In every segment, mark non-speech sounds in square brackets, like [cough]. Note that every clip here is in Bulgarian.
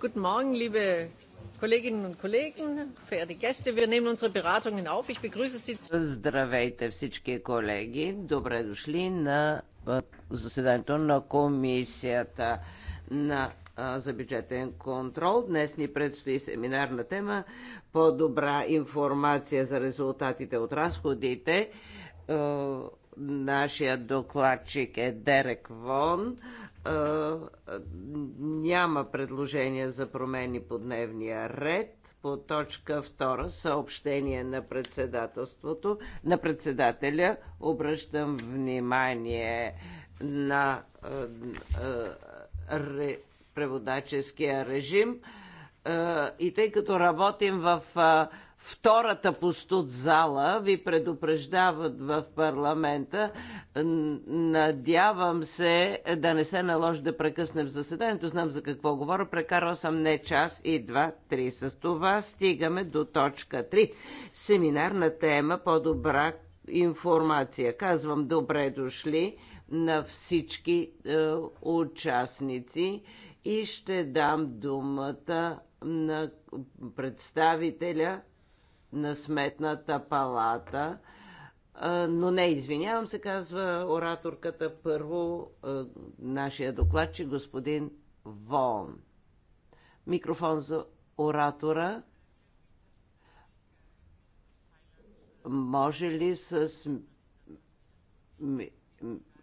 Guten Morgen, liebe Kolleginnen und Kollegen, verehrte Gäste. Wir nehmen unsere Beratungen auf. Ich begrüße Sie. zu... Здравейте всички колеги. Добре дошли на заседанието на комисията на за бюджетен контрол. Днес ни предстои семинарна тема по-добра информация за резултатите от разходите. Нашия докладчик е Дерек Вон няма предложения за промени по дневния ред. По точка 2 съобщение на председателството, на председателя обръщам внимание на ре, преводаческия режим. И тъй като работим в втората по зала, ви предупреждават в парламента. Надявам се да не се наложи да прекъснем заседанието. Знам за какво говоря. Прекарал съм не час и два, три. С това стигаме до точка 3. Семинарна тема по-добра информация. Казвам добре дошли на всички е, участници и ще дам думата на представителя на Сметната палата. Но не, извинявам се, казва ораторката първо, нашия докладчик, господин Вон. Микрофон за оратора. Може ли с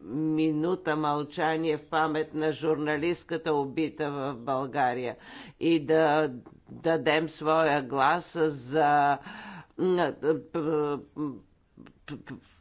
минута мълчание в памет на журналистката убита в България и да дадем своя глас за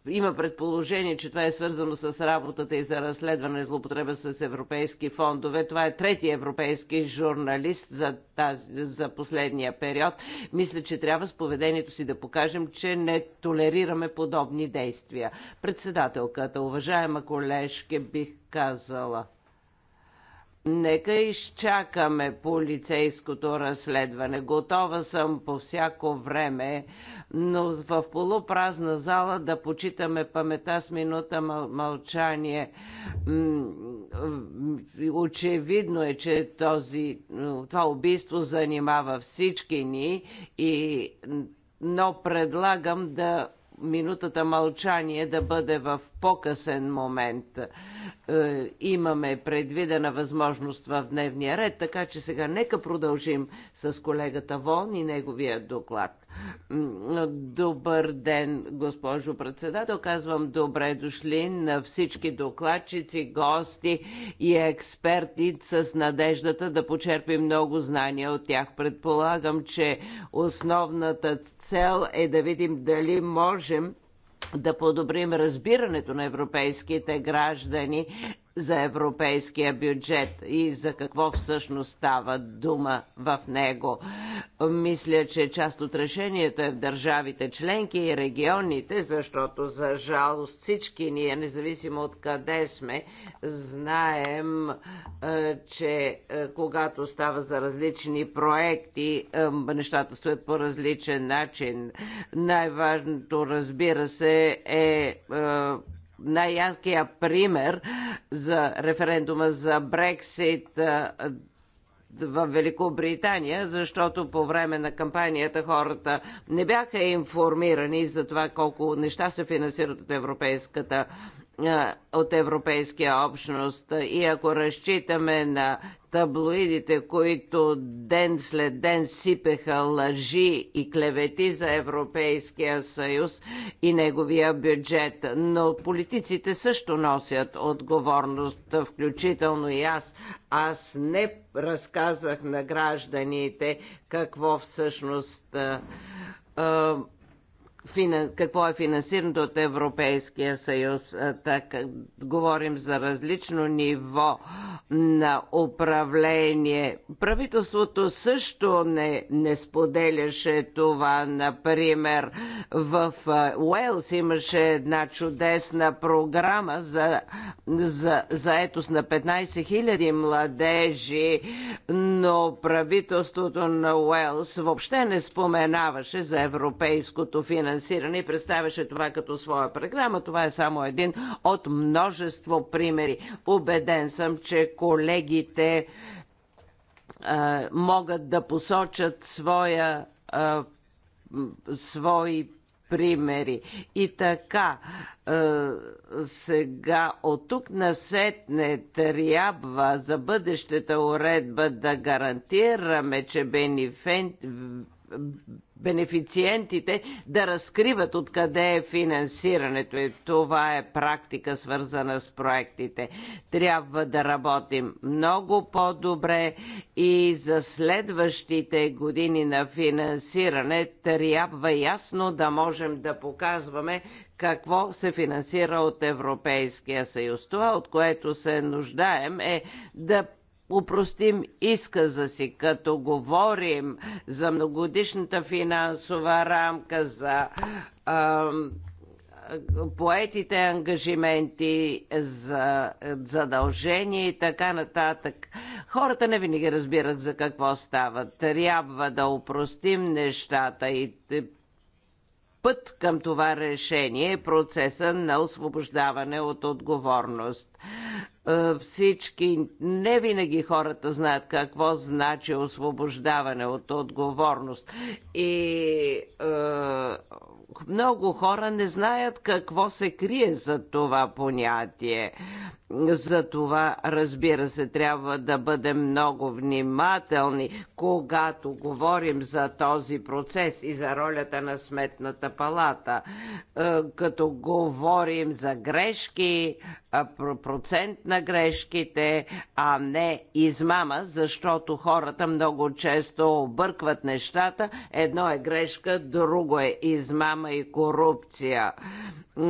има предположение, че това е свързано с работата и за разследване и злоупотреба с европейски фондове. Това е трети европейски журналист за, тази, за последния период. Мисля, че трябва с поведението си да покажем, че не толерираме подобни действия. Председателката, уважаема колежке, бих казала – Нека изчакаме полицейското разследване. Готова съм по всяко време, но в полупразна зала да почитаме памета с минута мълчание. Очевидно е, че този, това убийство занимава всички ни, и, но предлагам да минутата мълчание да бъде в по-късен момент. Е, имаме предвидена възможност в дневния ред, така че сега нека продължим с колегата Вон и неговия доклад. Добър ден, госпожо председател. Казвам добре дошли на всички докладчици, гости и експерти с надеждата да почерпим много знания от тях. Предполагам, че основната цел е да видим дали можем да подобрим разбирането на европейските граждани за европейския бюджет и за какво всъщност става дума в него. Мисля, че част от решението е в държавите членки и регионите, защото за жалост всички ние, независимо от къде сме, знаем, е, че е, когато става за различни проекти, е, нещата стоят по различен начин. Най-важното, разбира се, е най яркия пример за референдума за Брексит в Великобритания, защото по време на кампанията хората не бяха информирани за това колко неща се финансират от европейската от Европейския общност. И ако разчитаме на таблоидите, които ден след ден сипеха лъжи и клевети за Европейския съюз и неговия бюджет. Но политиците също носят отговорност, включително и аз. Аз не разказах на гражданите какво всъщност какво е финансирането от Европейския съюз. Така, говорим за различно ниво на управление. Правителството също не, не споделяше това. Например, в Уелс имаше една чудесна програма за, за заетост на 15 000 младежи, но правителството на Уелс въобще не споменаваше за европейското финансиране финансиране и представяше това като своя програма. Това е само един от множество примери. Убеден съм, че колегите а, могат да посочат своя, а, свои примери. И така, сега от тук насетне трябва за бъдещата уредба да гарантираме, че бенефен бенефициентите да разкриват откъде е финансирането. И е, това е практика свързана с проектите. Трябва да работим много по-добре и за следващите години на финансиране трябва ясно да можем да показваме какво се финансира от Европейския съюз. Това, от което се нуждаем е да упростим изказа си, като говорим за многодишната финансова рамка, за а, поетите ангажименти, за задължения и така нататък. Хората не винаги разбират за какво става. Трябва да упростим нещата и път към това решение е процеса на освобождаване от отговорност. Е, всички, не винаги хората знаят какво значи освобождаване от отговорност. И е, много хора не знаят какво се крие за това понятие. За това, разбира се, трябва да бъдем много внимателни, когато говорим за този процес и за ролята на Сметната палата. Е, като говорим за грешки, процент на грешките, а не измама, защото хората много често объркват нещата. Едно е грешка, друго е измама и корупция. Е,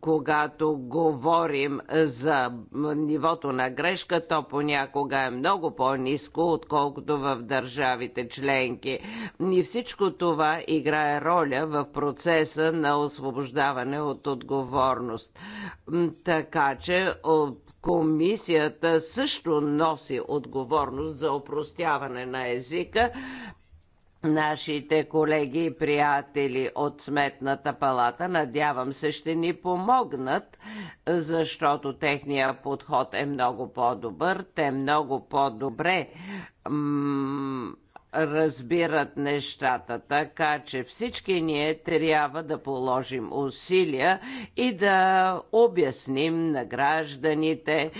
когато говорим за за нивото на грешка, то понякога е много по-низко, отколкото в държавите членки. И всичко това играе роля в процеса на освобождаване от отговорност. Така че комисията също носи отговорност за опростяване на езика нашите колеги и приятели от Сметната палата, надявам се, ще ни помогнат, защото техния подход е много по-добър, те много по-добре разбират нещата, така че всички ние трябва да положим усилия и да обясним на гражданите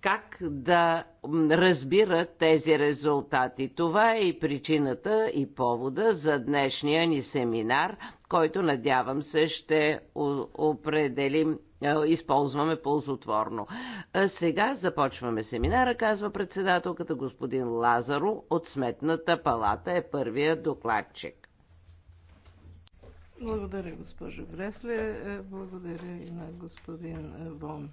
как да разбират тези резултати. Това е и причината и повода за днешния ни семинар, който надявам се ще определим е, използваме ползотворно. Сега започваме семинара, казва председателката господин Лазаро от Сметната палата е първия докладчик. Благодаря, госпожо Гресле. Е, благодаря и на господин Вон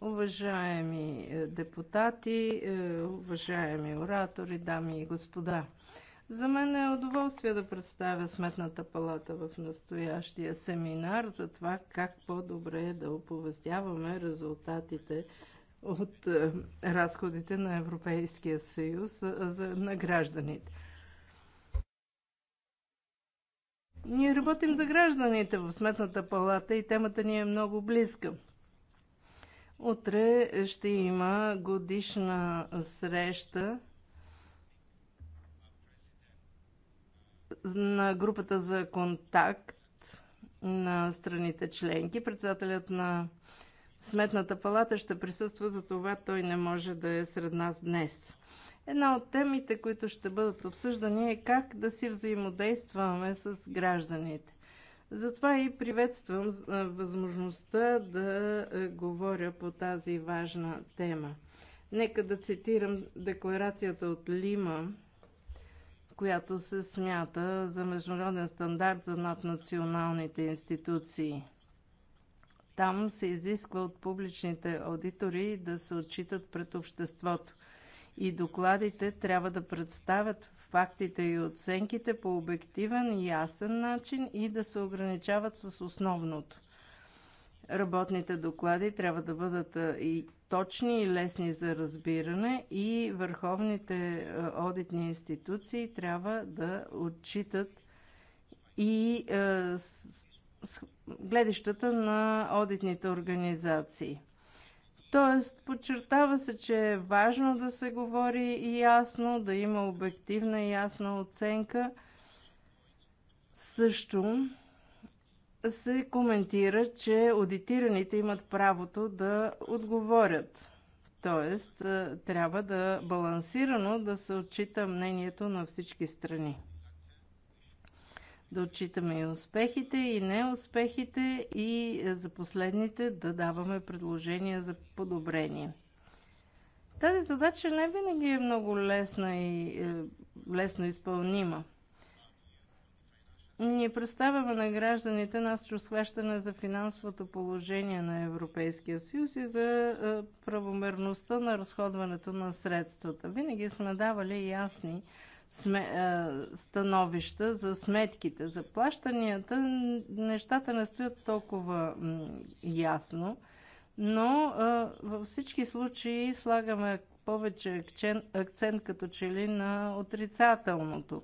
уважаеми е, депутати, е, уважаеми оратори, дами и господа. За мен е удоволствие да представя Сметната палата в настоящия семинар за това как по-добре е да оповестяваме резултатите от е, разходите на Европейския съюз на гражданите. Ние работим за гражданите в Сметната палата и темата ни е много близка – Утре ще има годишна среща на групата за контакт на страните членки. Председателят на Сметната палата ще присъства, затова, той не може да е сред нас днес. Една от темите, които ще бъдат обсъждани е как да си взаимодействаме с гражданите. Затова и приветствам възможността да говоря по тази важна тема. Нека да цитирам декларацията от Лима, която се смята за международен стандарт за наднационалните институции. Там се изисква от публичните аудитори да се отчитат пред обществото – и докладите трябва да представят фактите и оценките по обективен и ясен начин и да се ограничават с основното. Работните доклади трябва да бъдат и точни и лесни за разбиране и върховните одитни институции трябва да отчитат и гледащата на одитните организации. Тоест, подчертава се, че е важно да се говори и ясно, да има обективна и ясна оценка. Също се коментира, че аудитираните имат правото да отговорят. Тоест, е, трябва да балансирано да се отчита мнението на всички страни да отчитаме и успехите, и неуспехите, и е, за последните да даваме предложения за подобрение. Тази задача не винаги е много лесна и е, лесно изпълнима. Ние представяме на гражданите нашето схващане за финансовото положение на Европейския съюз и за е, правомерността на разходването на средствата. Винаги сме давали ясни сме, е, становища за сметките, за плащанията, нещата не стоят толкова ясно, но е, във всички случаи слагаме повече акцент като че ли на отрицателното.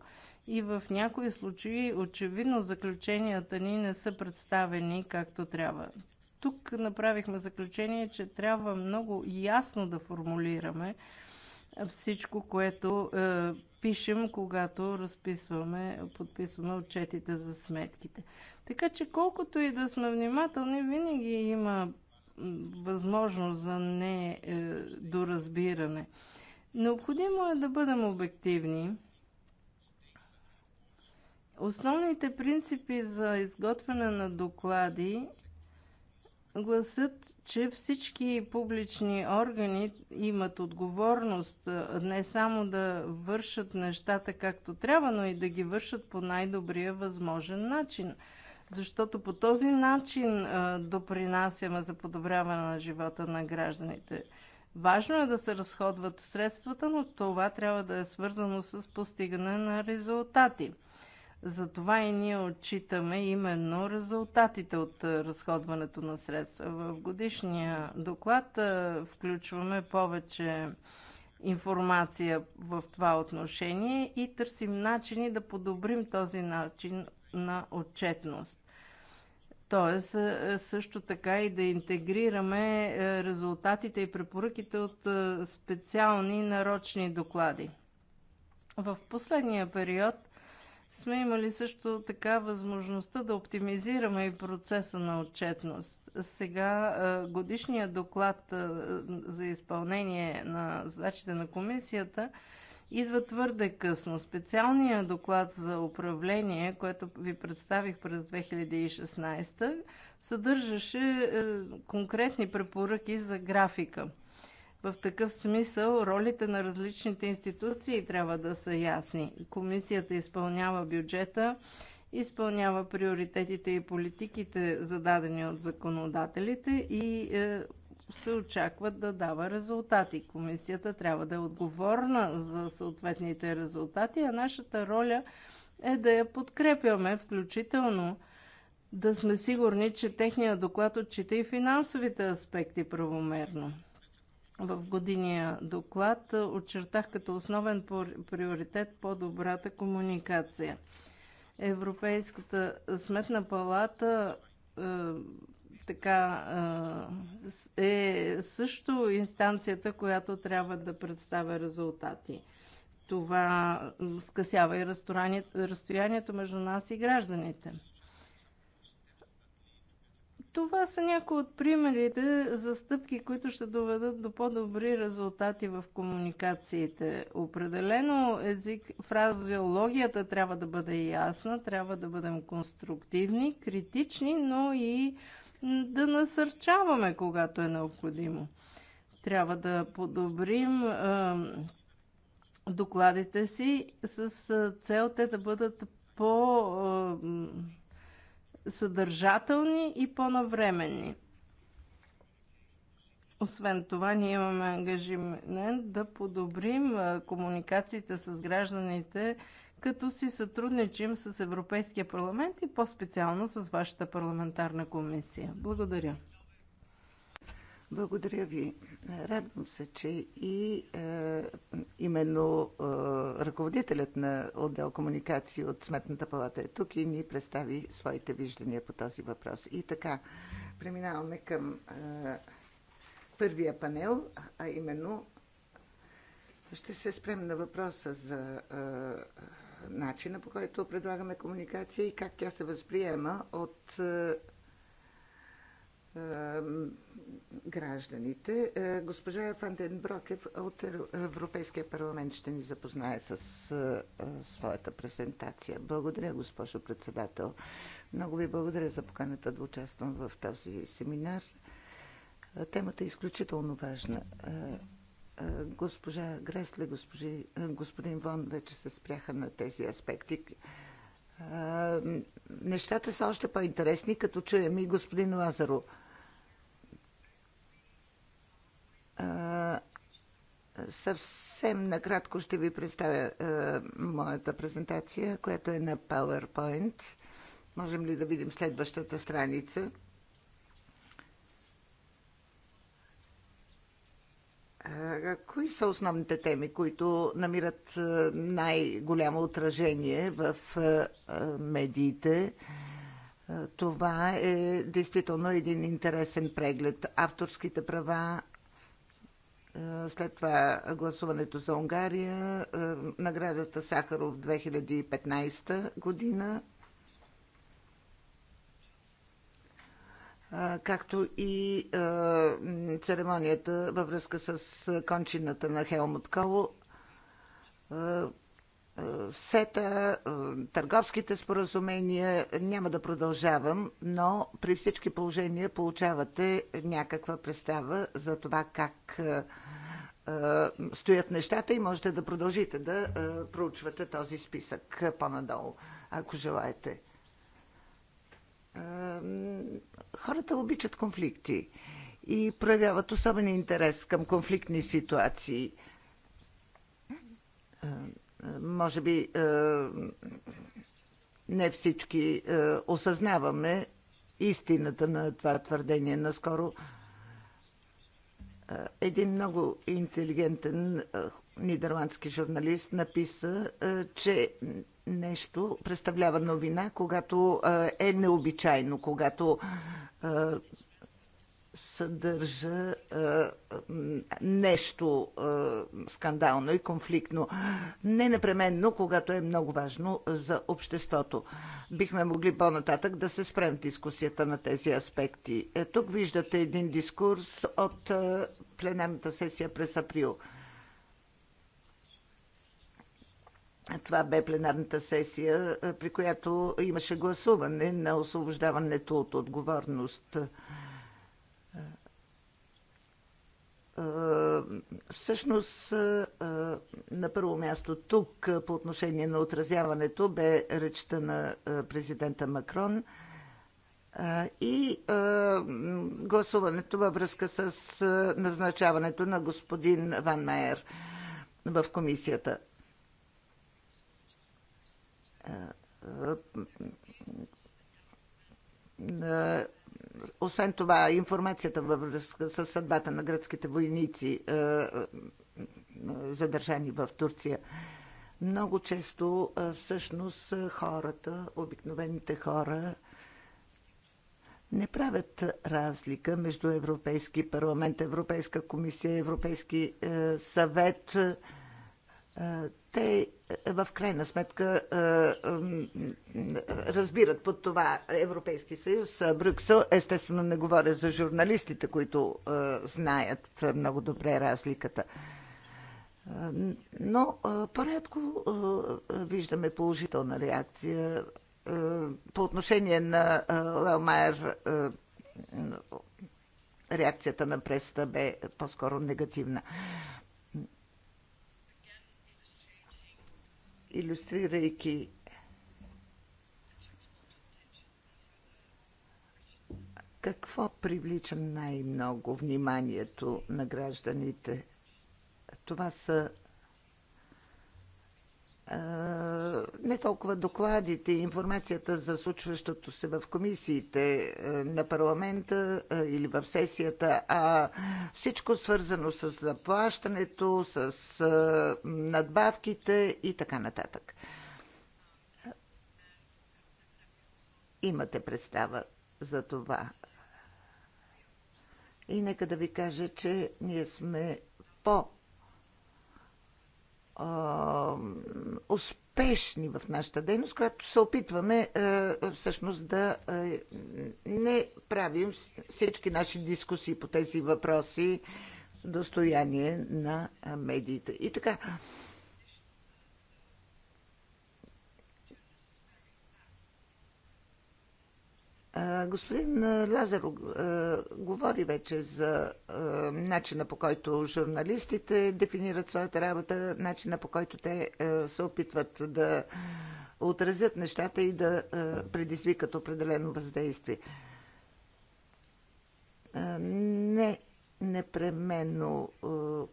И в някои случаи очевидно заключенията ни не са представени както трябва. Тук направихме заключение, че трябва много ясно да формулираме всичко, което е, пишем, когато разписваме, подписваме отчетите за сметките. Така че колкото и да сме внимателни, винаги има възможност за не е, доразбиране. Необходимо е да бъдем обективни. Основните принципи за изготвяне на доклади – Гласът, че всички публични органи имат отговорност не само да вършат нещата както трябва, но и да ги вършат по най-добрия възможен начин. Защото по този начин допринасяме за подобряване на живота на гражданите. Важно е да се разходват средствата, но това трябва да е свързано с постигане на резултати – затова и ние отчитаме именно резултатите от разходването на средства. В годишния доклад включваме повече информация в това отношение и търсим начини да подобрим този начин на отчетност. Тоест, също така и да интегрираме резултатите и препоръките от специални нарочни доклади. В последния период – сме имали също така възможността да оптимизираме и процеса на отчетност. Сега годишният доклад за изпълнение на задачите на комисията идва твърде късно. Специалният доклад за управление, което ви представих през 2016, съдържаше е, конкретни препоръки за графика – в такъв смисъл ролите на различните институции трябва да са ясни. Комисията изпълнява бюджета, изпълнява приоритетите и политиките, зададени от законодателите и е, се очакват да дава резултати. Комисията трябва да е отговорна за съответните резултати, а нашата роля е да я подкрепяме, включително да сме сигурни, че техният доклад отчита и финансовите аспекти правомерно в годиния доклад очертах като основен приоритет по-добрата комуникация. Европейската сметна палата е, така е, е също инстанцията, която трябва да представя резултати. Това скъсява и разстоянието между нас и гражданите. Това са някои от примерите за стъпки, които ще доведат до по-добри резултати в комуникациите. Определено език, фразеологията трябва да бъде ясна, трябва да бъдем конструктивни, критични, но и да насърчаваме, когато е необходимо. Трябва да подобрим е, докладите си с цел те да бъдат по. Е, съдържателни и по-навременни. Освен това, ние имаме ангажимент да подобрим комуникациите с гражданите, като си сътрудничим с Европейския парламент и по-специално с вашата парламентарна комисия. Благодаря. Благодаря ви. Радвам се, че и е, именно е, ръководителят на отдел комуникации от Сметната палата е тук и ни представи своите виждания по този въпрос. И така, преминаваме към е, първия панел, а именно ще се спрем на въпроса за е, начина по който предлагаме комуникация и как тя се възприема от. Е, гражданите. Е, госпожа Фанден Брокев от Европейския парламент ще ни запознае с е, е, своята презентация. Благодаря, госпожо председател. Много ви благодаря за поканата да участвам в този семинар. Темата е изключително важна. Госпожа Гресле, госпожи, господин Вон вече се спряха на тези аспекти нещата са още по-интересни, като чуем и господин Лазаро. Съвсем накратко ще ви представя е, моята презентация, която е на PowerPoint. Можем ли да видим следващата страница? Е, кои са основните теми, които намират е, най-голямо отражение в е, медиите? Това е действително един интересен преглед. Авторските права, след това гласуването за Унгария, е, наградата Сахаров 2015 година, е, както и е, церемонията във връзка с кончината на Хелмут Кол сета, търговските споразумения, няма да продължавам, но при всички положения получавате някаква представа за това как стоят нещата и можете да продължите да проучвате този списък по-надолу, ако желаете. Хората обичат конфликти и проявяват особен интерес към конфликтни ситуации може би е, не всички е, осъзнаваме истината на това твърдение. Наскоро е, един много интелигентен нидерландски журналист написа, че нещо представлява новина, когато е необичайно, когато съдържа а, нещо а, скандално и конфликтно. Не непременно, когато е много важно за обществото. Бихме могли по-нататък да се спрем в дискусията на тези аспекти. Е, тук виждате един дискурс от а, пленарната сесия през април. Това бе пленарната сесия, при която имаше гласуване на освобождаването от отговорност. Е, всъщност, е, е, на първо място тук по отношение на отразяването бе речта на президента Макрон и гласуването във връзка с назначаването на господин Ван Майер в комисията освен това, информацията във връзка с съдбата на гръцките войници, е, е, задържани в Турция. Много често е, всъщност хората, обикновените хора, не правят разлика между Европейски парламент, Европейска комисия, Европейски съвет те е, в крайна сметка е, разбират под това Европейски съюз, Брюксел. Естествено не говоря за журналистите, които е, знаят много добре разликата. Но порядко виждаме положителна реакция по отношение на Лелмайер реакцията на пресата бе по-скоро негативна. иллюстрирайки какво привлича най-много вниманието на гражданите. Това са не толкова докладите и информацията за случващото се в комисиите на парламента или в сесията, а всичко свързано с заплащането, с надбавките и така нататък. Имате представа за това. И нека да ви кажа, че ние сме по успешни в нашата дейност, която се опитваме всъщност да не правим всички наши дискусии по тези въпроси достояние на медиите. И така, Господин Лазаро говори вече за начина по който журналистите дефинират своята работа, начина по който те се опитват да отразят нещата и да предизвикат определено въздействие. Не непременно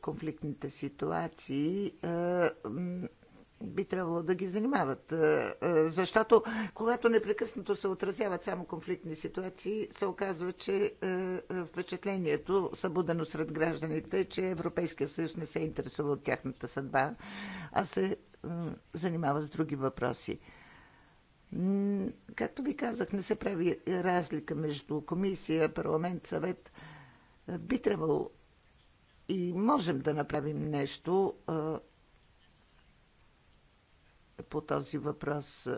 конфликтните ситуации би трябвало да ги занимават. Е, е, защото когато непрекъснато се отразяват само конфликтни ситуации, се оказва, че е, впечатлението, събудено сред гражданите, е, че Европейския съюз не се интересува от тяхната съдба, а се занимава с други въпроси. Както ви казах, не се прави разлика между комисия, парламент, съвет. Би трябвало и можем да направим нещо по този въпрос.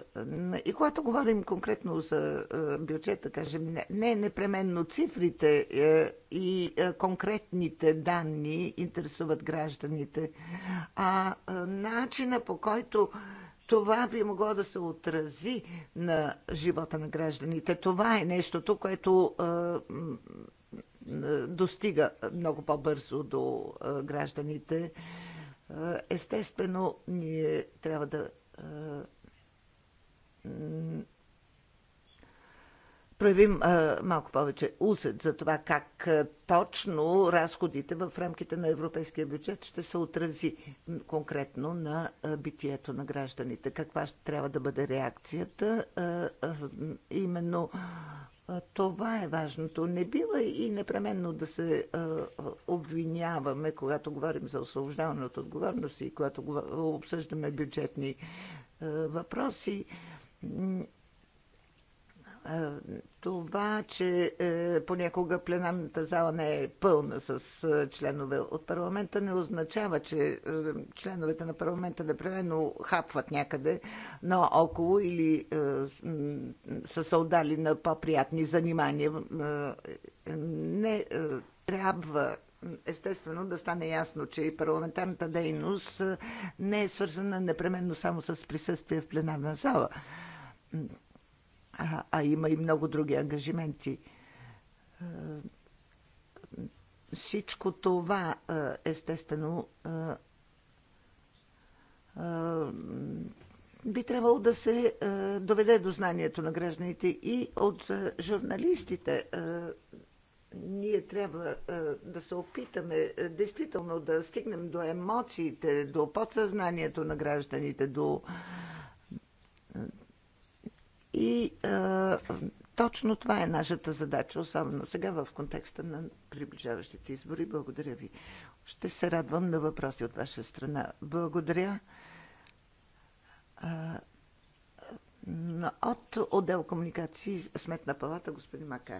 И когато говорим конкретно за е, бюджета, кажем, не непременно цифрите е, и е, конкретните данни интересуват гражданите, а начина по който това би могло да се отрази на живота на гражданите. Това е нещото, което достига много по-бързо до гражданите. Естествено, ние трябва да проявим а, малко повече усет за това как а, точно разходите в рамките на европейския бюджет ще се отрази конкретно на а, битието на гражданите. Каква ще трябва да бъде реакцията а, а, именно това е важното. Не бива и непременно да се обвиняваме, когато говорим за освобождаване от отговорност и когато обсъждаме бюджетни въпроси това, че е, понякога пленарната зала не е пълна с е, членове от парламента, не означава, че е, членовете на парламента непременно хапват някъде наоколо или са се отдали на по-приятни занимания. Не трябва естествено да стане ясно, че и парламентарната дейност не е свързана непременно само с присъствие в пленарна зала а, а има и много други ангажименти. Е, всичко това, е, естествено, е, би трябвало да се доведе до знанието на гражданите и от журналистите. Ние трябва да се опитаме действително да стигнем до емоциите, до подсъзнанието на гражданите, до и а, точно това е нашата задача, особено сега в контекста на приближаващите избори. Благодаря ви. Ще се радвам на въпроси от ваша страна. Благодаря. От отдел комуникации Сметна палата, господин Макар.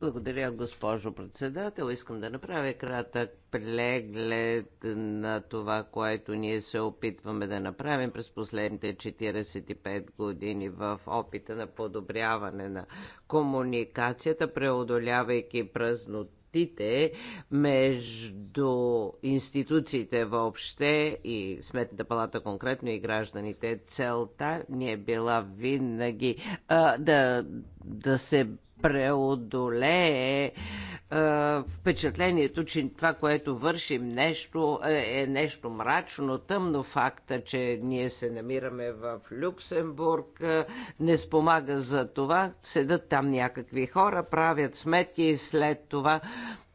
Благодаря, госпожо председател. Искам да направя кратък преглед на това, което ние се опитваме да направим през последните 45 години в опита на подобряване на комуникацията, преодолявайки празното вратите между институциите въобще и Сметната палата конкретно и гражданите. Целта ни е била винаги а, да, да се преодолее е, впечатлението, че това, което вършим нещо, е, е нещо мрачно, тъмно. Факта, че ние се намираме в Люксембург, е, не спомага за това. Седат там някакви хора, правят сметки и след това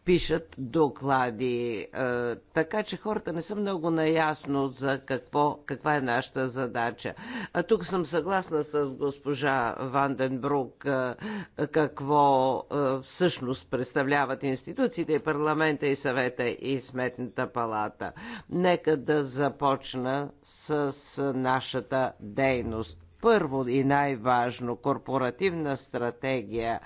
пишат доклади. Е, така че хората не са много наясно за какво, каква е нашата задача. А тук съм съгласна с госпожа Ванденбрук е, какво е, всъщност представляват институциите и парламента и съвета и сметната палата. Нека да започна с нашата дейност първо и най-важно корпоративна стратегия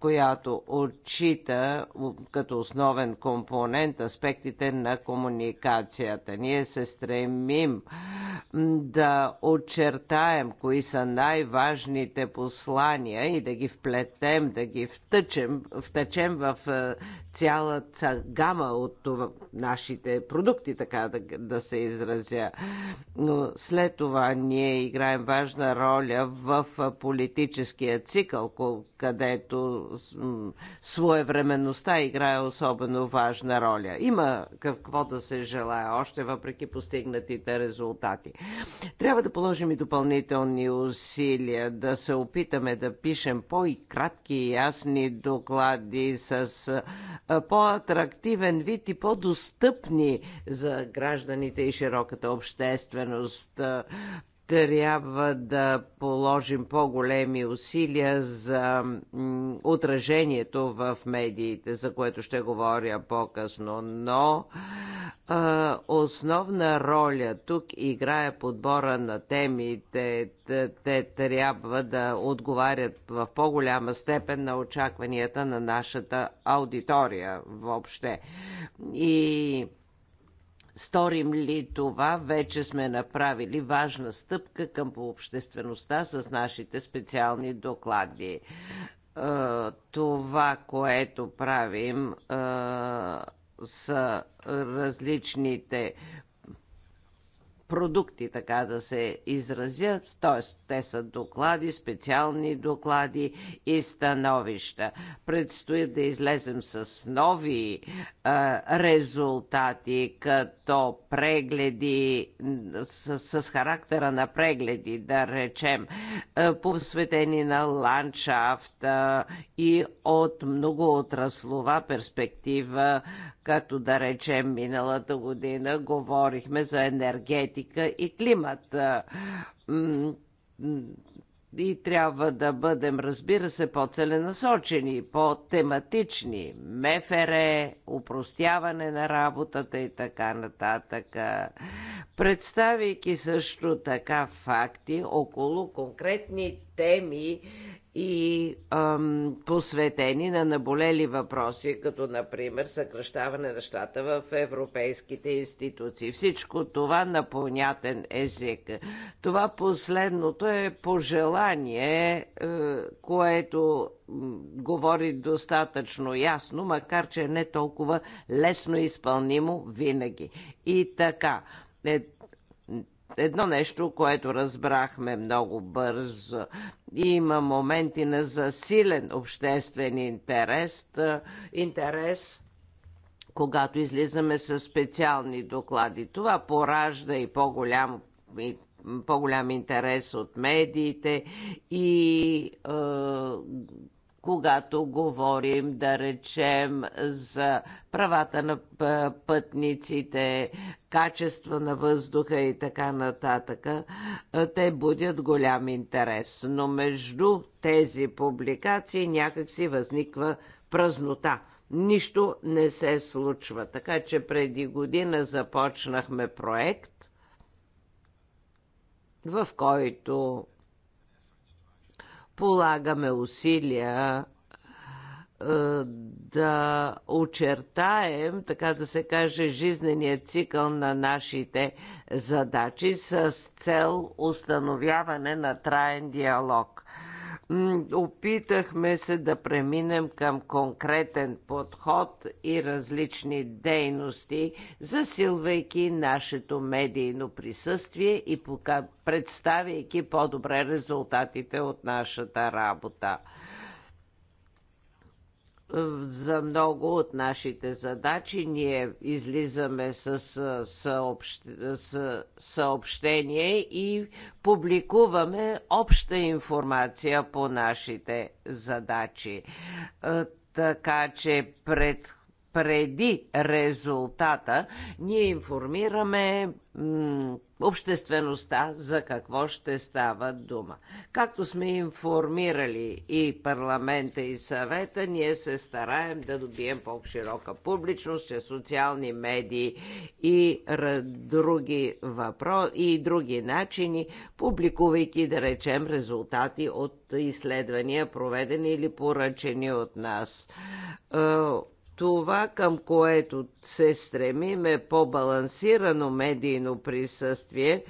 която отчита като основен компонент аспектите на комуникацията. Ние се стремим да очертаем кои са най-важните послания и да ги вплетем, да ги втъчем, втъчем в е, цялата гама от това, нашите продукти, така да, да се изразя. Но след това ние играем важна роля в е, политическия цикъл, къде където своевременността играе особено важна роля. Има какво да се желая още, въпреки постигнатите резултати. Трябва да положим и допълнителни усилия, да се опитаме да пишем по-кратки и ясни доклади с по-атрактивен вид и по-достъпни за гражданите и широката общественост трябва да положим по-големи усилия за отражението в медиите, за което ще говоря по-късно. Но а, основна роля тук играе подбора на темите. Те, те трябва да отговарят в по-голяма степен на очакванията на нашата аудитория въобще. И Сторим ли това, вече сме направили важна стъпка към обществеността с нашите специални доклади. Е, това, което правим, е, са различните продукти, така да се изразя, т.е. те са доклади, специални доклади и становища. Предстои да излезем с нови а, резултати, като прегледи, с, с характера на прегледи, да речем, посветени на ландшафта и от многоотраслова перспектива, като да речем миналата година говорихме за енергетика, енергетика и климат. И трябва да бъдем, разбира се, по-целенасочени, по-тематични. мефере, упростяване на работата и така нататък. Представяйки също така факти около конкретни теми и ам, посветени на наболели въпроси, като например съкръщаване на щата в европейските институции. Всичко това на понятен език. Това последното е пожелание, е, което говори достатъчно ясно, макар че е не толкова лесно изпълнимо винаги. И така, е, едно нещо, което разбрахме много бързо. Има моменти на засилен обществен интерес, интерес когато излизаме с специални доклади. Това поражда и по-голям по-голям интерес от медиите и е, когато говорим, да речем, за правата на пътниците, качество на въздуха и така нататък, те будят голям интерес. Но между тези публикации някакси възниква празнота нищо не се случва. Така че преди година започнахме проект, в който Полагаме усилия е, да очертаем, така да се каже, жизнения цикъл на нашите задачи с цел установяване на траен диалог. Опитахме се да преминем към конкретен подход и различни дейности, засилвайки нашето медийно присъствие и представяйки по-добре резултатите от нашата работа за много от нашите задачи. Ние излизаме с, съобщение и публикуваме обща информация по нашите задачи. Така че пред преди резултата, ние информираме обществеността за какво ще става дума. Както сме информирали и парламента и съвета, ние се стараем да добием по-широка публичност чрез социални медии и други въпроси и други начини, публикувайки, да речем, резултати от изследвания, проведени или поръчени от нас е, това, към което се стремим е по-балансирано медийно присъствие,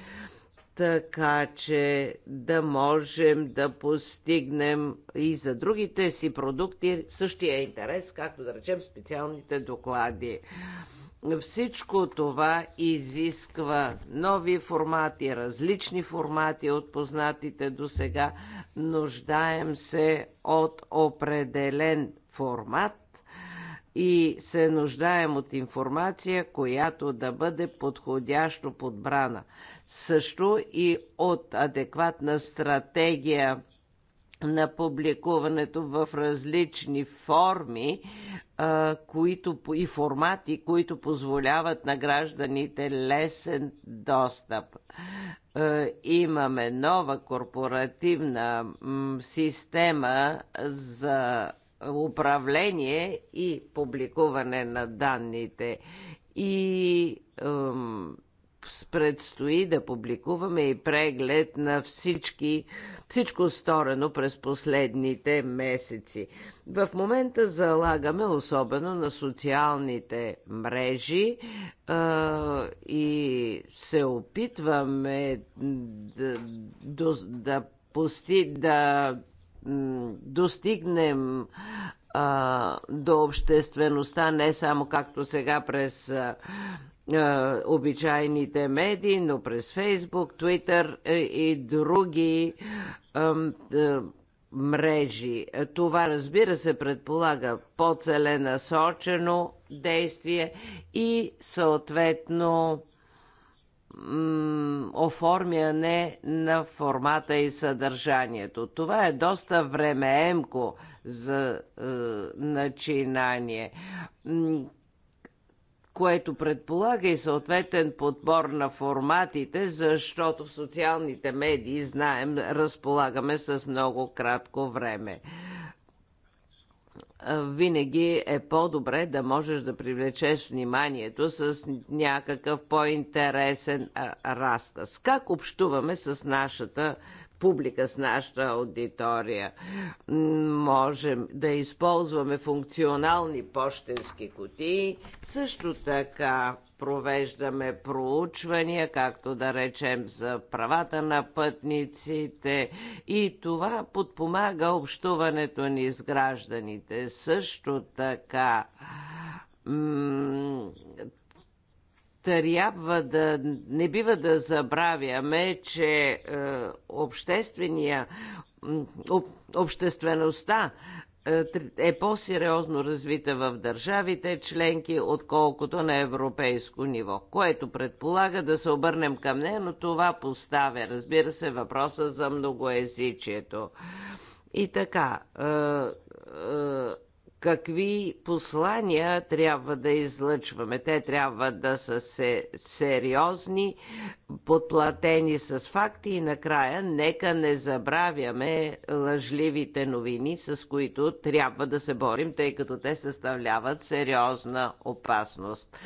така че да можем да постигнем и за другите си продукти същия интерес, както да речем специалните доклади. Всичко това изисква нови формати, различни формати от познатите до сега. Нуждаем се от определен формат, и се нуждаем от информация, която да бъде подходящо подбрана. Също и от адекватна стратегия на публикуването в различни форми а, които, и формати, които позволяват на гражданите лесен достъп. А, имаме нова корпоративна м, система за управление и публикуване на данните. И е, предстои да публикуваме и преглед на всички, всичко сторено през последните месеци. В момента залагаме особено на социалните мрежи е, и се опитваме да, да, да, пусти, да достигнем а, до обществеността, не само както сега през а, а, обичайните медии, но през Фейсбук, Твитър и други а, а, е, мрежи. Това, разбира се, предполага по-целенасочено действие и съответно оформяне на формата и съдържанието. Това е доста времеемко за е, начинание, което предполага и съответен подбор на форматите, защото в социалните медии, знаем, разполагаме с много кратко време винаги е по-добре да можеш да привлечеш вниманието с някакъв по-интересен разказ. Как общуваме с нашата публика, с нашата аудитория. Можем да използваме функционални почтенски кутии. Също така провеждаме проучвания, както да речем за правата на пътниците и това подпомага общуването ни с гражданите. Също така трябва да не бива да забравяме, че е, обществения об, обществеността е, е по-сериозно развита в държавите членки, отколкото на европейско ниво, което предполага да се обърнем към нея, но това поставя, разбира се, въпроса за многоезичието. И така, е, е, какви послания трябва да излъчваме. Те трябва да са се, сериозни, подплатени с факти и накрая нека не забравяме лъжливите новини, с които трябва да се борим, тъй като те съставляват сериозна опасност.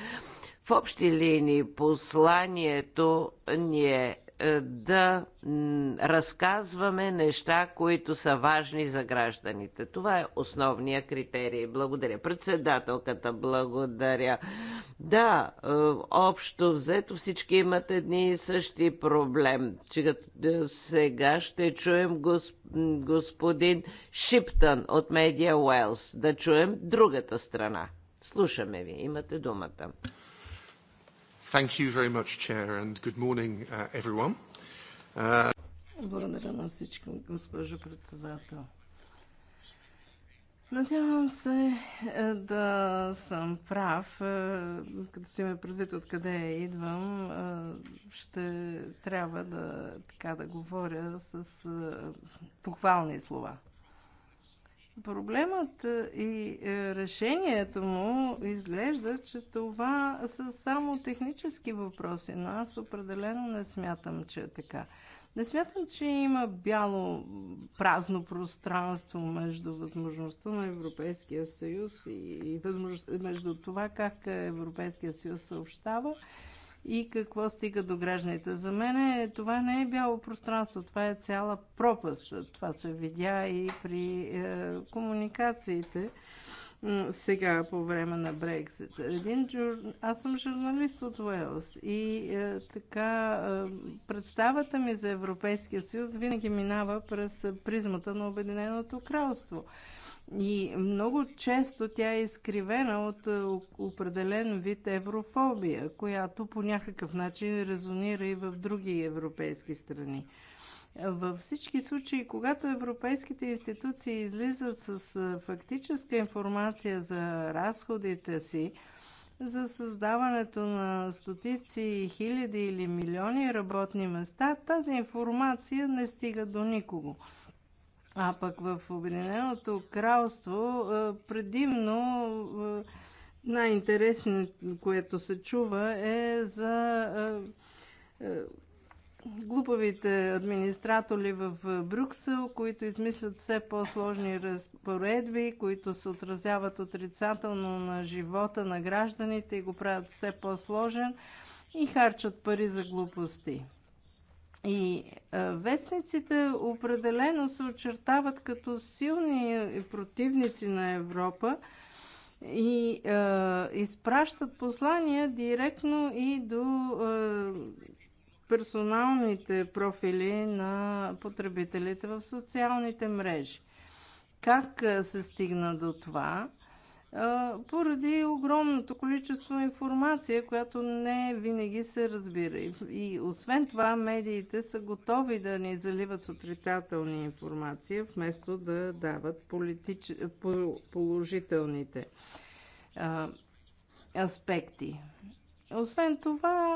В общи линии посланието ни е е, да разказваме неща, които са важни за гражданите. Това е основния критерий. Благодаря. Председателката, благодаря. Да, е, общо взето всички имат едни и същи проблем. Е, сега ще чуем господин Шиптън от Media Wells. Да чуем другата страна. Слушаме ви. Имате думата. Thank you very much, Chair, and good morning, uh, everyone. Uh... Благодаря на всички, госпожо председател. Надявам се е, да съм прав. Е, като си ме предвид откъде идвам, е, ще трябва да, така, да говоря с похвални слова. Проблемът е, и е, решението му изглежда, че това са само технически въпроси, но аз определено не смятам, че е така. Не смятам, че има бяло празно пространство между възможността на Европейския съюз и, и възможност, между това как Европейския съюз съобщава и какво стига до гражданите. За мен това не е бяло пространство, това е цяла пропаст. Това се видя и при е, комуникациите сега по време на Брекзит. Един джур... Аз съм журналист от Уелс и е, така е, представата ми за Европейския съюз винаги минава през призмата на Обединеното кралство. Е, и много често тя е изкривена от е, определен вид еврофобия, която по някакъв начин резонира и в други европейски страни. Във всички случаи, когато европейските институции излизат с е, фактическа информация за разходите си, за създаването на стотици, хиляди или милиони работни места, тази информация не стига до никого. А пък в Обединеното кралство предимно най-интересно, което се чува е за глупавите администратори в Брюксел, които измислят все по-сложни разпоредби, които се отразяват отрицателно на живота на гражданите и го правят все по-сложен и харчат пари за глупости. И е, вестниците определено се очертават като силни противници на Европа и е, изпращат послания директно и до е, персоналните профили на потребителите в социалните мрежи. Как е, се стигна до това? поради огромното количество информация, която не винаги се разбира. И освен това, медиите са готови да ни заливат с отрицателни информации, вместо да дават политич... положителните а, аспекти. Освен това,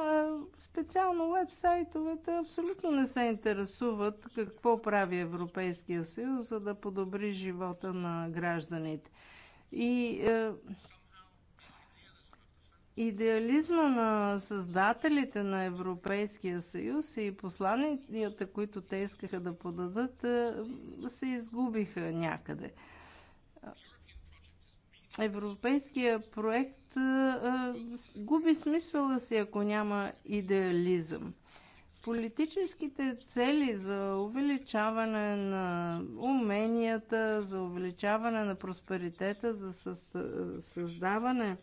специално вебсайтовете абсолютно не се интересуват какво прави Европейския съюз, за да подобри живота на гражданите. И е, идеализма на създателите на Европейския съюз и посланията, които те искаха да подадат, е, се изгубиха някъде. Европейския проект е, е губи смисъла си, ако няма идеализъм. Политическите цели за увеличаване на уменията, за увеличаване на просперитета, за създаване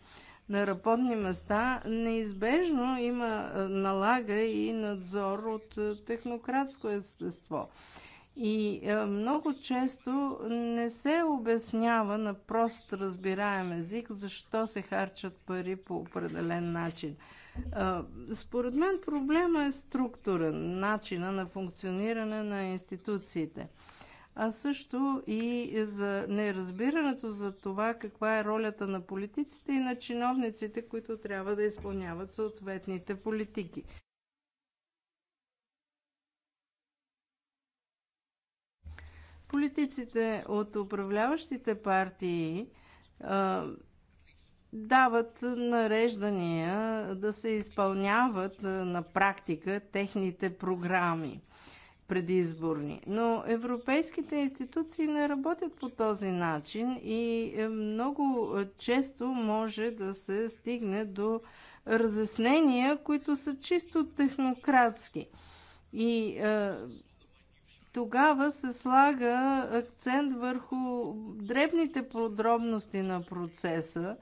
на работни места, неизбежно има налага и надзор от технократско естество. И много често не се обяснява на прост разбираем език защо се харчат пари по определен начин – според мен проблема е структурен, начина на функциониране на институциите, а също и за неразбирането за това каква е ролята на политиците и на чиновниците, които трябва да изпълняват съответните политики. Политиците от управляващите партии дават нареждания да се изпълняват на практика техните програми предизборни. Но европейските институции не работят по този начин и е, много често може да се стигне до разяснения, които са чисто технократски. И е, тогава се слага акцент върху дребните подробности на процеса,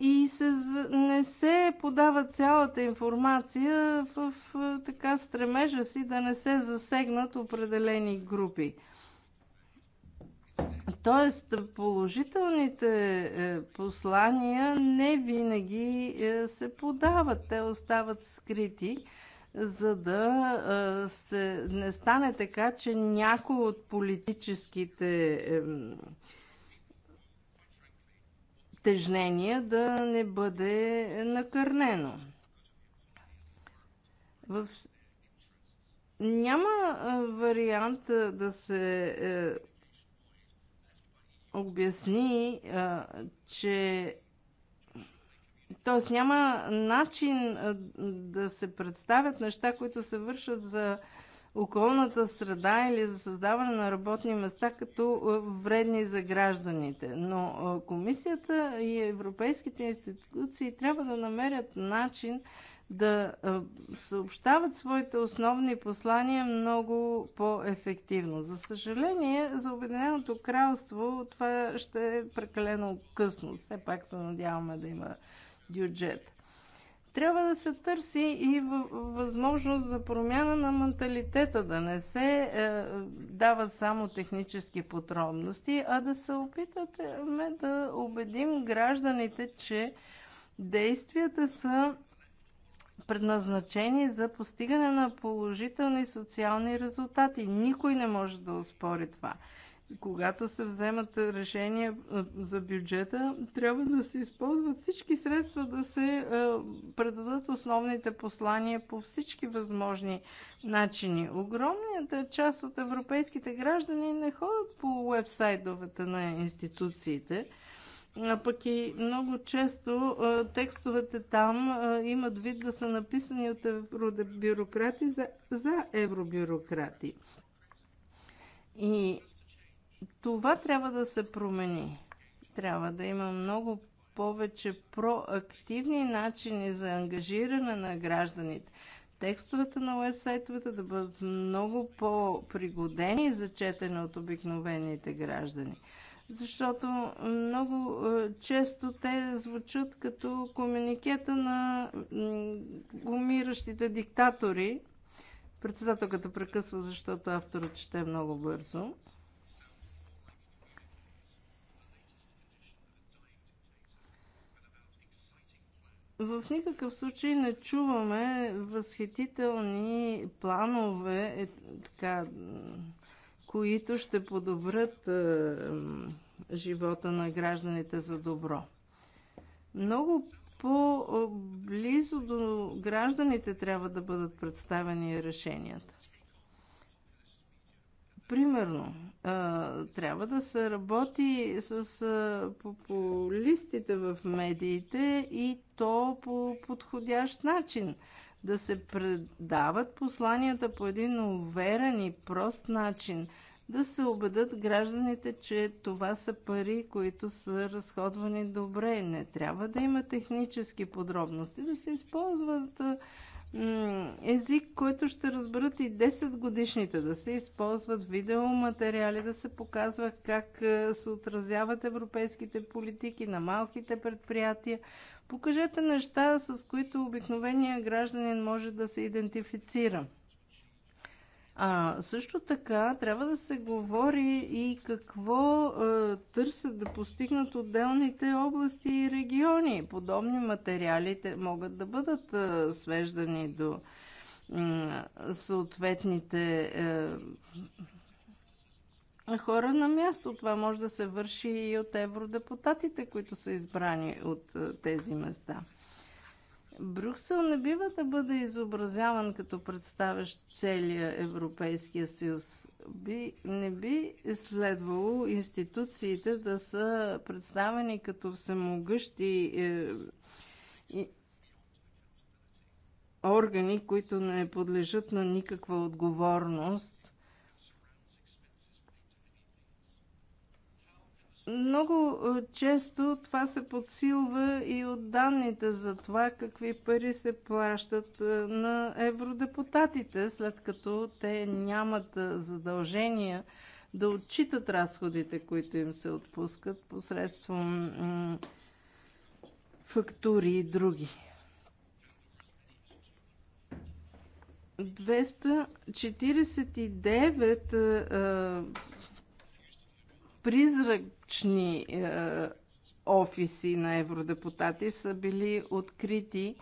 и се, не се подава цялата информация в, в така стремежа си да не се засегнат определени групи. Тоест, положителните е, послания не винаги е, се подават, те остават скрити, за да се, не стане така, че някои от политическите тежнение да не бъде накърнено. В... Няма вариант да се е, обясни, че Тоест няма начин да се представят неща, които се вършат за околната среда или за създаване на работни места като е, вредни за гражданите. Но е, комисията и европейските институции трябва да намерят начин да е, съобщават своите основни послания много по-ефективно. За съжаление, за Обединеното кралство това ще е прекалено късно. Все пак се надяваме да има бюджет. Трябва да се търси и възможност за промяна на менталитета, да не се е, дават само технически подробности, а да се опитаме да убедим гражданите, че действията са предназначени за постигане на положителни социални резултати. Никой не може да успори това когато се вземат решения е, за бюджета, трябва да се използват всички средства да се е, предадат основните послания по всички възможни начини. Огромната част от европейските граждани не ходят по вебсайтовете на институциите. А пък и много често е, текстовете там имат вид да са написани от евробюрократи за, за евробюрократи. И това трябва да се промени. Трябва да има много повече проактивни начини за ангажиране на гражданите. Текстовете на уебсайтовете да бъдат много по-пригодени за четене от обикновените граждани. Защото много е, често те звучат като комуникета на умиращите диктатори. Председателката прекъсва, защото авторът чете много бързо. В никакъв случай не чуваме възхитителни планове, е, така, които ще подобрят е, живота на гражданите за добро. Много по-близо до гражданите трябва да бъдат представени решенията. Примерно, трябва да се работи с популистите в медиите и то по подходящ начин. Да се предават посланията по един уверен и прост начин. Да се убедат гражданите, че това са пари, които са разходвани добре. Не трябва да има технически подробности, да се използват език, който ще разберат и 10 годишните, да се използват видеоматериали, да се показва как е, се отразяват европейските политики на малките предприятия. Покажете неща, с които обикновения гражданин може да се идентифицира. А също така трябва да се говори и какво е, търсят да постигнат отделните области и региони. Подобни материали те могат да бъдат е, свеждани до е, съответните е, хора на място. Това може да се върши и от евродепутатите, които са избрани от е, тези места. Брюксел не бива да бъде изобразяван като представящ целия Европейския съюз. Би, не би следвало институциите да са представени като всемогъщи е, е, органи, които не подлежат на никаква отговорност Много е, често това се подсилва и от данните за това какви пари се плащат е, на евродепутатите, след като те нямат е, задължения да отчитат разходите, които им се отпускат посредством фактури и други. 249 призрачни е, офиси на евродепутати са били открити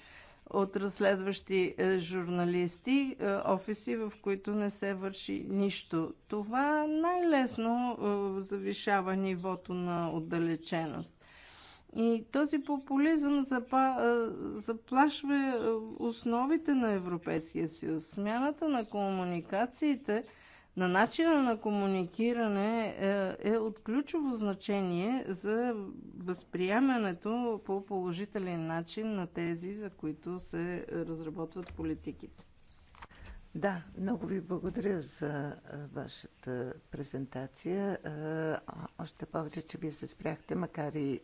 от разследващи е, журналисти, е, офиси, в които не се върши нищо. Това най-лесно завишава нивото на отдалеченост. И този популизъм заплашва основите на Европейския съюз. Смяната на комуникациите – на начина на комуникиране е, е от ключово значение за възприемането по положителен начин на тези, за които се разработват политиките. Да, много ви благодаря за вашата презентация. Още повече, че вие се спряхте, макар и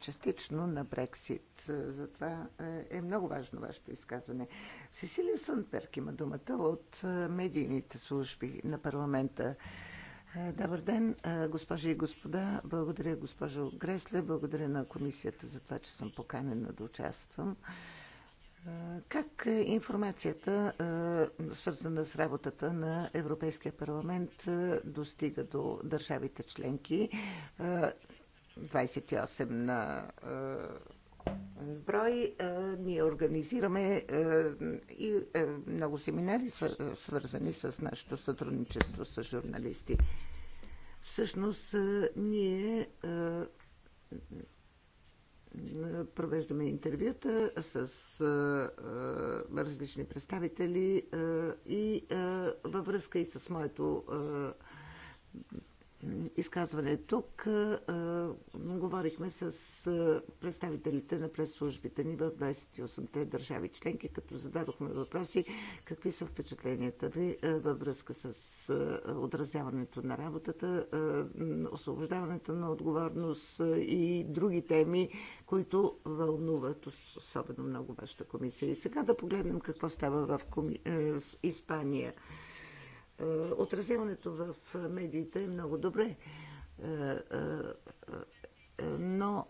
частично, на Брексит. Затова е много важно вашето изказване. Сесилия Сънперк има думата от медийните служби на парламента. Добър ден, госпожи и господа. Благодаря, госпожо Гресле. Благодаря на комисията за това, че съм поканена да участвам. Как информацията, свързана с работата на Европейския парламент, достига до държавите членки? 28 на брой. Ние организираме и много семинари, свързани с нашето сътрудничество с журналисти. Всъщност, ние провеждаме интервюта с различни представители и във връзка и с моето изказване тук говорихме с представителите на пресслужбите ни в 28-те държави членки, като зададохме въпроси какви са впечатленията ви във връзка с отразяването на работата, освобождаването на отговорност и други теми, които вълнуват особено много вашата комисия. И сега да погледнем какво става в Испания. Е, отразяването в е, медиите е много добре. Е, но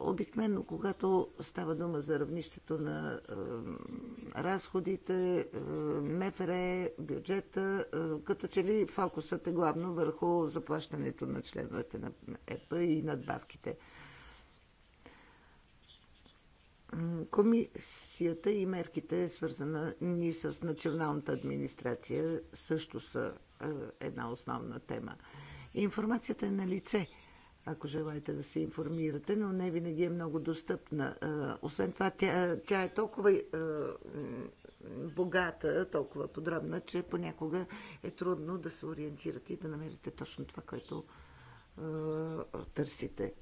обикновено, когато става дума за равнището на разходите, МФР, бюджета, като че ли фокусът е главно върху заплащането на членовете на ЕП и надбавките. Комисията и мерките, свързана ни с националната администрация, също са е, една основна тема. Информацията е на лице, ако желаете да се информирате, но не винаги е много достъпна. Е, освен това, тя, тя е толкова е, богата, толкова подробна, че понякога е трудно да се ориентирате и да намерите точно това, което търсите.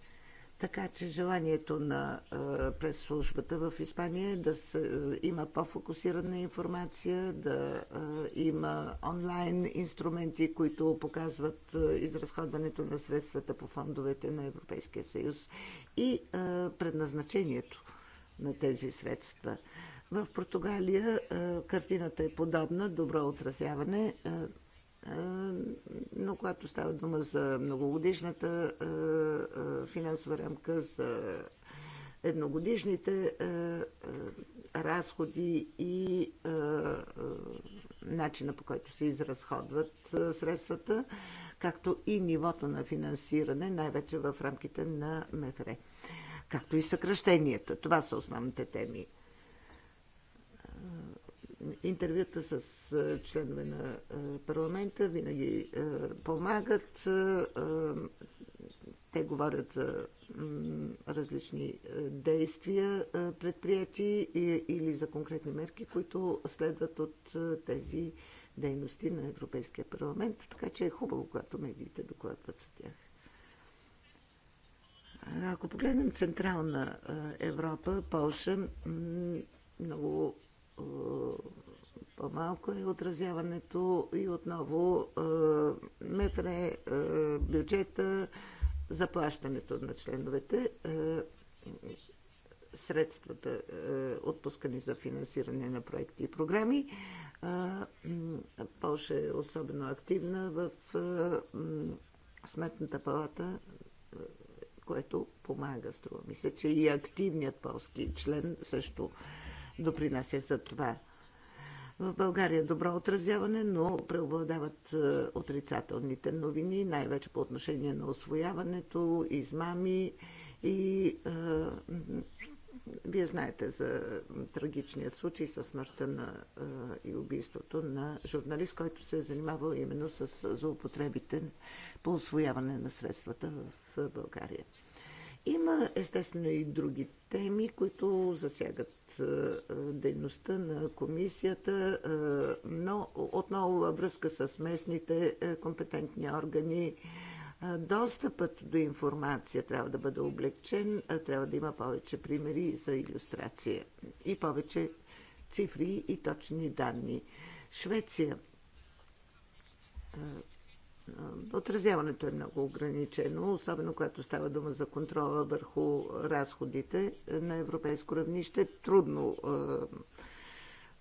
Така че желанието на е, през службата в Испания е да се, е, има по-фокусирана информация, да е, има онлайн инструменти, които показват изразходването на средствата по фондовете на Европейския съюз и предназначението на тези средства. В Португалия картината е подобна, добро отразяване е, но когато става дума за многогодишната е, е, финансова рамка, за едногодишните разходи и начина по който се изразходват средствата, както и нивото на финансиране, най-вече в рамките на МФР, както и съкръщенията. Това са основните теми интервюта с членове на парламента винаги помагат. Те говорят за различни действия предприяти или за конкретни мерки, които следват от тези дейности на Европейския парламент. Така че е хубаво, когато медиите докладват за тях. Ако погледнем Централна Европа, Полша, много по-малко е отразяването и отново МФР, бюджета, заплащането на членовете, средствата отпускани за финансиране на проекти и програми. Польша е особено активна в Сметната палата, което помага, струва ми се, че и активният полски член също допринася за това. В България е добро отразяване, но преобладават е, отрицателните новини, най-вече по отношение на освояването, измами и е, вие знаете за трагичния случай със смъртта на, е, и убийството на журналист, който се е занимавал именно с злоупотребите по освояване на средствата в България. Има естествено и други теми, които засягат дейността на комисията, но отново във връзка с местните компетентни органи. Достъпът до информация трябва да бъде облегчен, трябва да има повече примери за иллюстрация и повече цифри и точни данни. Швеция Отразяването е много ограничено, особено когато става дума за контрола върху разходите на европейско равнище. Трудно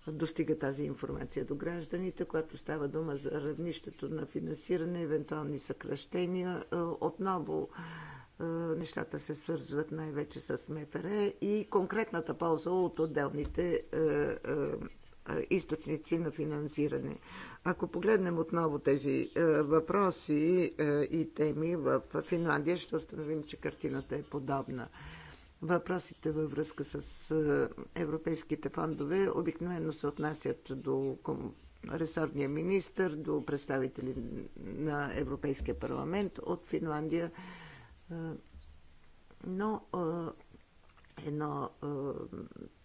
достига тази информация до гражданите, когато става дума за равнището на финансиране, евентуални съкръщения. Отново нещата се свързват най-вече с МФР и конкретната полза от отделните източници на финансиране. Ако погледнем отново тези е, въпроси е, и теми в Финландия, ще установим, че картината е подобна. Въпросите във връзка с е, европейските фондове обикновено се отнасят до ресорния министр, до представители на Европейския парламент от Финландия. Но едно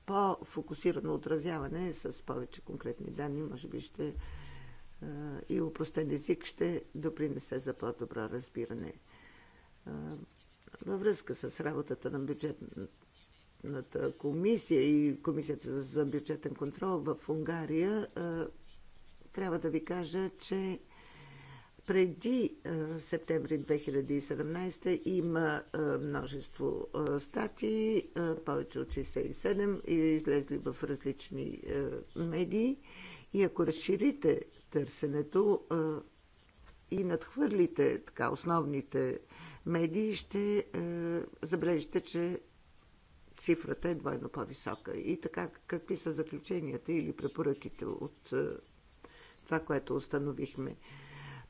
по-фокусирано отразяване с повече конкретни данни, може би ще е, и упростен език ще допринесе за по-добро разбиране. Е, във връзка с работата на бюджетната комисия и комисията за бюджетен контрол в Унгария, е, трябва да ви кажа, че преди септември 2017 има множество статии, повече от 67, излезли в различни медии. И ако разширите търсенето и надхвърлите така, основните медии, ще забележите, че цифрата е двойно по-висока. И така, какви са заключенията или препоръките от това, което установихме?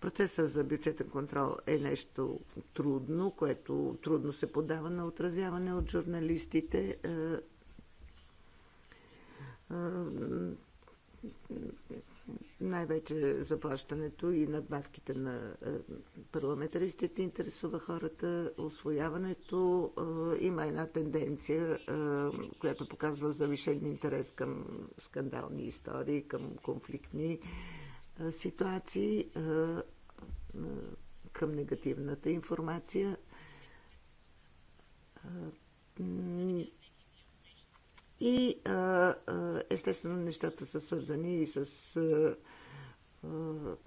Процесът за бюджетен контрол е нещо трудно, което трудно се подава на отразяване от журналистите. Е, е, най-вече заплащането и надбавките на е, парламентаристите интересува хората. Освояването има една тенденция, която показва завишен интерес към скандални истории, към конфликтни ситуации към негативната информация. И естествено нещата са свързани и с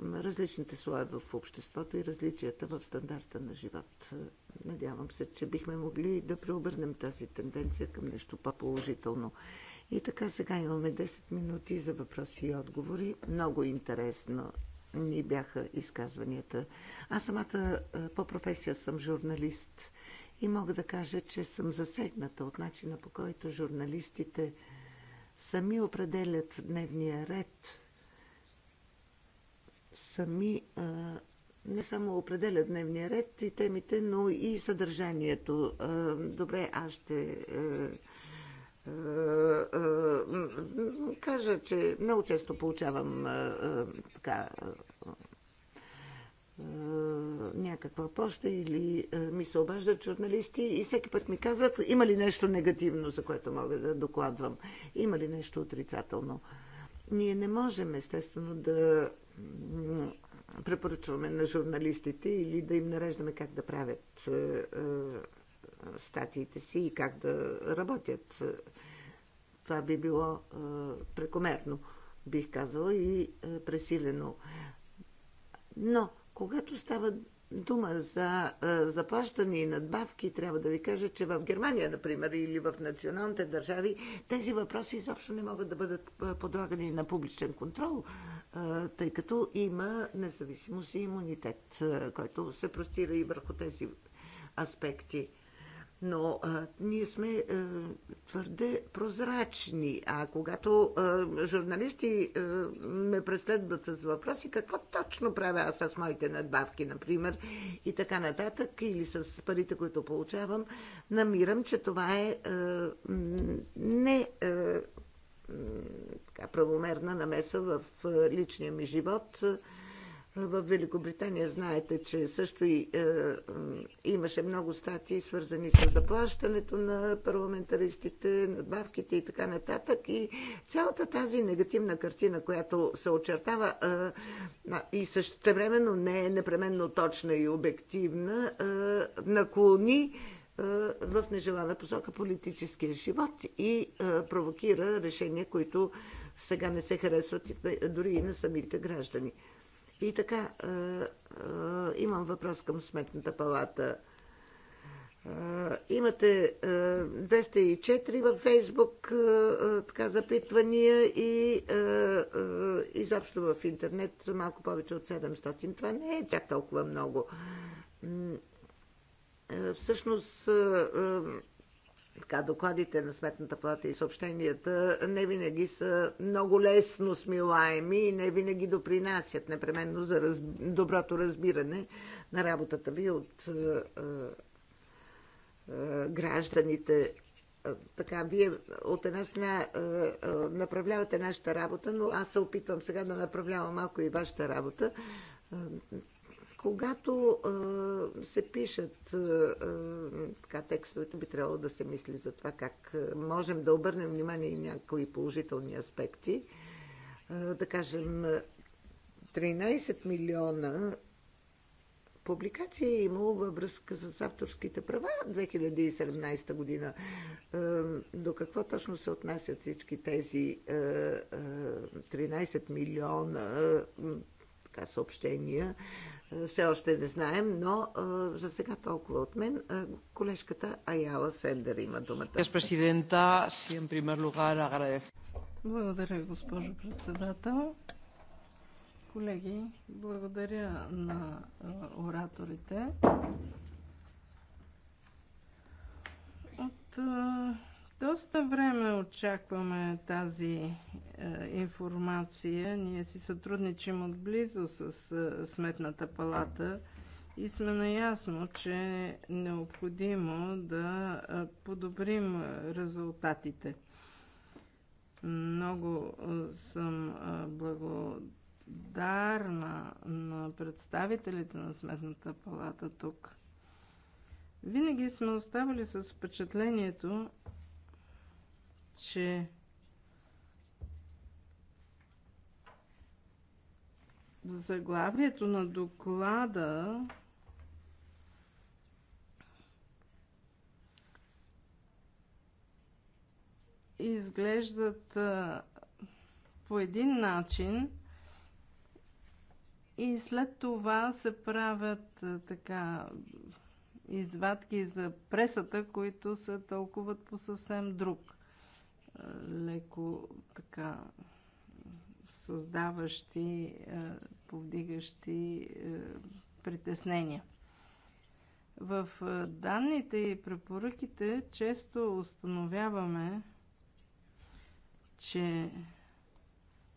различните слои в обществото и различията в стандарта на живот. Надявам се, че бихме могли да преобърнем тази тенденция към нещо по-положително. И така сега имаме 10 минути за въпроси и отговори. Много интересно ни бяха изказванията. Аз самата по професия съм журналист и мога да кажа, че съм засегната от начина по който журналистите сами определят дневния ред, сами не само определя дневния ред и темите, но и съдържанието. Добре, аз ще кажа, че много често получавам така някаква поща или ми се обаждат журналисти и всеки път ми казват има ли нещо негативно, за което мога да докладвам, има ли нещо отрицателно. Ние не можем, естествено, да препоръчваме на журналистите или да им нареждаме как да правят статиите си и как да работят. Това би било е, прекомерно, бих казала, и е, пресилено. Но, когато става дума за е, заплащане и надбавки, трябва да ви кажа, че в Германия, например, или в националните държави, тези въпроси изобщо не могат да бъдат подлагани на публичен контрол, тъй като има независимост и имунитет, който се простира и върху тези аспекти но а, ние сме а, твърде прозрачни. А когато а, журналисти а, ме преследват с въпроси, какво точно правя аз с моите надбавки, например, и така нататък, или с парите, които получавам, намирам, че това е а, не. А, така, правомерна намеса в личния ми живот. А, в Великобритания знаете, че също и, е, имаше много статии, свързани с заплащането на парламентаристите, надбавките и така нататък. И цялата тази негативна картина, която се очертава е, и същевременно не е непременно точна и обективна, е, наклони е, в нежелана посока политическия живот и е, провокира решения, които сега не се харесват дори и на самите граждани. И така, имам въпрос към Сметната палата. Имате 204 във Фейсбук така, запитвания и изобщо в интернет са малко повече от 700. Това не е чак толкова много. Всъщност така, докладите на Сметната плата и съобщенията не винаги са много лесно смилаеми и не винаги допринасят непременно за раз... доброто разбиране на работата ви от е, е, гражданите. Е, така, вие от една страна е, е, направлявате нашата работа, но аз се опитвам сега да направлявам малко и вашата работа е, когато а, се пишат а, така текстовете, би трябвало да се мисли за това как можем да обърнем внимание и някои положителни аспекти. А, да кажем, 13 милиона публикации е имало във връзка с авторските права 2017 година. До какво точно се отнасят всички тези 13 милиона така, съобщения? Все още не знаем, но за сега толкова от мен. Колежката Аяла Сендер има думата. Благодаря, госпожо председател. Колеги, благодаря на ораторите. От доста време очакваме тази е, информация. Ние си сътрудничим отблизо с е, Сметната палата и сме наясно, че е необходимо да е, подобрим резултатите. Много е, съм е, благодарна на представителите на Сметната палата тук. Винаги сме оставали с впечатлението, че заглавието на доклада изглеждат по един начин и след това се правят така извадки за пресата, които се тълкуват по съвсем друг леко така създаващи, е, повдигащи е, притеснения. В е, данните и препоръките често установяваме, че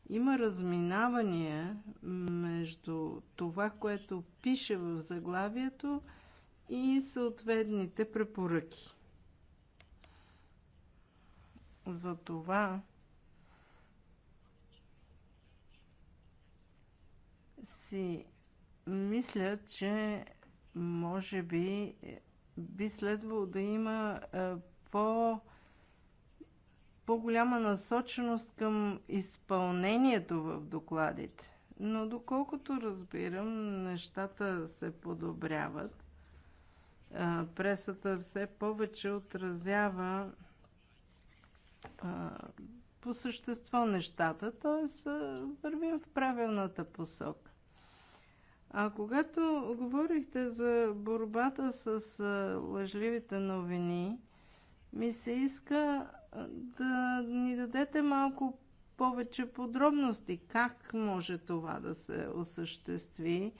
има разминавания между това, което пише в заглавието и съответните препоръки за това си мисля, че може би би следвало да има е, по по-голяма насоченост към изпълнението в докладите. Но доколкото разбирам, нещата се подобряват. Е, пресата все повече отразява а, по същество нещата, т.е. вървим в правилната посока. А когато говорихте за борбата с лъжливите новини, ми се иска да ни дадете малко повече подробности. Как може това да се осъществи?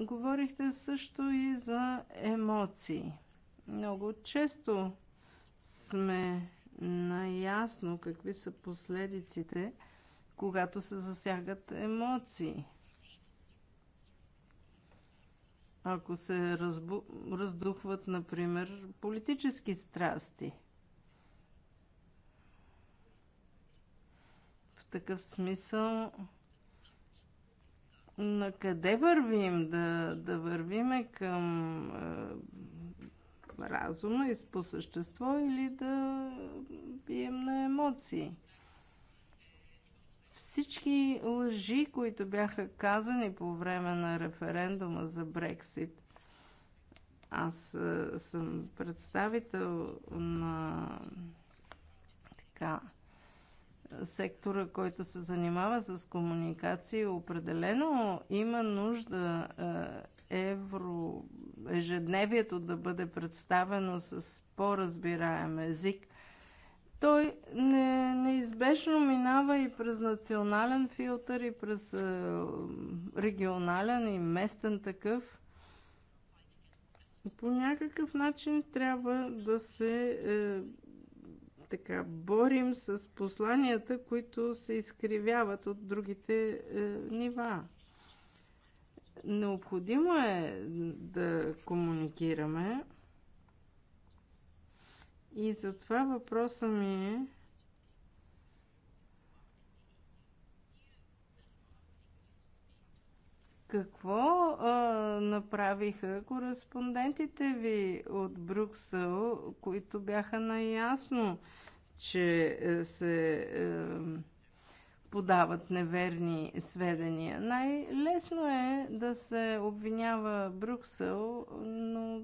Говорихте също и за емоции. Много често сме наясно какви са последиците, когато се засягат емоции. Ако се разбу... раздухват, например, политически страсти. В такъв смисъл, на къде вървим? Да, да вървиме към е, разума и по същество или да бием на емоции. Всички лъжи, които бяха казани по време на референдума за Брексит, аз съм представител на така, сектора, който се занимава с комуникация, определено има нужда евро ежедневието да бъде представено с по-разбираем език, той не, неизбежно минава и през национален филтър, и през е, регионален и местен такъв. По някакъв начин трябва да се е, така борим с посланията, които се изкривяват от другите е, нива. Необходимо е да комуникираме. И затова въпроса ми е какво а, направиха кореспондентите ви от Брюксел, които бяха наясно, че е, се а, е, подават неверни сведения. Най-лесно е да се обвинява Брюксел, но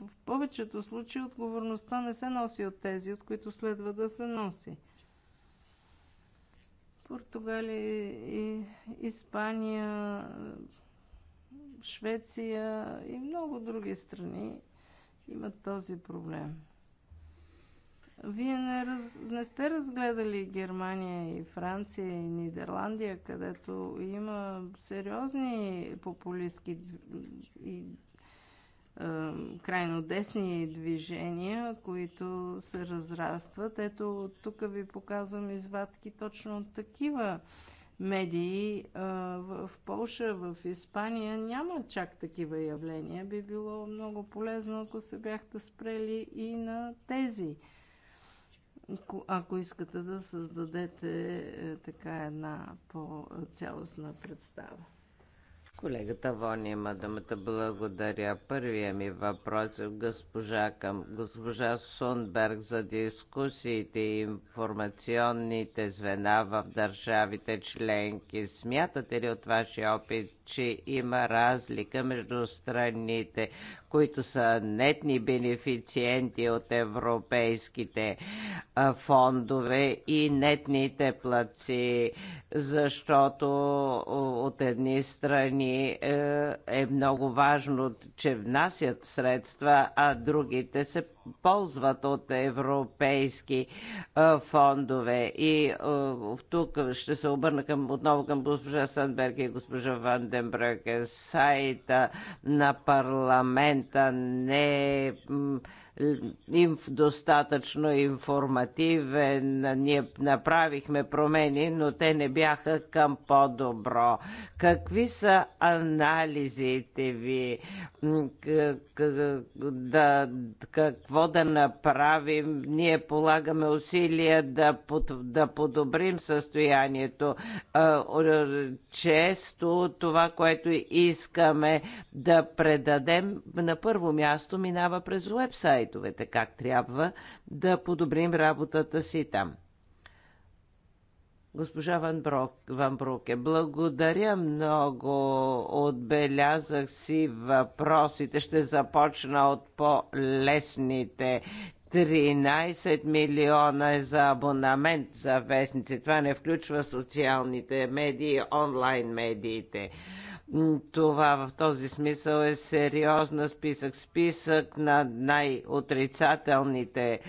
в повечето случаи отговорността не се носи от тези, от които следва да се носи. Португалия, и Испания, Швеция и много други страни имат този проблем. Вие не, раз, не сте разгледали Германия и Франция и Нидерландия, където има сериозни популистски и е, крайно десни движения, които се разрастват. Ето, тук ви показвам извадки точно от такива медии. Е, в Полша, в Испания няма чак такива явления. Би било много полезно, ако се бяхте спрели и на тези ако искате да създадете е, така една по-цялостна представа. Колегата Вони има те Благодаря. Първия ми въпрос е госпожа към госпожа Сунберг за дискусиите и информационните звена в държавите членки. Смятате ли от вашия опит, че има разлика между страните, които са нетни бенефициенти от европейските фондове и нетните плаци, защото от едни страни е, е много важно, че внасят средства, а другите се ползват от европейски а, фондове. И а, тук ще се обърна към, отново към госпожа Сандберг и госпожа Ванденбрък. Сайта на парламента не достатъчно информативен. Ние направихме промени, но те не бяха към по-добро. Какви са анализите ви? Да, какво да направим? Ние полагаме усилия да, под, да подобрим състоянието. Често това, което искаме да предадем, на първо място минава през уебсайт сайтовете, как трябва да подобрим работата си там. Госпожа Ван, Брок, Ван Бруке, благодаря много. Отбелязах си въпросите. Ще започна от по-лесните. 13 милиона е за абонамент за вестници. Това не включва социалните медии, онлайн медиите. Това в този смисъл е сериозна списък. Списък на най-отрицателните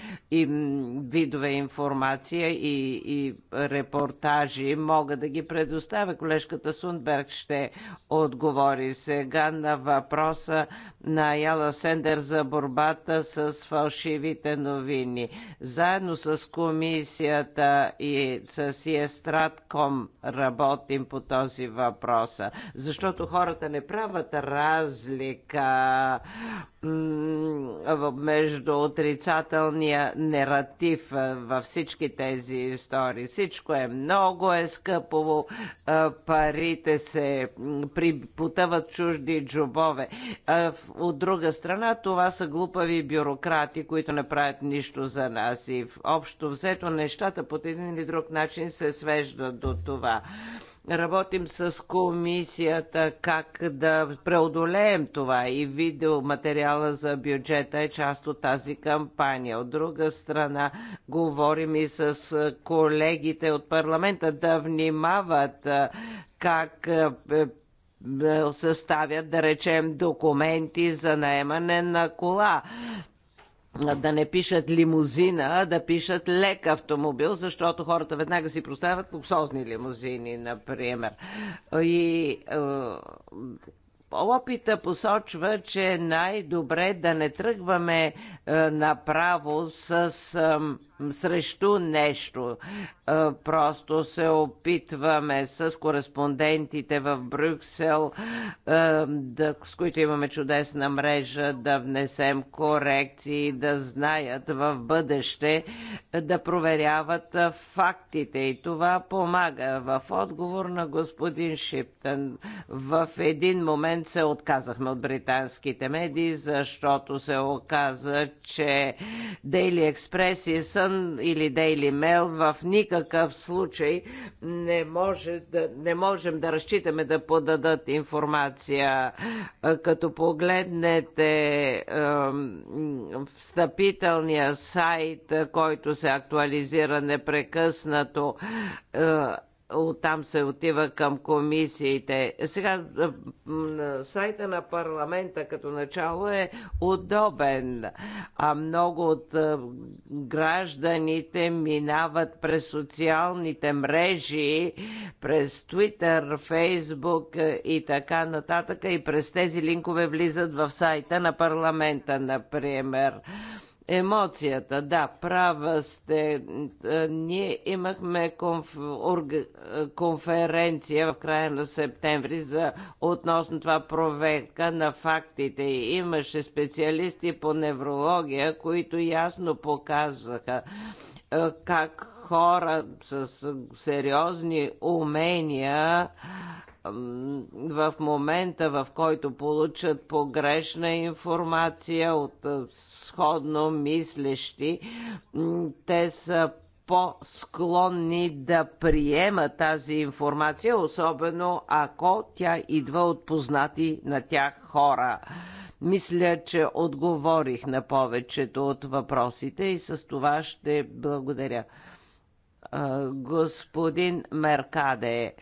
видове информация и, и репортажи. Мога да ги предоставя. Колежката Сунберг ще отговори сега на въпроса на Яла Сендер за борбата с фалшивите новини. Заедно с комисията и с Естратком работим по този въпрос. Защото защото хората не правят разлика между отрицателния нератив във всички тези истории. Всичко е много е скъпо, парите се потъват чужди джобове. От друга страна, това са глупави бюрократи, които не правят нищо за нас. И общо взето нещата по един или друг начин се свеждат до това. Работим с комисията как да преодолеем това и видеоматериала за бюджета е част от тази кампания. От друга страна, говорим и с колегите от парламента да внимават как съставят, да речем, документи за наемане на кола да не пишат лимузина, а да пишат лек автомобил, защото хората веднага си проставят луксозни лимузини, например. И е, опита посочва, че най-добре да не тръгваме е, направо с срещу нещо. Просто се опитваме с кореспондентите в Брюксел, с които имаме чудесна мрежа, да внесем корекции, да знаят в бъдеще, да проверяват фактите. И това помага. В отговор на господин Шиптън, в един момент се отказахме от британските медии, защото се оказа, че Daily Express и Сън Guardian или Daily Mail в никакъв случай не, може да, не можем да разчитаме да подадат информация. Като погледнете е, встъпителния сайт, който се актуализира непрекъснато, е, оттам се отива към комисиите. Сега сайта на парламента като начало е удобен, а много от гражданите минават през социалните мрежи, през Twitter, Facebook и така нататък и през тези линкове влизат в сайта на парламента, например емоцията. Да, права сте. Е, ние имахме конф... орг... Е, конференция в края на септември за относно това проверка на фактите. Имаше специалисти по неврология, които ясно показаха е, как хора с сериозни умения в момента, в който получат погрешна информация от сходно мислещи, те са по-склонни да приема тази информация, особено ако тя идва от познати на тях хора. Мисля, че отговорих на повечето от въпросите и с това ще благодаря. Господин Меркаде,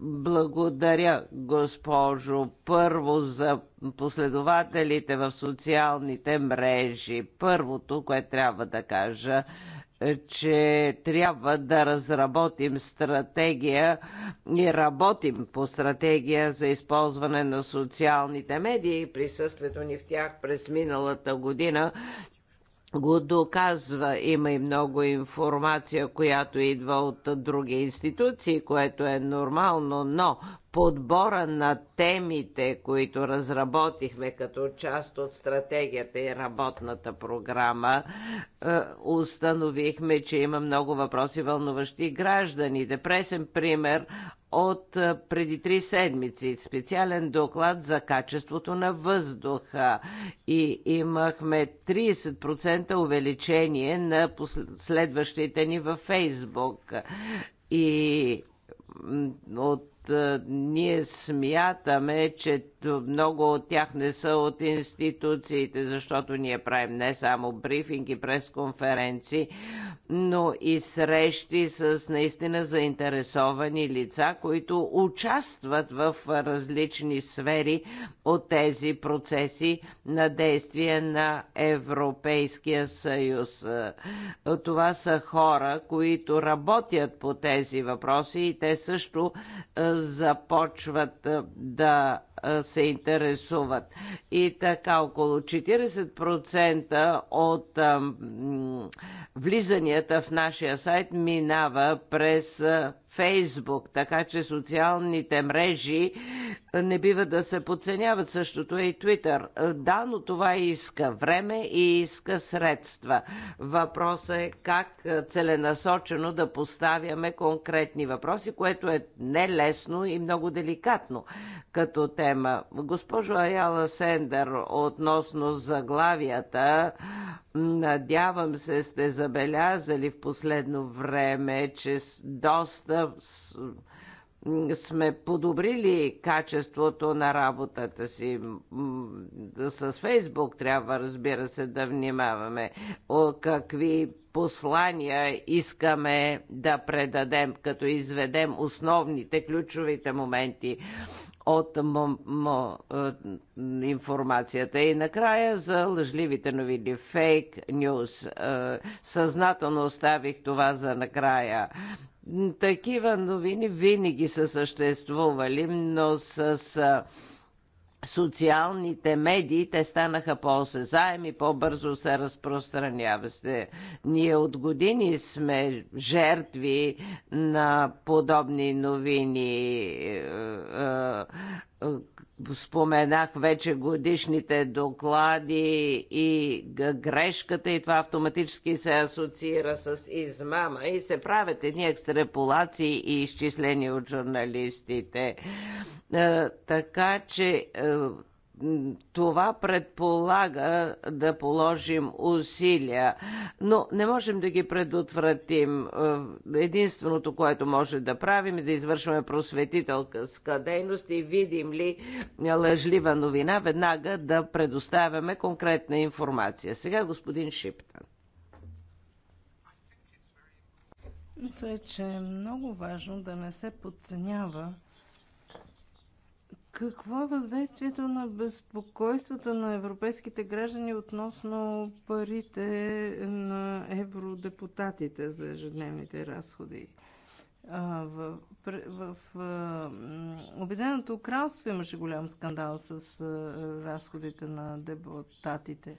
благодаря, госпожо, първо за последователите в социалните мрежи. Първото, което трябва да кажа, е, че трябва да разработим стратегия и работим по стратегия за използване на социалните медии и присъствието ни в тях през миналата година го доказва. Има и много информация, която идва от други институции, което е нормално, но подбора на темите, които разработихме като част от стратегията и работната програма, е, установихме, че има много въпроси вълнуващи гражданите. Пресен пример от преди три седмици. Специален доклад за качеството на въздуха. И имахме 30% увеличение на следващите ни във Фейсбук. И от ние смятаме, че много от тях не са от институциите, защото ние правим не само брифинги, пресконференции, но и срещи с наистина заинтересовани лица, които участват в различни сфери от тези процеси на действие на Европейския съюз. Това са хора, които работят по тези въпроси и те също е, започват е, да е, се интересуват. И така около 40% от а, влизанията в нашия сайт минава през Фейсбук, така че социалните мрежи не бива да се подценяват. Същото е и Твитър. Да, но това иска време и иска средства. Въпросът е как целенасочено да поставяме конкретни въпроси, което е нелесно и много деликатно като тема. Госпожо Аяла Сендер, относно заглавията, надявам се сте забелязали в последно време, че доста сме подобрили качеството на работата си. С Фейсбук трябва, разбира се, да внимаваме о какви послания искаме да предадем, като изведем основните, ключовите моменти от е, информацията. И накрая за лъжливите новини, фейк нюз. Е, съзнателно оставих това за накрая. Такива новини винаги са съществували, но с социалните медии, те станаха по-осезаеми, по-бързо се разпространява. Се. Ние от години сме жертви на подобни новини. Е, е, е, споменах вече годишните доклади и грешката и това автоматически се асоциира с измама и се правят едни екстраполации и изчисления от журналистите. Е, така че е, това предполага да положим усилия, но не можем да ги предотвратим. Е, единственото, което може да правим е да извършваме просветителска дейност и видим ли лъжлива новина, веднага да предоставяме конкретна информация. Сега господин Шиптан. Мисля, че е много важно да не се подценява какво е въздействието на безпокойствата на европейските граждани относно парите на евродепутатите за ежедневните разходи? в, в, в Обединеното кралство имаше голям скандал с разходите на депутатите.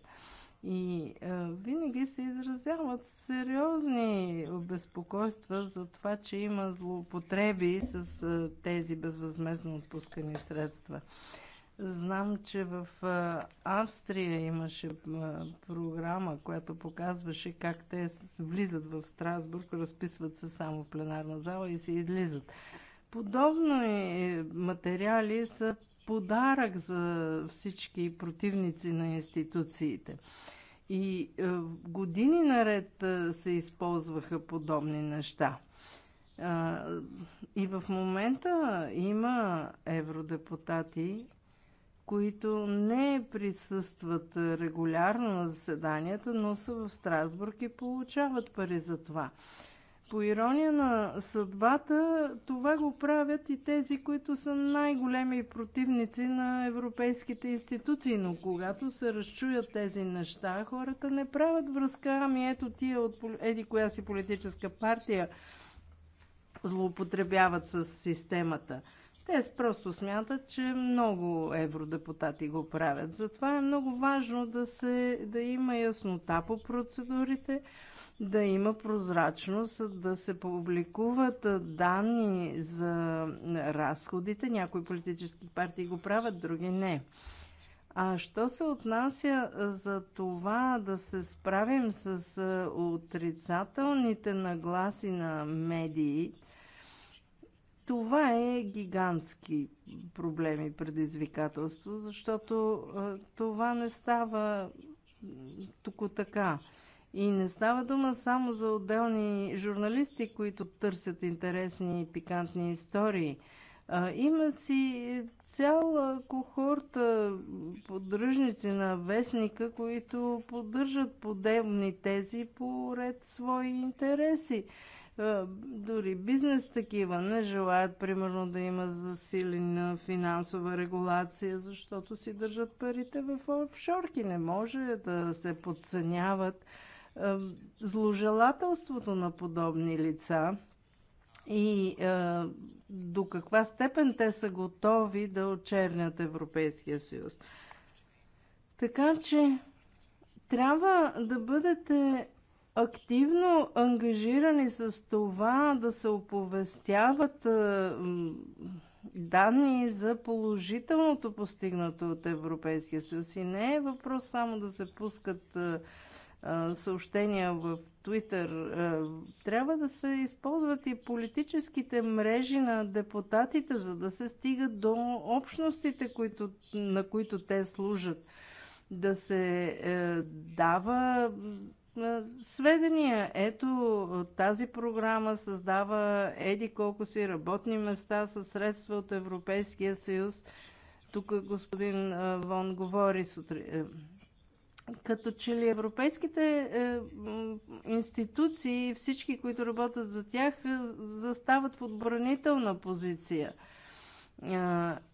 И а, винаги се изразяват сериозни безпокойства за това, че има злоупотреби с а, тези безвъзмезно отпускани средства. Знам, че в а, Австрия имаше а, програма, която показваше как те влизат в Страсбург, разписват се само в пленарна зала и се излизат. Подобни е, материали са подарък за всички противници на институциите. И е, години наред е, се използваха подобни неща. Е, и в момента има евродепутати, които не присъстват регулярно на заседанията, но са в Страсбург и получават пари за това. По ирония на съдбата, това го правят и тези, които са най-големи противници на европейските институции. Но когато се разчуят тези неща, хората не правят връзка, ами ето тия от еди коя си политическа партия злоупотребяват с системата. Те просто смятат, че много евродепутати го правят. Затова е много важно да, се, да има яснота по процедурите, да има прозрачност, да се публикуват данни за разходите. Някои политически партии го правят, други не. А що се отнася за това да се справим с отрицателните нагласи на медиите, това е гигантски проблем и предизвикателство, защото това не става тук така. И не става дума само за отделни журналисти, които търсят интересни и пикантни истории. А, има си цяла кохорта поддръжници на вестника, които поддържат подемни тези по ред свои интереси. Е, дори бизнес такива не желаят, примерно, да има засилена финансова регулация, защото си държат парите в офшорки. Не може да се подценяват е, зложелателството на подобни лица и е, до каква степен те са готови да очернят Европейския съюз. Така че трябва да бъдете активно ангажирани с това да се оповестяват данни за положителното постигнато от Европейския съюз. И не е въпрос само да се пускат съобщения в Твитър. Трябва да се използват и политическите мрежи на депутатите, за да се стигат до общностите, които, на които те служат. Да се е, дава сведения. Ето тази програма създава еди колко си работни места със средства от Европейския съюз. Тук господин Вон говори сутри. Е, като че ли европейските е, институции и всички, които работят за тях, е, застават в отбранителна позиция.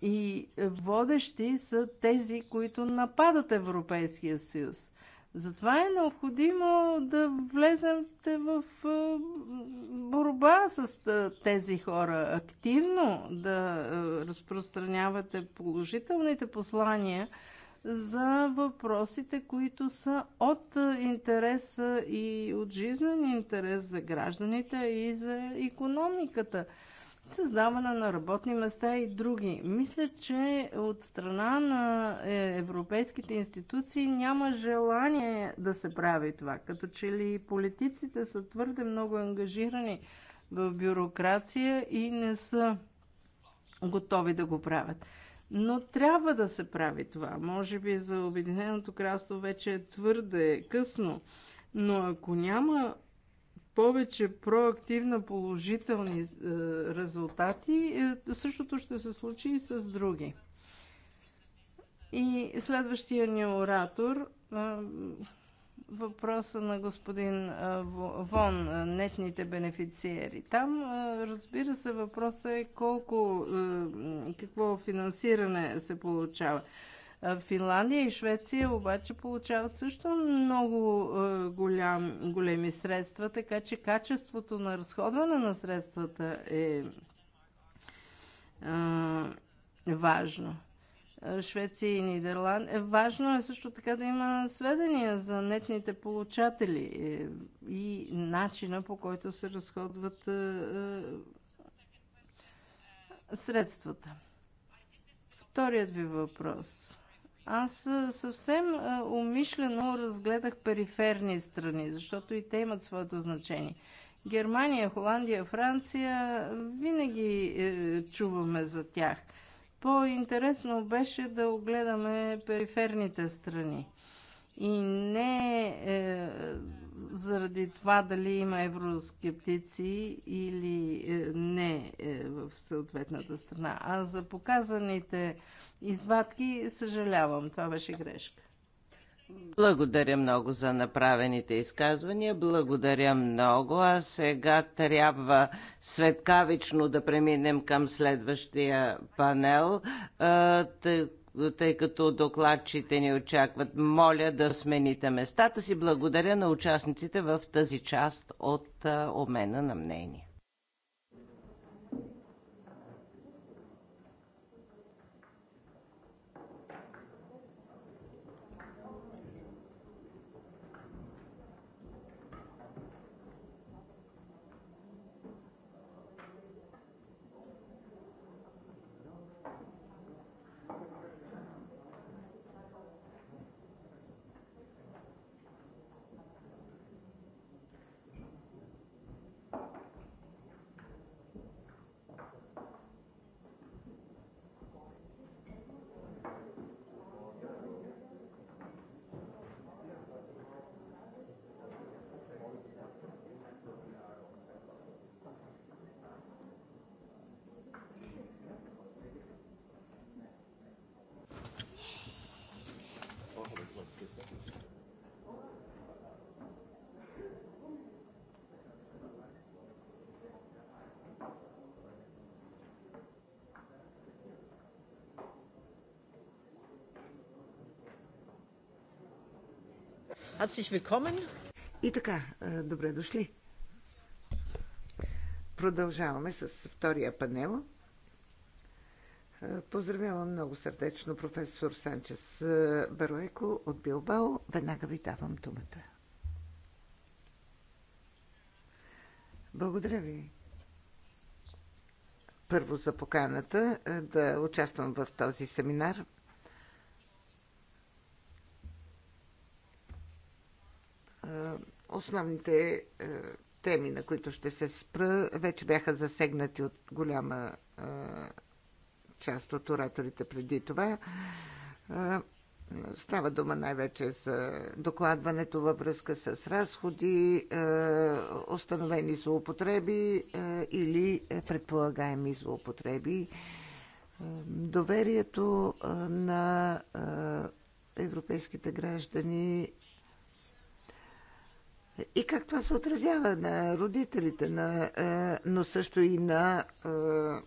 И водещи са тези, които нападат Европейския съюз. Затова е необходимо да влезете в борба с тези хора активно, да разпространявате положителните послания за въпросите, които са от интерес и от жизнен интерес за гражданите и за економиката създаване на работни места и други. Мисля, че от страна на е, европейските институции няма желание да се прави това. Като че ли политиците са твърде много ангажирани в бюрокрация и не са готови да го правят. Но трябва да се прави това. Може би за Обединеното кралство вече е твърде късно. Но ако няма повече проактивно положителни е, резултати, е, същото ще се случи и с други. И следващия ни оратор, е, въпроса на господин Вон, нетните бенефициери. Там, разбира се, въпросът е колко, какво финансиране се получава. Финландия и Швеция обаче получават също много голям, големи средства, така че качеството на разходване на средствата е важно. Швеция и Нидерланд. Е, важно е също така да има сведения за нетните получатели е, и начина по който се разходват средствата. Вторият ви въпрос. Аз съвсем умишлено разгледах периферни страни, защото и те имат своето значение. Германия, Холандия, Франция, винаги е, чуваме за тях. По-интересно беше да огледаме периферните страни и не е, заради това дали има евроскептици или е, не е, в съответната страна. А за показаните извадки съжалявам, това беше грешка. Благодаря много за направените изказвания. Благодаря много. А сега трябва светкавично да преминем към следващия панел. Е, тъй като докладчите ни очакват. Моля да смените местата си. Благодаря на участниците в тази част от обмена на мнение. И така, добре дошли. Продължаваме с втория панел. Поздравявам много сърдечно професор Санчес Бароеко от Билбао. Веднага ви давам думата. Благодаря ви, първо за поканата да участвам в този семинар. Основните е, теми, на които ще се спра, вече бяха засегнати от голяма е, част от ораторите преди това. Е, Става дума най-вече за докладването във връзка с разходи, е, установени злоупотреби е, или е, предполагаеми злоупотреби. Е, доверието е, на европейските граждани и как това се отразява на родителите, на, е, но също и на е,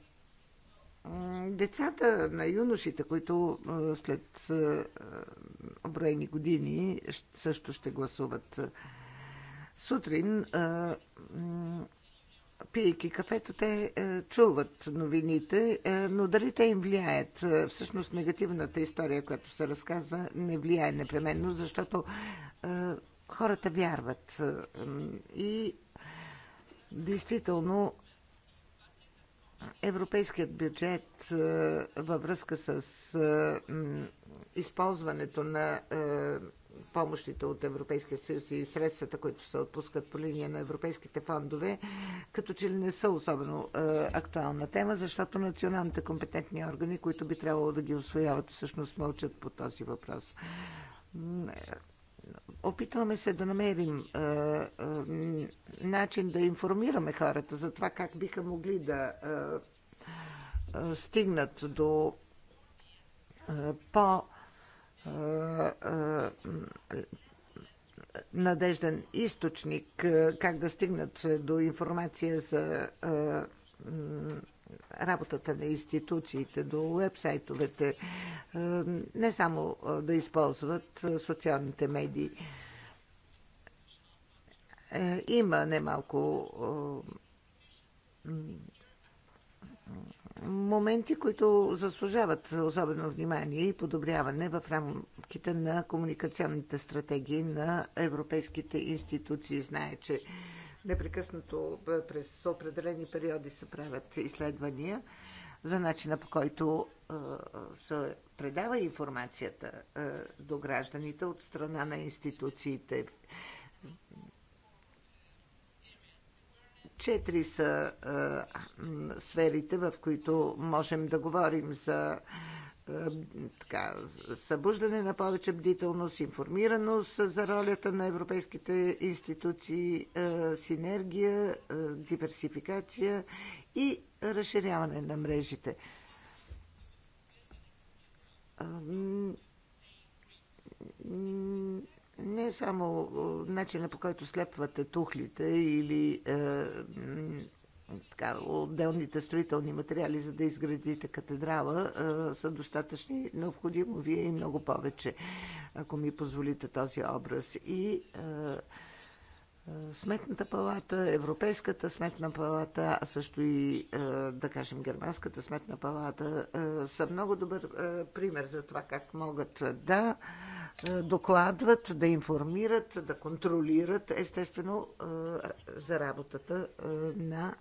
децата, на юношите, които е, след обрени години също ще гласуват. Сутрин, пиейки кафето, те чуват новините, но дали те им влияят? Всъщност негативната история, която се разказва, не влияе непременно, защото хората вярват. Е, и действително Европейският бюджет е, във връзка с е, използването на помощите от Европейския съюз и средствата, които се отпускат по линия на европейските фондове, като че ли не са особено актуална тема, защото националните компетентни органи, които би трябвало да ги освояват, всъщност мълчат по този въпрос. Опитваме се да намерим е, е, начин да информираме хората за това как биха могли да е, е, стигнат до е, по- е, е, надежден източник, е, как да стигнат до информация за работата на институциите до вебсайтовете, е, не само е, да използват е, социалните медии. Има немалко моменти, които заслужават особено внимание и подобряване в рамките на комуникационните стратегии на европейските институции. Знае, че непрекъснато е, през определени периоди се правят изследвания за начина по който е, се предава информацията е, до гражданите от страна на институциите. Четири са сферите, в които можем да говорим за така, събуждане на повече бдителност, информираност за ролята на европейските институции, е, синергия, е, диверсификация и разширяване на мрежите. Не е само начина по който слепвате тухлите или така, отделните строителни материали, за да изградите катедрала, са достатъчни. Необходимо ви е и много повече, ако ми позволите този образ. И Сметната палата, Европейската сметна палата, а също и, да кажем, Германската сметна палата са много добър пример за това как могат да е, докладват, да информират, да контролират, естествено, е, за работата е, на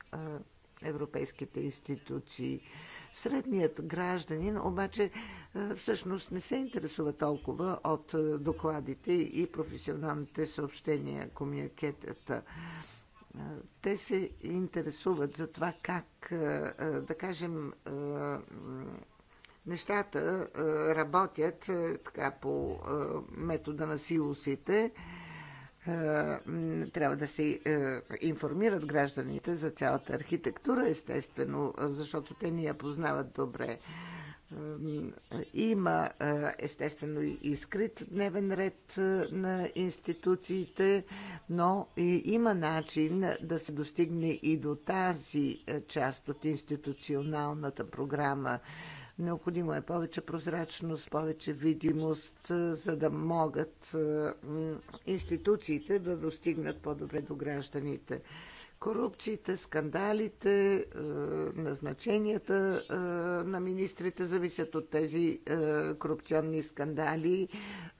европейските институции. Средният гражданин обаче всъщност не се интересува толкова от докладите и професионалните съобщения, комуникетата. Те се интересуват за това как, да кажем, нещата работят така по метода на Силосите. Трябва да се информират гражданите за цялата архитектура, естествено, защото те ни я познават добре. Има естествено и скрит дневен ред на институциите, но има начин да се достигне и до тази част от институционалната програма Необходимо е повече прозрачност, повече видимост, е, за да могат е, институциите да достигнат по-добре до гражданите. Корупциите, скандалите, е, назначенията на министрите зависят от тези корупционни скандали.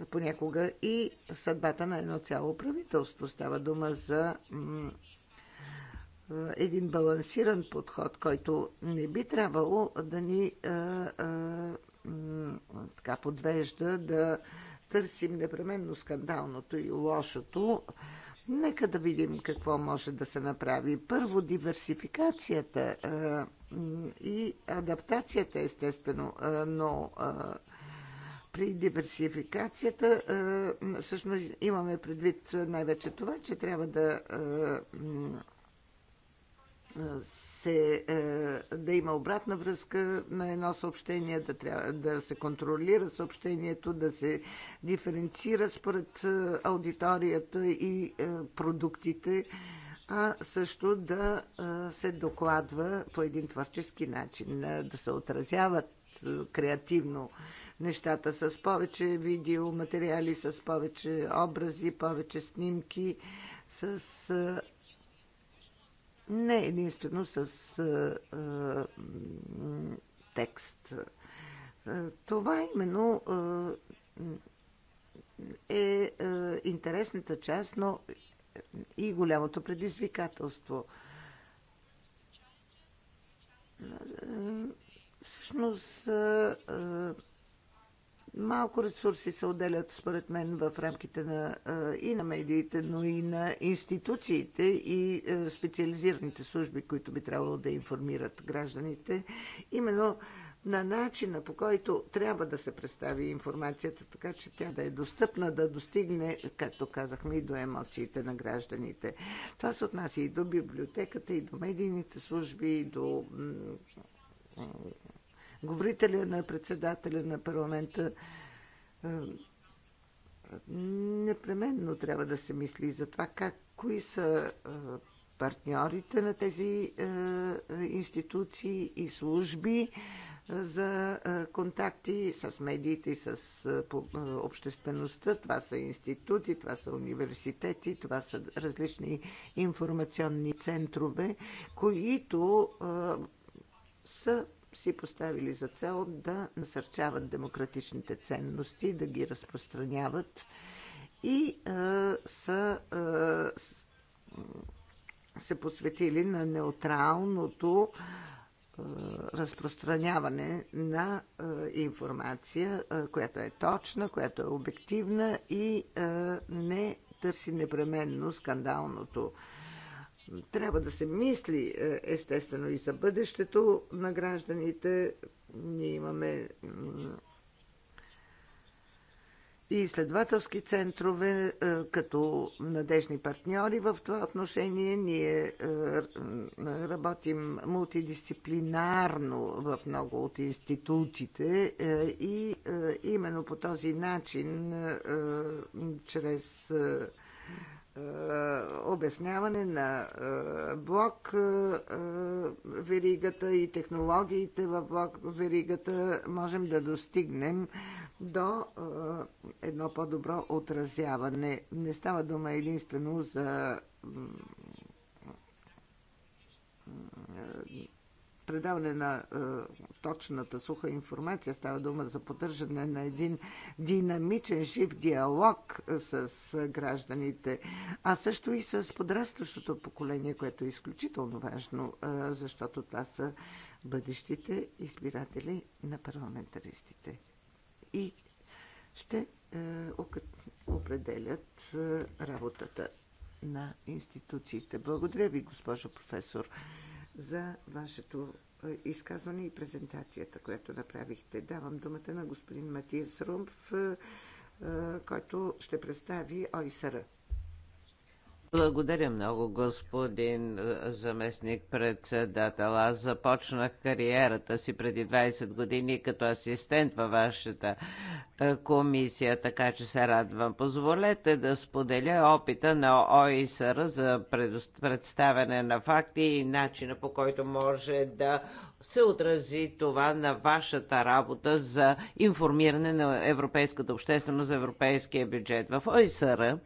Понякога и съдбата на едно цяло правителство става дума за е, един балансиран подход, който не би трябвало да ни а, е, а, е, така подвежда да търсим непременно скандалното и лошото. Нека да видим какво може да се направи. Първо, диверсификацията а, и адаптацията, естествено, а, но а, при диверсификацията всъщност имаме предвид най-вече това, че трябва да се, е, да има обратна връзка на едно съобщение, да, трябва, да се контролира съобщението, да се диференцира според е, аудиторията и е, продуктите, а също да се докладва по един творчески начин, да се отразяват креативно нещата с повече видеоматериали, с повече образи, повече снимки, с не единствено с текст. Това именно е интересната част, но и голямото предизвикателство. Всъщност, Малко ресурси се отделят, според мен, в рамките на, и на медиите, но и на институциите и специализираните служби, които би трябвало да информират гражданите. Именно на начина по който трябва да се представи информацията, така че тя да е достъпна, да достигне, както казахме, и до емоциите на гражданите. Това се отнася и до библиотеката, и до медийните служби, и до говорителя на председателя на парламента. Непременно трябва да се мисли за това как, кои са партньорите на тези институции и служби за контакти с медиите и с обществеността. Това са институти, това са университети, това са различни информационни центрове, които са си поставили за цел да насърчават демократичните ценности, да ги разпространяват и а, са а, се посветили на неутралното а, разпространяване на а, информация, а, която е точна, която е обективна и а, не търси непременно скандалното. а, трябва да се мисли е, естествено и за бъдещето на гражданите. Ние имаме и изследователски центрове е, като надежни партньори в това отношение. Ние е, работим мултидисциплинарно в много от институтите и именно по този начин, чрез е, обясняване на е, блок е, веригата и технологиите в блок веригата можем да достигнем до едно по-добро отразяване. Не става дума единствено за предаване на е, точната суха информация. Става дума за поддържане на един динамичен, жив диалог е, с е, гражданите, а също и с подрастващото поколение, което е изключително важно, е, защото това са бъдещите избиратели на парламентаристите. И ще е, определят е, работата на институциите. Благодаря ви, госпожо професор за вашето е, изказване и презентацията, която направихте. Давам думата на господин Матиас Румф, е, е, който ще представи ОИСР. Благодаря много, господин е, заместник председател. Аз започнах кариерата си преди 20 години като асистент във вашата е, комисия, така че се радвам. Позволете да споделя опита на ОИСР за представяне на факти и начина по който може да се отрази това на вашата работа за информиране на европейската общественост за европейския бюджет. В ОИСР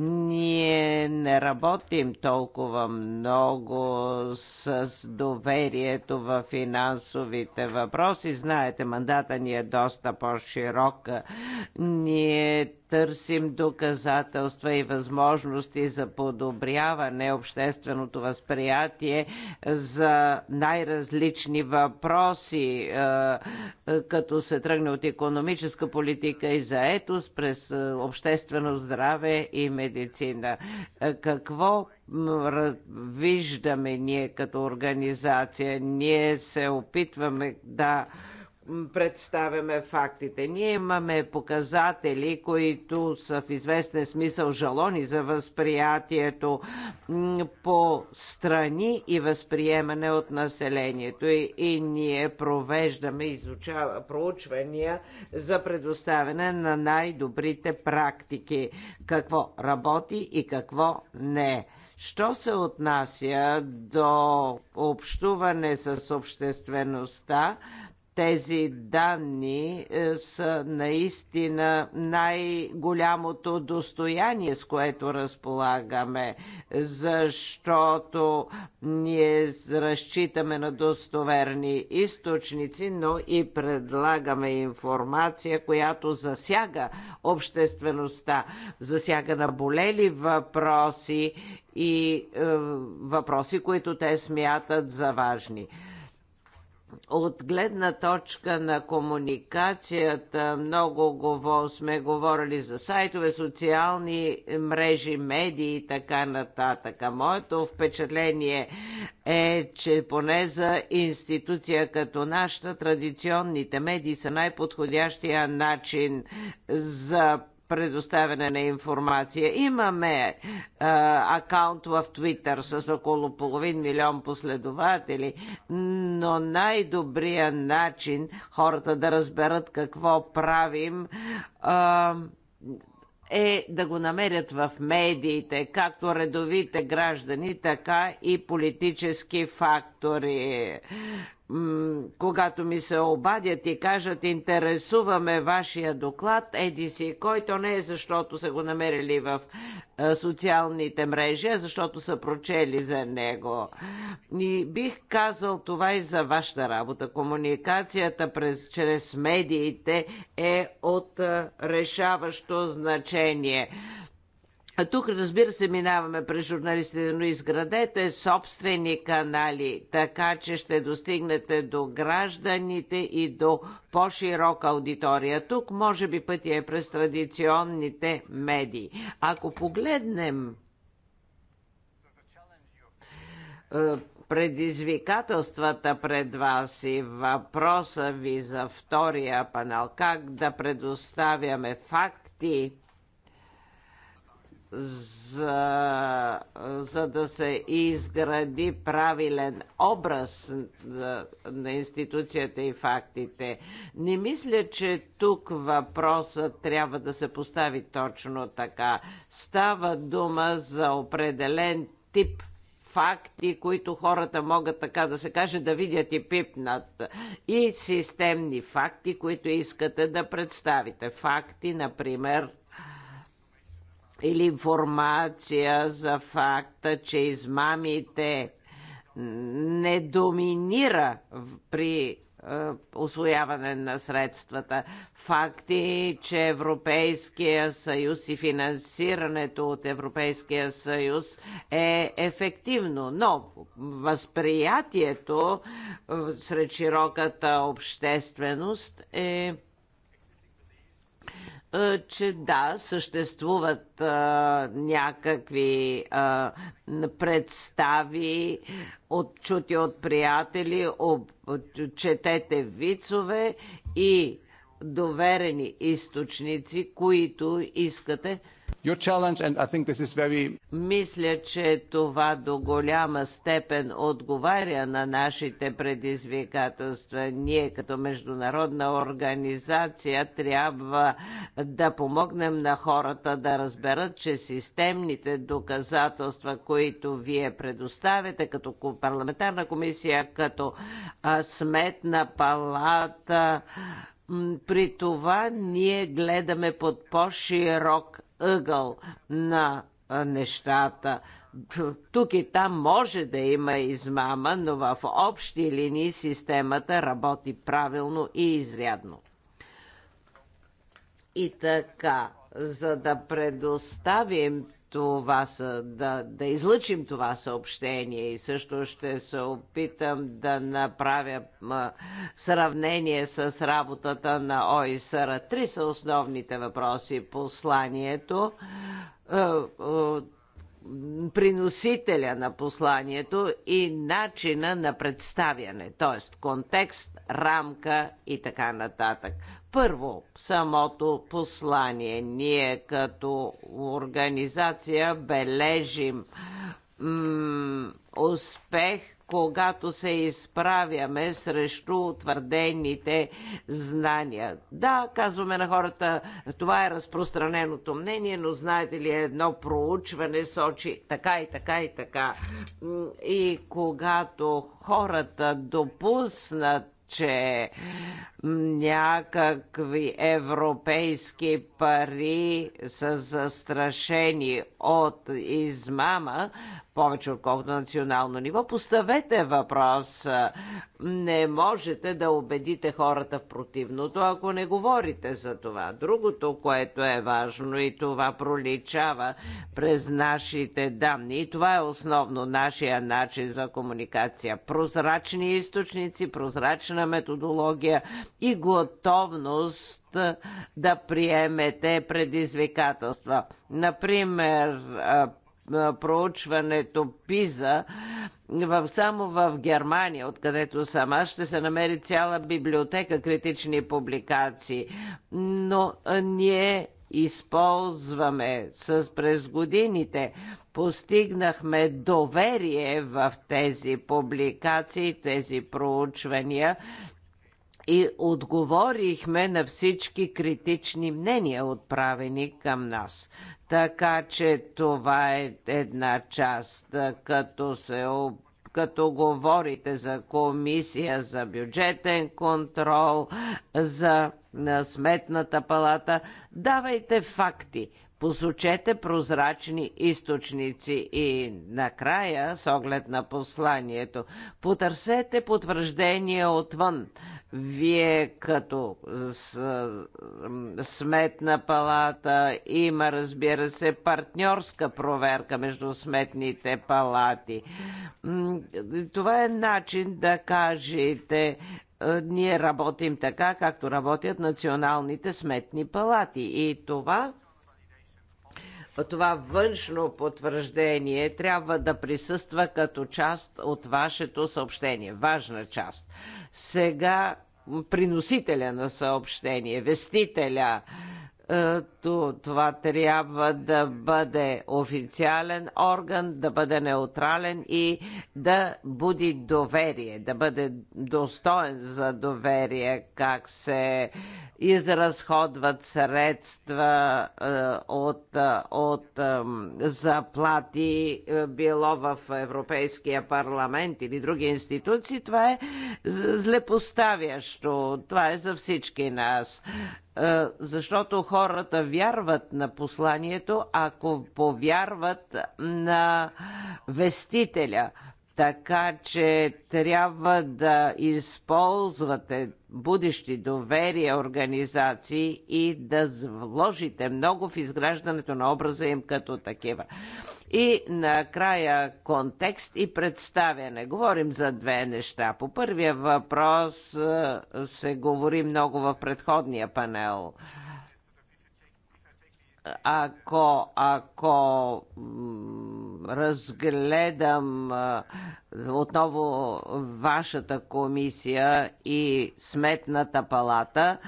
ние не работим толкова много с доверието в финансовите въпроси. Знаете, мандата ни е доста по-широка. Ние търсим доказателства и възможности за подобряване общественото възприятие за най-различни въпроси, е, е, като се тръгне от економическа политика и за етос през е, обществено здраве и медицина. Какво виждаме ние като организация? Ние се опитваме да представяме фактите. Ние имаме показатели, които са в известен смисъл жалони за възприятието по страни и възприемане от населението. И, и ние провеждаме изучава, проучвания за предоставяне на най-добрите практики. Какво работи и какво не. Що се отнася до общуване с обществеността, тези данни е, са наистина най-голямото достояние, с което разполагаме, защото ние разчитаме на достоверни източници, но и предлагаме информация, която засяга обществеността, засяга наболели въпроси и е, въпроси, които те смятат за важни от гледна точка на комуникацията, много говор, сме говорили за сайтове, социални мрежи, медии и така нататък. Моето впечатление е, че поне за институция като нашата, традиционните медии са най-подходящия начин за предоставяне на информация. Имаме а, е, акаунт в Твитър с около половин милион последователи, но най-добрият начин хората да разберат какво правим а, е, е да го намерят в медиите, както редовите граждани, така и политически фактори когато ми се обадят и кажат интересуваме вашия доклад, еди си, който не е защото са го намерили в е, социалните мрежи, а защото са прочели за него. И бих казал това и за вашата работа. Комуникацията през, чрез медиите е от е, решаващо значение. Тук, разбира се, минаваме през журналистите, но изградете собствени канали, така че ще достигнете до гражданите и до по-широка аудитория. Тук, може би, пътя е през традиционните медии. Ако погледнем е, предизвикателствата пред вас и въпроса ви за втория панел, как да предоставяме факти, за, за да се изгради правилен образ на, на институцията и фактите. Не мисля, че тук въпросът трябва да се постави точно така. Става дума за определен тип факти, които хората могат така да се каже да видят и пипнат. И системни факти, които искате да представите. Факти, например, или информация за факта, че измамите не доминира при е, освояване на средствата. Факти, е, че Европейския съюз и финансирането от Европейския съюз е ефективно, но възприятието е, сред широката общественост е че да, съществуват а, някакви а, представи, от, от приятели, об, четете вицове и доверени източници, които искате мисля, че това до голяма степен отговаря на нашите предизвикателства. Ние като международна организация трябва да помогнем на хората да разберат, че системните доказателства, които вие предоставяте като парламентарна комисия, като сметна палата, при това ние гледаме под по-широк ъгъл на нещата. Тук и там може да има измама, но в общи линии системата работи правилно и изрядно. И така, за да предоставим това са, да, да излъчим това съобщение и също ще се опитам да направя сравнение с работата на ОИСР. Три са основните въпроси. Посланието, приносителя на посланието и начина на представяне, т.е. контекст, рамка и така нататък. Първо, самото послание. Ние като организация бележим успех когато се изправяме срещу твърдените знания. Да, казваме на хората, това е разпространеното мнение, но знаете ли, едно проучване сочи така и така и така. И когато хората допуснат че някакви европейски пари са застрашени от измама, повече отколкото национално ниво. Поставете въпрос. Не можете да убедите хората в противното, ако не говорите за това. Другото, което е важно и това проличава през нашите данни, и това е основно нашия начин за комуникация. Прозрачни източници, прозрачна методология, и готовност да приемете предизвикателства. Например, проучването ПИЗА в, само в Германия, откъдето сама ще се намери цяла библиотека критични публикации. Но ние използваме с през годините. Постигнахме доверие в тези публикации, тези проучвания и отговорихме на всички критични мнения, отправени към нас. Така че това е една част, като се като говорите за комисия, за бюджетен контрол, за сметната палата, давайте факти. Посочете прозрачни източници и накрая, с оглед на посланието, потърсете потвърждение отвън. Вие като с, сметна палата има, разбира се, партньорска проверка между сметните палати. Това е начин да кажете е, ние работим така, както работят националните сметни палати. И това това външно потвърждение трябва да присъства като част от вашето съобщение. Важна част. Сега приносителя на съобщение, вестителя, е, това трябва да бъде официален орган, да бъде неутрален и да буди доверие, да бъде достоен за доверие, как се изразходват средства е, от, е, от заплати, било в Европейския парламент или други институции. Това е злепоставящо. Това е за всички нас. Е, защото хората вярват на посланието, ако повярват на вестителя. Така че трябва да използвате будещи доверие организации и да вложите много в изграждането на образа им като такива. И накрая контекст и представяне. Говорим за две неща. По първия въпрос се говори много в предходния панел ако, ако разгледам отново вашата комисия и сметната палата,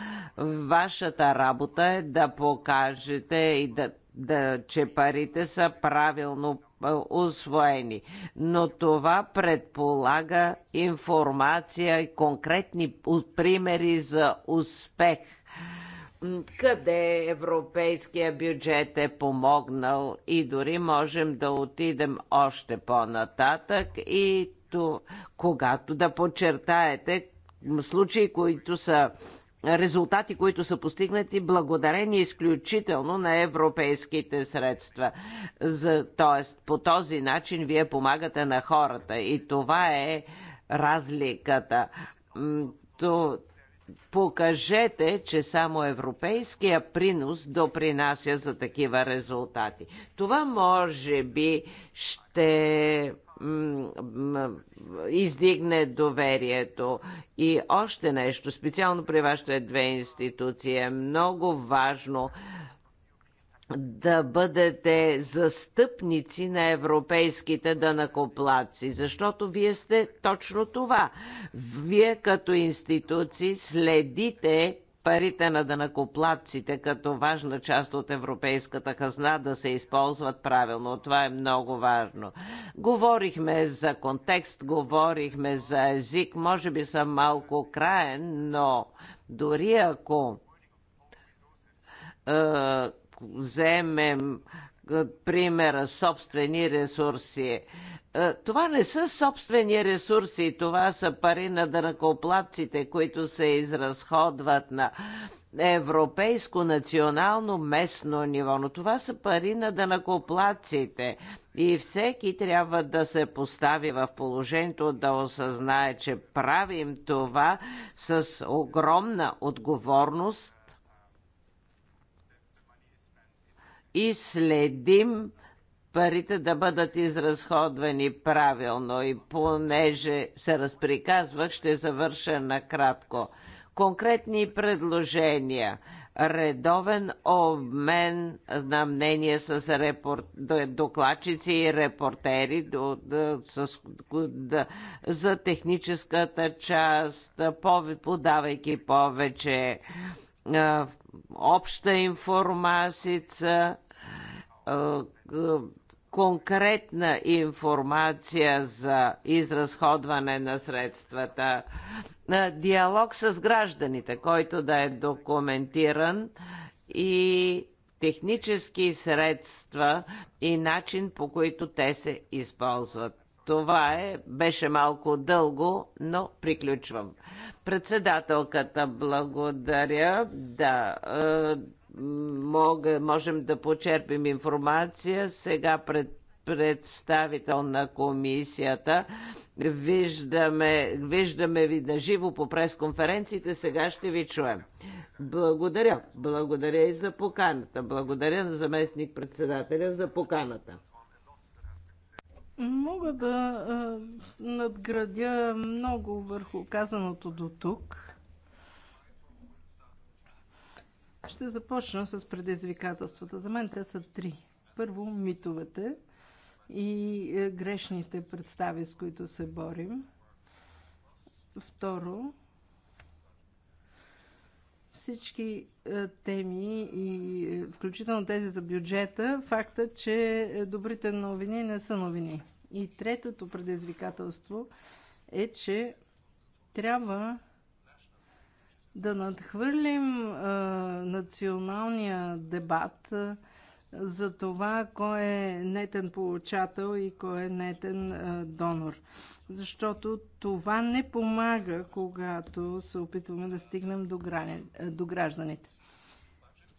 вашата работа е да покажете и да да, че парите са правилно освоени. Но това предполага информация и конкретни примери за успех. Къде европейския бюджет е помогнал и дори можем да отидем още по-нататък и то, когато да подчертаете случаи, които са резултати, които са постигнати благодарение изключително на европейските средства. За, тоест, по този начин вие помагате на хората и това е разликата. То, покажете, че само европейския принос допринася за такива резултати. Това може би ще издигне доверието. И още нещо, специално при вашите две институции, е много важно да бъдете застъпници на европейските дънакоплаци, защото вие сте точно това. Вие като институции следите парите на дънакоплатците като важна част от европейската хазна да се използват правилно. Това е много важно. Говорихме за контекст, говорихме за език. Може би съм малко краен, но дори ако е, вземем е, примера собствени ресурси. Е, това не са собствени ресурси, това са пари на дънакоплатците, които се изразходват на европейско, национално, местно ниво. Но това са пари на дънакоплаците, И всеки трябва да се постави в положението да осъзнае, че правим това с огромна отговорност и следим парите да бъдат изразходвани правилно и понеже се разприказвах, ще завърша накратко. Конкретни предложения. Редовен обмен на мнение с репор... докладчици и репортери до... с... да... за техническата част, подавайки повече обща информация, конкретна информация за изразходване на средствата, диалог с гражданите, който да е документиран и технически средства и начин по който те се използват. Това е, беше малко дълго, но приключвам. Председателката благодаря. Да, мога, можем да почерпим информация. Сега пред представител на комисията. Виждаме, виждаме ви на живо по пресконференциите. Сега ще ви чуем. Благодаря. Благодаря и за поканата. Благодаря на заместник председателя за поканата. Мога да надградя много върху казаното до тук. Ще започна с предизвикателствата. За мен те са три. Първо, митовете и е, грешните представи, с които се борим. Второ, всички е, теми, и е, включително тези за бюджета, факта, че добрите новини не са новини. И третото предизвикателство е, че трябва да надхвърлим а, националния дебат а, за това кой е нетен получател и кой е нетен а, донор. Защото това не помага, когато се опитваме да стигнем до, грани, а, до гражданите.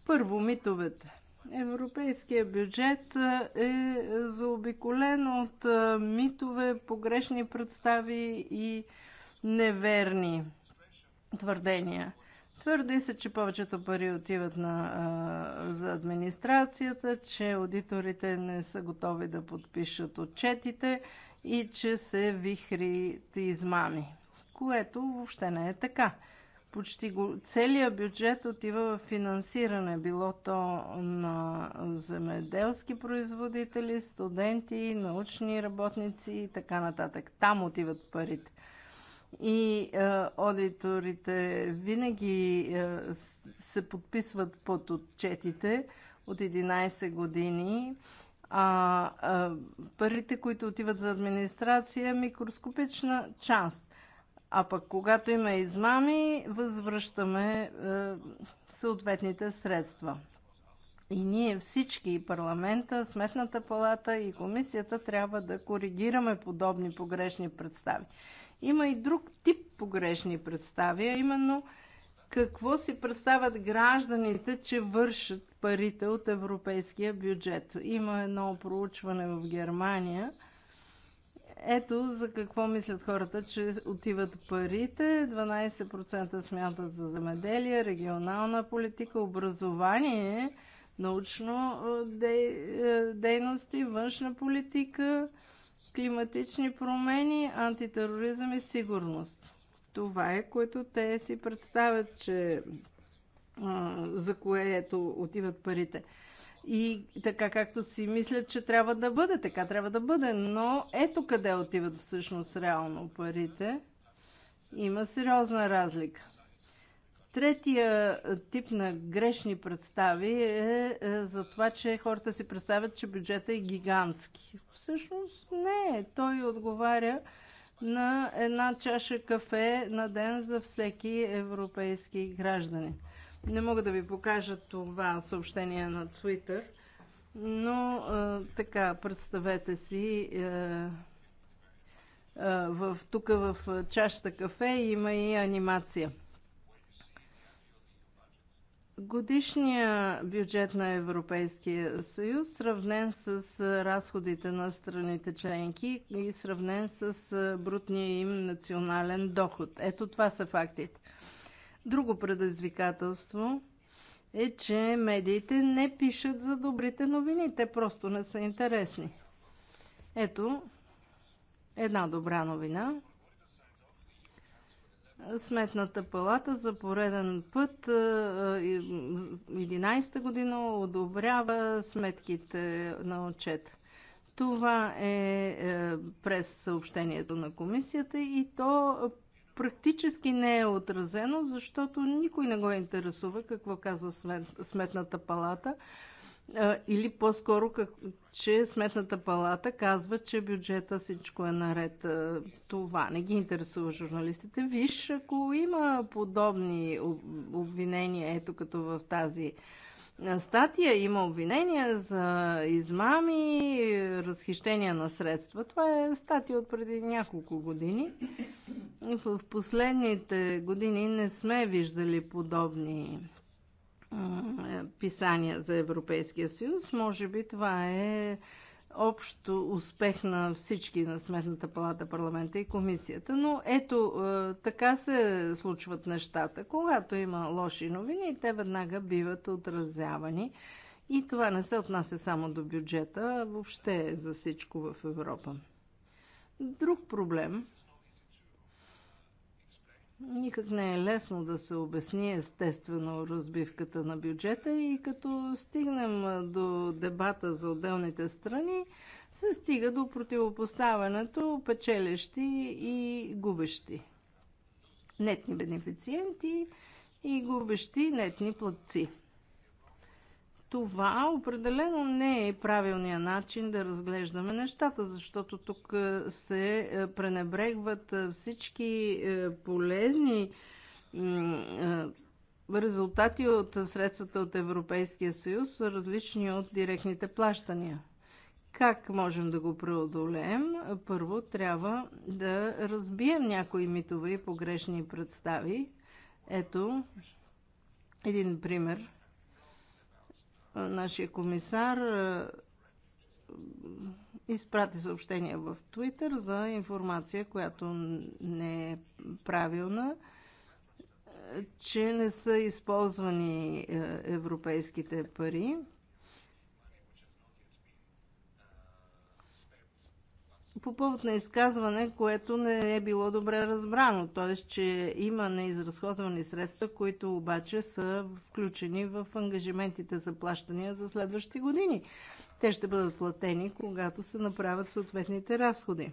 Първо, митовете. Европейския бюджет е заобиколен от митове, погрешни представи и неверни твърдения. Твърди се, че повечето пари отиват на, а, за администрацията, че аудиторите не са готови да подпишат отчетите и че се вихрит измами, което въобще не е така. Почти го, целият бюджет отива в финансиране, било то на земеделски производители, студенти, научни работници и така нататък. Там отиват парите и а, е, аудиторите винаги а, е, се подписват под отчетите от 11 години. А, а парите, които отиват за администрация, е микроскопична част. А пък когато има измами, възвръщаме е, съответните средства. И ние всички, и парламента, Сметната палата и комисията трябва да коригираме подобни погрешни представи. Има и друг тип погрешни представи, а именно какво си представят гражданите, че вършат парите от европейския бюджет. Има едно проучване в Германия. Ето за какво мислят хората, че отиват парите. 12% смятат за земеделие, регионална политика, образование, научно е, дей, е, дейности, външна политика – климатични промени, антитероризъм и сигурност. Това е, което те си представят, че а, за което отиват парите. И така както си мислят, че трябва да бъде, така трябва да бъде. Но ето къде отиват всъщност реално парите. Има сериозна разлика. Третия е, тип на грешни представи е, е за това, че хората си представят, че бюджета е гигантски. Всъщност не, е. той отговаря на една чаша кафе на ден за всеки европейски гражданин. Не мога да ви покажа това съобщение на Twitter, но а, така, представете си, а, а, в, тук в чашата кафе има и анимация. Годишният бюджет на Европейския съюз, сравнен с разходите на страните членки и сравнен с брутния им национален доход. Ето това са фактите. Друго предизвикателство е, че медиите не пишат за добрите новини. Те просто не са интересни. Ето една добра новина. Сметната палата за пореден път 11-та е, е, година одобрява сметките на отчет. Това е, е през съобщението на комисията и то практически не е отразено, защото никой не го интересува какво казва Сметната палата, или по-скоро, че Сметната палата казва, че бюджета всичко е наред. Това не ги интересува журналистите. Виж, ако има подобни обвинения, ето като в тази статия, има обвинения за измами, разхищения на средства. Това е статия от преди няколко години. В последните години не сме виждали подобни писания за Европейския съюз. Може би това е общо успех на всички на Сметната палата, парламента и комисията. Но ето, е, така се случват нещата. Когато има лоши новини, те веднага биват отразявани. И това не се отнася само до бюджета, а въобще за всичко в Европа. Друг проблем – Никак не е лесно да се обясни естествено разбивката на бюджета и като стигнем до дебата за отделните страни, се стига до противопоставянето печелещи и губещи. Нетни бенефициенти и губещи нетни платци. Това определено не е правилният начин да разглеждаме нещата, защото тук е, се е, пренебрегват е, всички полезни резултати от средствата от Европейския съюз, различни от директните плащания. Как можем да го преодолеем? Първо трябва да разбием някои митове и погрешни представи. Ето един пример – нашия комисар изпрати съобщение в Твитър за информация, която не е правилна, че не са използвани европейските пари. по повод на изказване, което не е било добре разбрано, т.е. че има неизразходвани средства, които обаче са включени в ангажиментите за плащания за следващите години. Те ще бъдат платени, когато се направят съответните разходи.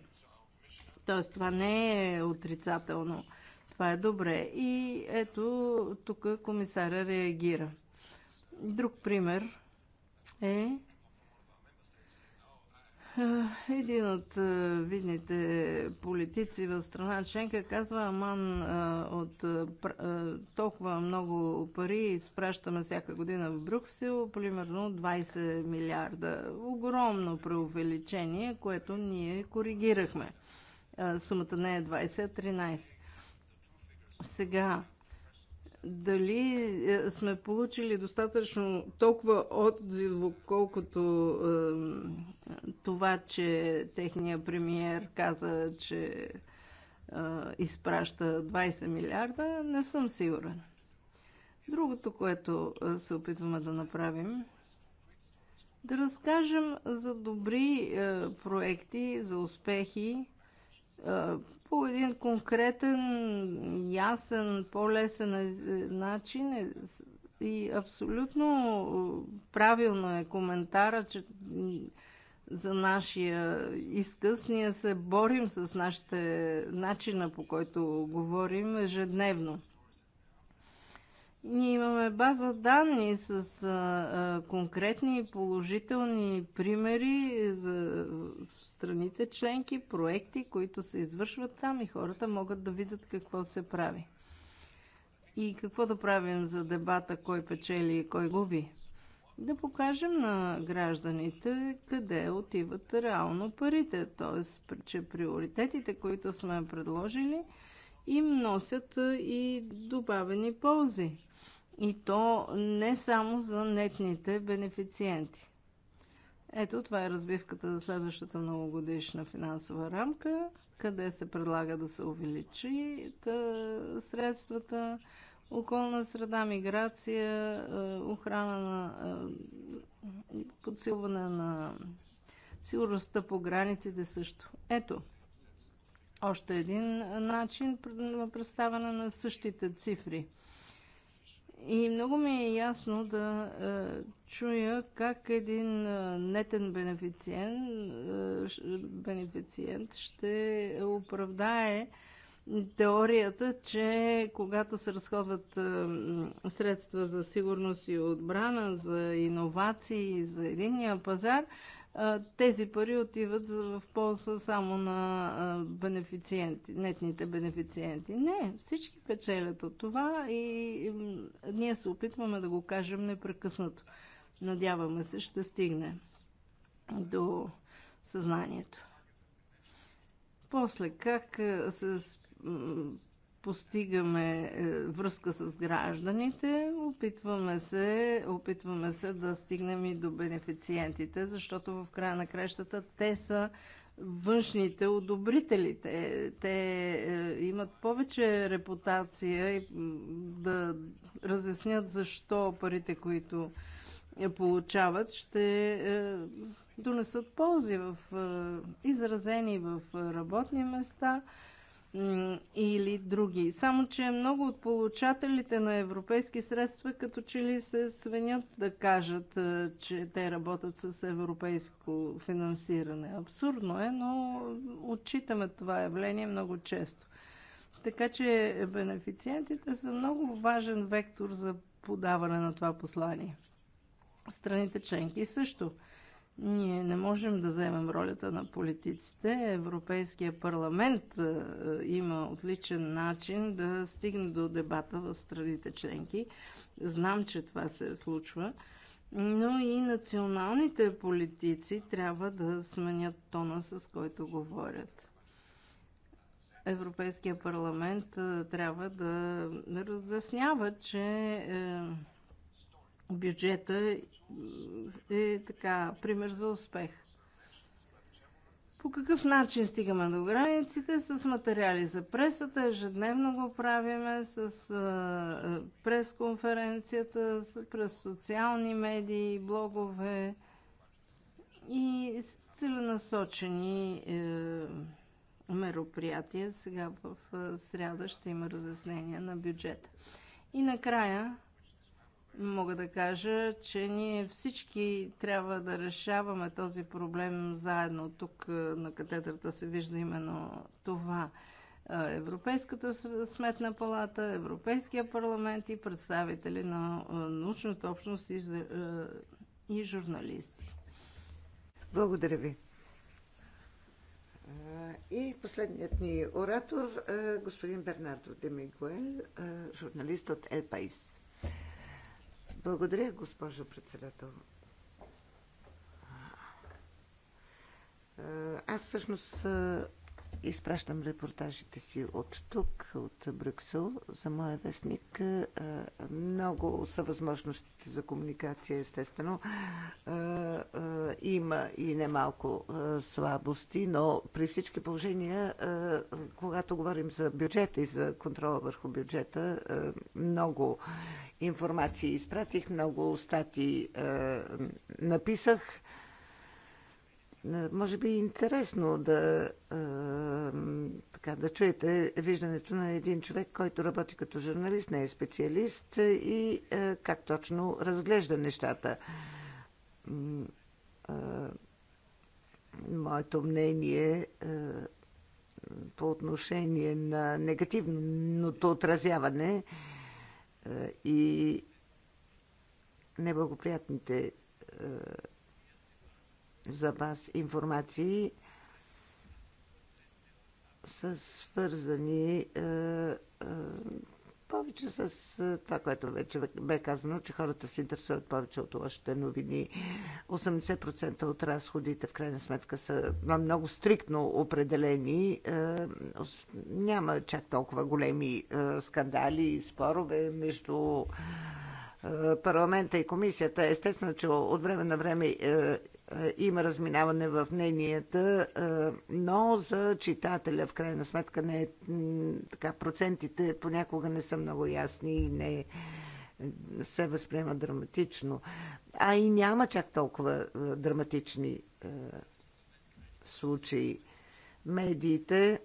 Т.е. това не е отрицателно. Това е добре. И ето тук комисаря реагира. Друг пример е един от видните политици в страна Ченка казва, аман от толкова много пари изпращаме всяка година в Брюксел, примерно 20 милиарда. Огромно преувеличение, което ние коригирахме. Сумата не е 20, а 13. Сега дали е, сме получили достатъчно толкова отзив, колкото е, това, че техния премиер каза, че е, изпраща 20 милиарда, не съм сигурен. Другото, което е, се опитваме да направим, да разкажем за добри е, проекти, за успехи, е, по един конкретен, ясен, по-лесен е, начин е и абсолютно правилно е коментара, че за нашия изкъс ние се борим с нашите начина, по който говорим ежедневно. Ние имаме база данни с а, а, конкретни положителни примери за страните членки, проекти, които се извършват там и хората могат да видят какво се прави. И какво да правим за дебата кой печели и кой губи? Да покажем на гражданите къде отиват реално парите, т.е. че приоритетите, които сме предложили, им носят и добавени ползи. И то не само за нетните бенефициенти. Ето, това е разбивката за следващата многогодишна финансова рамка, къде се предлага да се увеличи да средствата, околна среда, миграция, е, охрана на е, подсилване на сигурността по границите също. Ето, още един начин на представяне на същите цифри. И много ми е ясно да е, чуя как един е, нетен бенефициент, е, бенефициент ще оправдае теорията, че когато се разходват е, средства за сигурност и отбрана, за иновации, за единния пазар, тези пари отиват в полза само на бенефициенти, нетните бенефициенти. Не, всички печелят от това и ние се опитваме да го кажем непрекъснато. Надяваме се, ще стигне до съзнанието. После, как се постигаме е, връзка с гражданите, опитваме се, опитваме се да стигнем и до бенефициентите, защото в края на кращата те са външните одобрители. Те, те е, имат повече репутация и да разяснят защо парите, които е, получават, ще донесат ползи в, изразени в работни места – или други. Само, че много от получателите на европейски средства като че ли се свенят да кажат, е, че те работят с европейско финансиране. Абсурдно е, но отчитаме това явление много често. Така че бенефициентите са много важен вектор за подаване на това послание. Страните членки също ние не можем да вземем ролята на политиците. Европейския парламент е, е, има отличен начин да стигне до дебата в страните членки. Знам, че това се случва. Но и националните политици трябва да сменят тона, с който говорят. Европейския парламент е, трябва да разяснява, че бюджета е така пример за успех. По какъв начин стигаме до границите? С материали за пресата, ежедневно го правиме, с а, пресконференцията, през социални медии, блогове и целенасочени е, мероприятия. Сега в сряда ще има разяснение на бюджета. И накрая мога да кажа, че ние всички трябва да решаваме този проблем заедно. Тук е, на катедрата се вижда именно това. Е, Европейската сметна палата, Европейския парламент и представители на е, научната общност и, журналисти. Благодаря ви. И последният ни оратор, господин Бернардо Демигуел, журналист от Ел Паис. Благодаря, госпожо председател. Аз всъщност Изпращам репортажите си от тук, от Брюксел, за моя вестник. Много са възможностите за комуникация, естествено. Има и немалко слабости, но при всички положения, когато говорим за бюджета и за контрола върху бюджета, много информации изпратих, много статии написах може би е интересно да, така, да чуете виждането на един човек, който работи като журналист, не е специалист и как точно разглежда нещата. Моето мнение по отношение на негативното отразяване и неблагоприятните за вас информации са свързани е, е, повече с е, това, което вече бе казано, че хората се интересуват повече от лошите новини. 80% от разходите в крайна сметка са много стриктно определени. Е, няма чак толкова големи е, скандали и спорове между парламента и комисията. Естествено, че от време на време е, има разминаване в мненията, е, но за читателя в крайна сметка не е, така, процентите понякога не са много ясни и не се възприема драматично. А и няма чак толкова е, драматични случаи. Медиите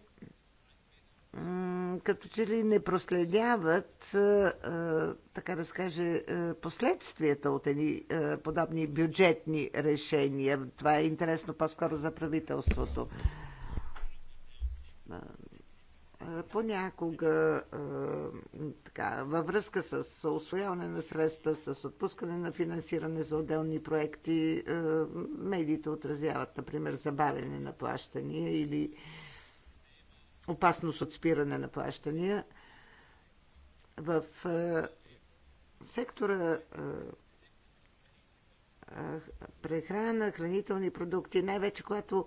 като че ли не проследяват, така да скаже, последствията от едни подобни бюджетни решения. Това е интересно по-скоро за правителството. Понякога, така, във връзка с освояване на средства, с отпускане на финансиране за отделни проекти, медиите отразяват, например, забавяне на плащания или опасност от спиране на плащания. В сектора прехрана, хранителни продукти, най-вече когато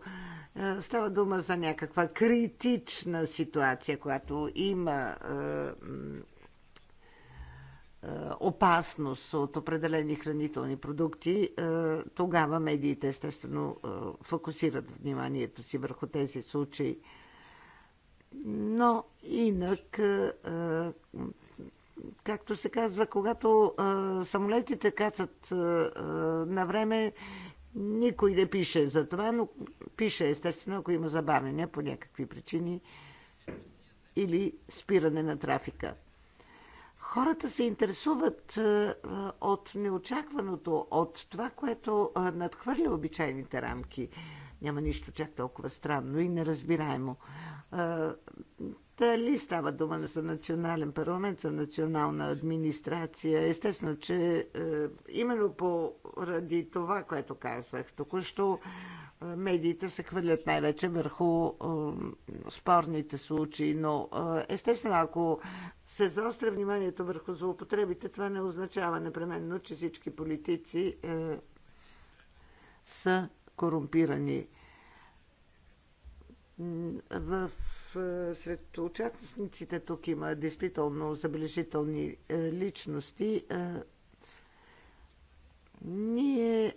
става дума за някаква критична ситуация, която има опасност от определени хранителни продукти, тогава медиите естествено фокусират вниманието си върху тези случаи. Но инак, както се казва, когато самолетите кацат на време, никой не пише за това, но пише естествено, ако има забавяния по някакви причини или спиране на трафика. Хората се интересуват от неочакваното, от това, което надхвърля обичайните рамки. Няма нищо чак толкова странно и неразбираемо. Дали става дума за национален парламент, за национална администрация? Естествено, че е, именно поради това, което казах току-що, е, медиите се хвърлят най-вече върху е, спорните случаи, но естествено, ако се заостря вниманието върху злоупотребите, това не означава непременно, че всички политици са корумпирани. В, е, сред участниците тук има действително забележителни е, личности. Е, ние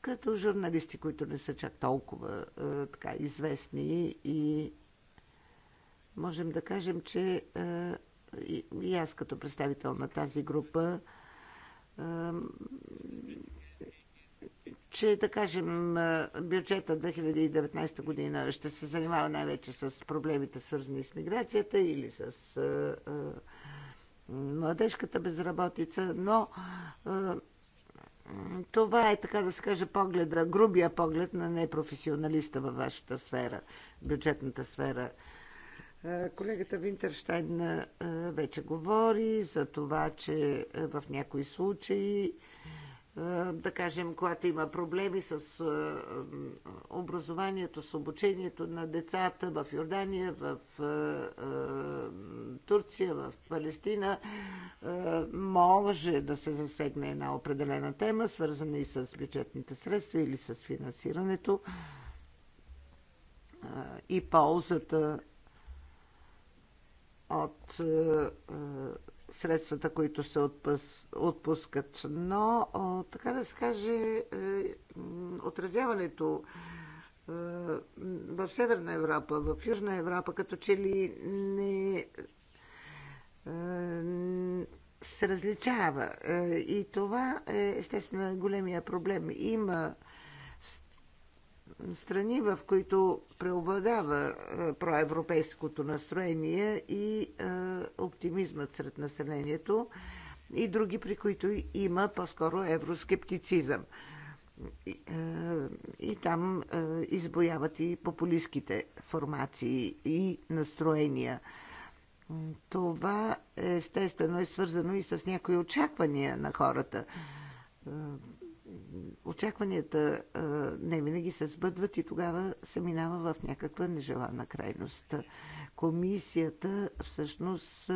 като журналисти, които не са чак толкова така известни и можем да кажем, че и аз като представител на тази група че, да кажем, бюджета 2019 година ще се занимава най-вече с проблемите, свързани с миграцията или с младежката безработица, но това е, така да се каже, погледа, грубия поглед на непрофесионалиста във вашата сфера, бюджетната сфера. Колегата Винтерштайн вече говори за това, че в някои случаи е, да кажем, когато има проблеми с е, образованието, с обучението на децата в Йордания, в е, Турция, в Палестина, може да се засегне една определена тема, свързана и с бюджетните средства или с финансирането и ползата от средствата, които се отпускат. Но, така да се каже, е, отразяването е, в Северна Европа, в Южна Европа, като че ли не е, се различава. И това е, естествено, големия проблем. Има страни, в които преобладава е, проевропейското настроение и е, оптимизмът сред населението и други, при които има по-скоро евроскептицизъм. И, е, и там избояват и популистските формации и настроения. Това естествено е свързано и с някои очаквания на хората очакванията не винаги се сбъдват и тогава се минава в някаква нежелана крайност. Комисията всъщност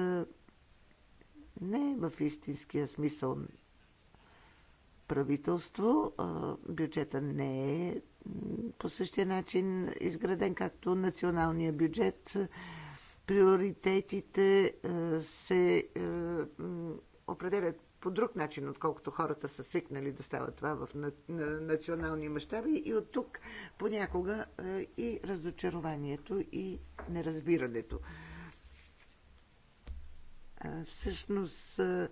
не е в истинския смисъл правителство. Бюджета не е по същия начин изграден, както националния бюджет. Приоритетите се определят по друг начин, отколкото хората са свикнали да става това в национални мащаби и от тук понякога е, и разочарованието и неразбирането. Всъщност е,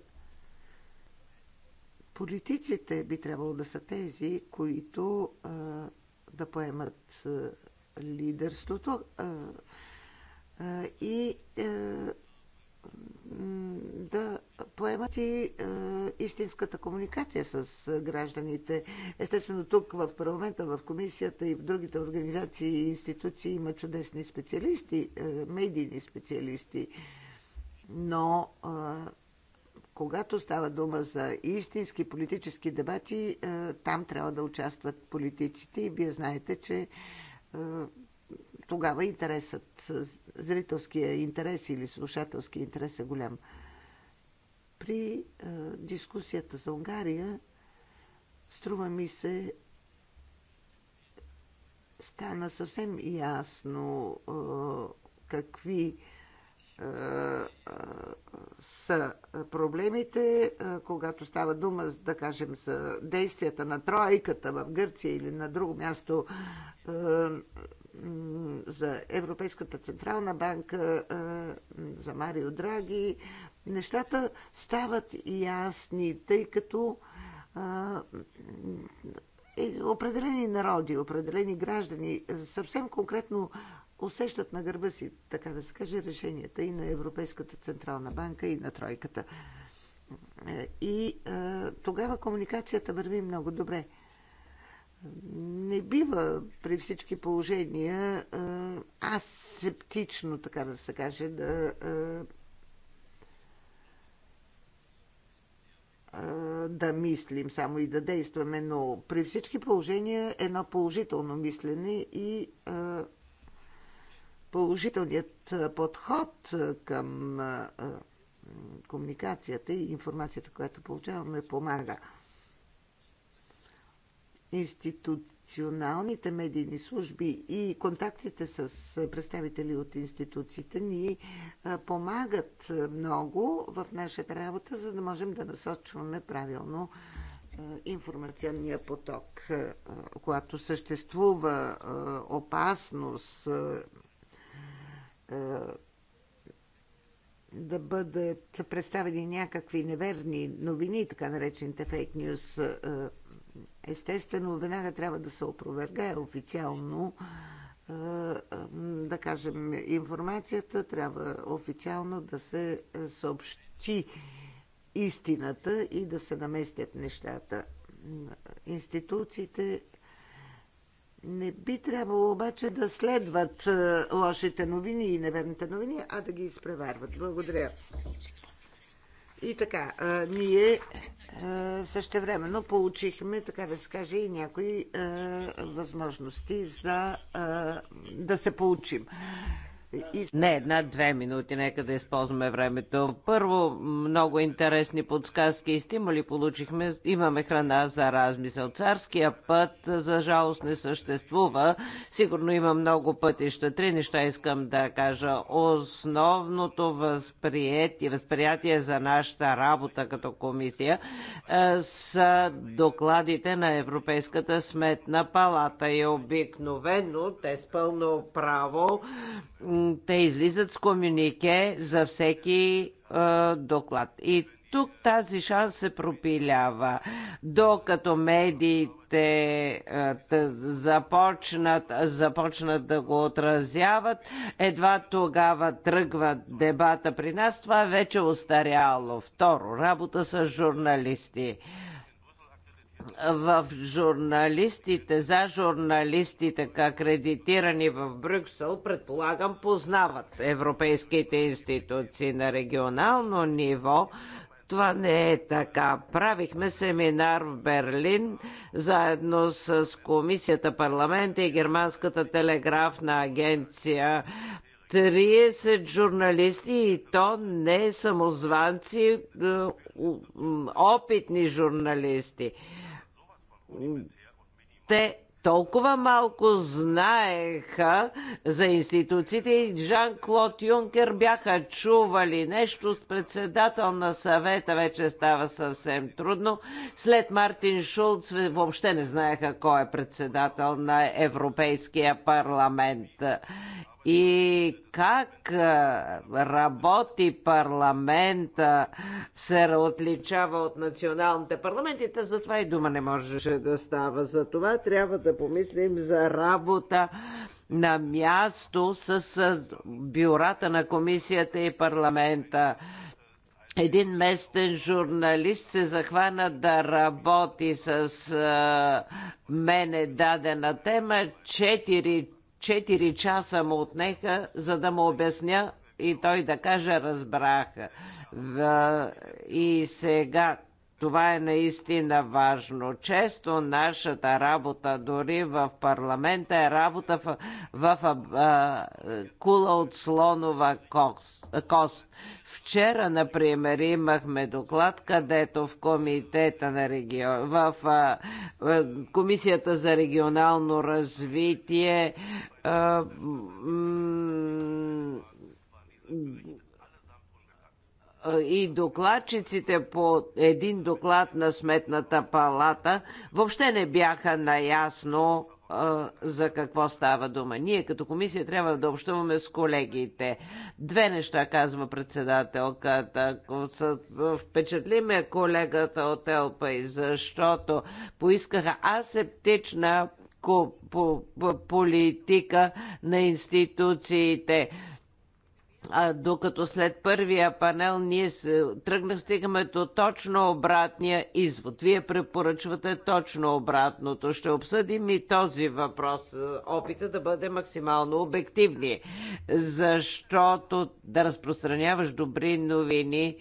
политиците би трябвало да са тези, които е, да поемат лидерството и да поемат и е, истинската комуникация с е, гражданите. Естествено, тук в парламента, в комисията и в другите организации и институции има чудесни специалисти, е, медийни специалисти. Но е, когато става дума за истински политически дебати, е, там трябва да участват политиците и вие знаете, че е, тогава интересът, зрителския интерес или слушателския интерес е голям. При е, дискусията за Унгария, струва ми се, стана съвсем ясно е, какви е, е, са проблемите, е, когато става дума, да кажем, за действията на тройката в Гърция или на друго място, за Европейската централна банка, за Марио Драги, нещата стават ясни, тъй като е, определени народи, определени граждани съвсем конкретно усещат на гърба си, така да се каже, решенията и на Европейската Централна банка и на Тройката. Е, и тогава комуникацията върви много добре. Не бива при всички положения аз септично, така да се каже, да да мислим само и да действаме, но при всички положения едно положително мислене и положителният подход към комуникацията и информацията, която получаваме, помага институционалните медийни служби и контактите с представители от институциите ни помагат много в нашата работа, за да можем да насочваме правилно информационния поток, когато съществува опасност да бъдат представени някакви неверни новини, така наречените фейк нюс Естествено, веднага трябва да се опровергае официално да кажем, информацията трябва официално да се съобщи истината и да се наместят нещата. Институциите не би трябвало обаче да следват лошите новини и неверните новини, а да ги изпреварват. Благодаря. И така, а, ние а, същевременно получихме, така да се каже, и някои а, възможности за а, да се получим. Не, една-две минути, нека да използваме времето. Първо, много интересни подсказки и стимули получихме. Имаме храна за размисъл. Царския път, за жалост, не съществува. Сигурно има много пътища. Три неща искам да кажа. Основното възприятие, възприятие за нашата работа като комисия е, са докладите на Европейската сметна палата и обикновено те с пълно право те излизат с комюнике за всеки е, доклад. И тук тази шанс се пропилява. Докато медиите започнат, започнат да го отразяват, едва тогава тръгва дебата при нас. Това е вече устаряло. Второ, работа с журналисти в журналистите, за журналистите, акредитирани в Брюксел, предполагам, познават европейските институции на регионално ниво. Това не е така. Правихме семинар в Берлин заедно с Комисията парламента и Германската телеграфна агенция. 30 журналисти и то не самозванци, е, опитни журналисти те толкова малко знаеха за институциите и Жан-Клод Юнкер бяха чували нещо с председател на съвета, вече става съвсем трудно. След Мартин Шулц въобще не знаеха кой е председател на Европейския парламент. И как работи парламента се отличава от националните парламенти, затова и дума не можеше да става. За това трябва да помислим за работа на място с, с бюрата на комисията и парламента. Един местен журналист се захвана да работи с а, мене дадена тема. Четири, четири часа му отнеха, за да му обясня и той да каже разбраха. И сега това е наистина важно. Често нашата работа, дори в парламента, е работа в, в а, кула от слонова кост. Вчера, например, имахме доклад, където в комитета на регион, в а, Комисията за регионално развитие а, и докладчиците по един доклад на Сметната палата въобще не бяха наясно за какво става дума. Ние като комисия трябва да общуваме с колегите. Две неща казва председателката. Впечатли ме колегата от и защото поискаха асептична политика на институциите а, докато след първия панел ние се тръгнах, стигаме до точно обратния извод. Вие препоръчвате точно обратното. Ще обсъдим и този въпрос. Опита да бъде максимално обективни, защото да разпространяваш добри новини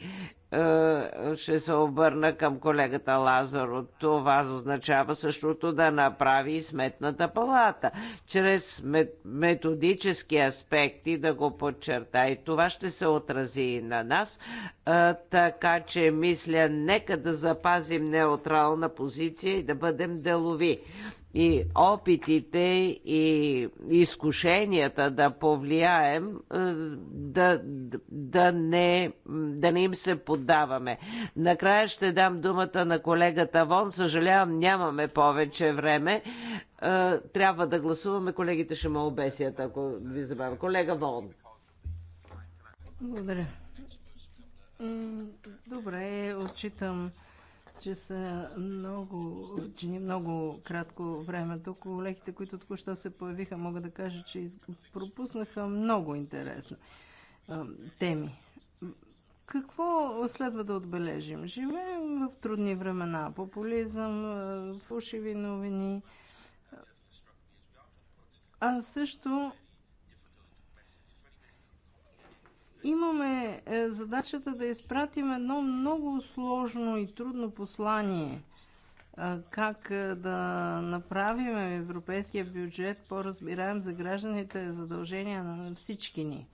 е, ще се обърна към колегата Лазаро. Това означава същото да направи и сметната палата. Чрез методически аспекти да го подчерта. И това ще се отрази и на нас. Е, така че, мисля, нека да запазим неутрална позиция и да бъдем делови и опитите и изкушенията да повлияем, е, да, да, не, да не им се поддаваме. Накрая ще дам думата на колегата Вон. Съжалявам, нямаме повече време. Е, трябва да гласуваме. Колегите ще ме обесят, ако ви забавя. Колега Вон. Благодаря. Добре, отчитам че, са много, че ни е много кратко времето. Колегите, които току-що се появиха, мога да кажа, че пропуснаха много интересно теми. Какво следва да отбележим? Живеем в трудни времена. Популизъм, фушеви новини. А също имаме е, задачата да изпратим едно много сложно и трудно послание е, как е, да направим европейския бюджет по-разбираем за гражданите и задължения на всички ни.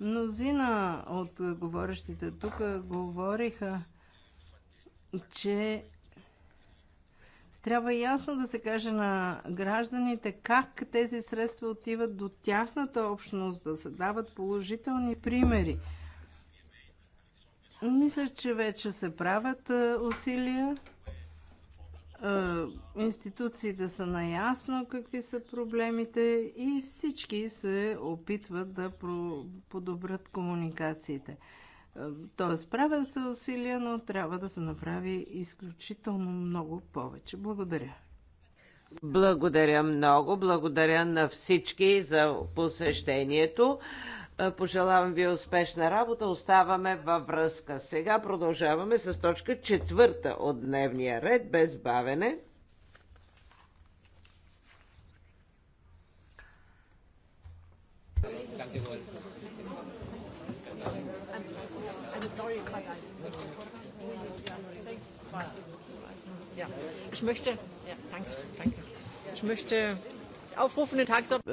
Мнозина от говорещите тук говориха, че трябва ясно да се каже на гражданите как тези средства отиват до тяхната общност, да се дават положителни примери. Мисля, че вече се правят усилия. Институциите са наясно какви са проблемите и всички се опитват да подобрят комуникациите. Тоест, справен се усилия, но трябва да се направи изключително много повече. Благодаря. Благодаря много. Благодаря на всички за посещението. Е, пожелавам ви успешна работа. Оставаме във връзка. Сега продължаваме с точка четвърта от дневния ред, без бавене. Ich möchte, ja, danke, danke. Ich möchte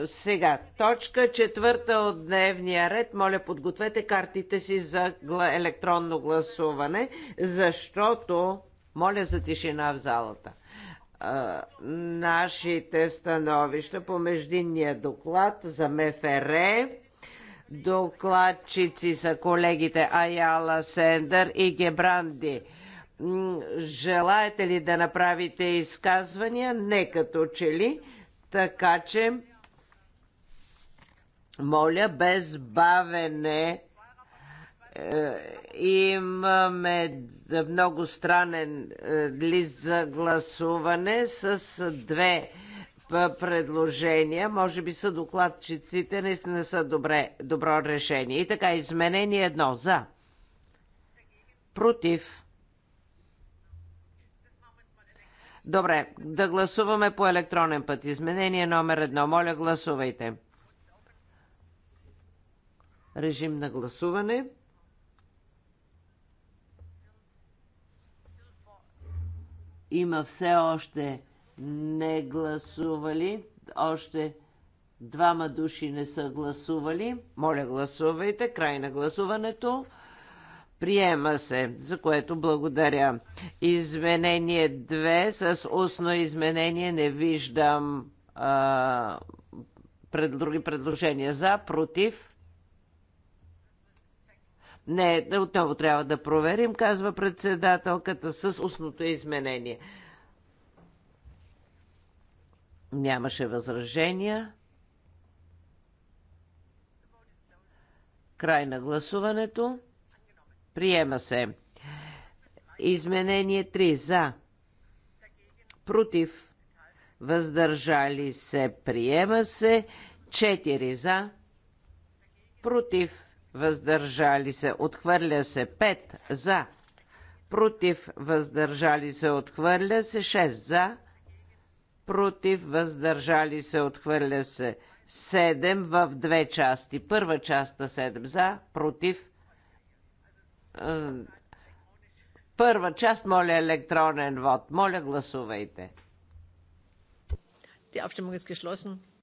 сега, точка четвърта от дневния ред. Моля, подгответе картите си за електронно гласуване, защото, моля за тишина в залата, нашите становища по междинния доклад за МФР докладчици са колегите Аяла Сендър и Гебранди. Желаете ли да направите изказвания? Не като че ли. Така че, моля, без бавене е, имаме много странен е, лист за гласуване с две е, предложения. Може би са докладчиците, наистина са добре, добро решение. И така, изменение едно за. Против. Добре, да гласуваме по електронен път. Изменение номер едно. Моля, гласувайте. Режим на гласуване. Има все още не гласували. Още двама души не са гласували. Моля, гласувайте. Край на гласуването. Приема се, за което благодаря. Изменение 2 с устно изменение не виждам а, пред, други предложения за, против. Не, отново трябва да проверим, казва председателката с устното изменение. Нямаше възражения. Край на гласуването. Приема се. Изменение 3 за. Против. Въздържали се. Приема се. 4 за. Против. Въздържали се. Отхвърля се. 5 за. Против. Въздържали се. Отхвърля се. 6 за. Против. Въздържали се. Отхвърля се. 7 в две части. Първа част на 7 за. Против Първа част, моля електронен вод. Моля гласувайте.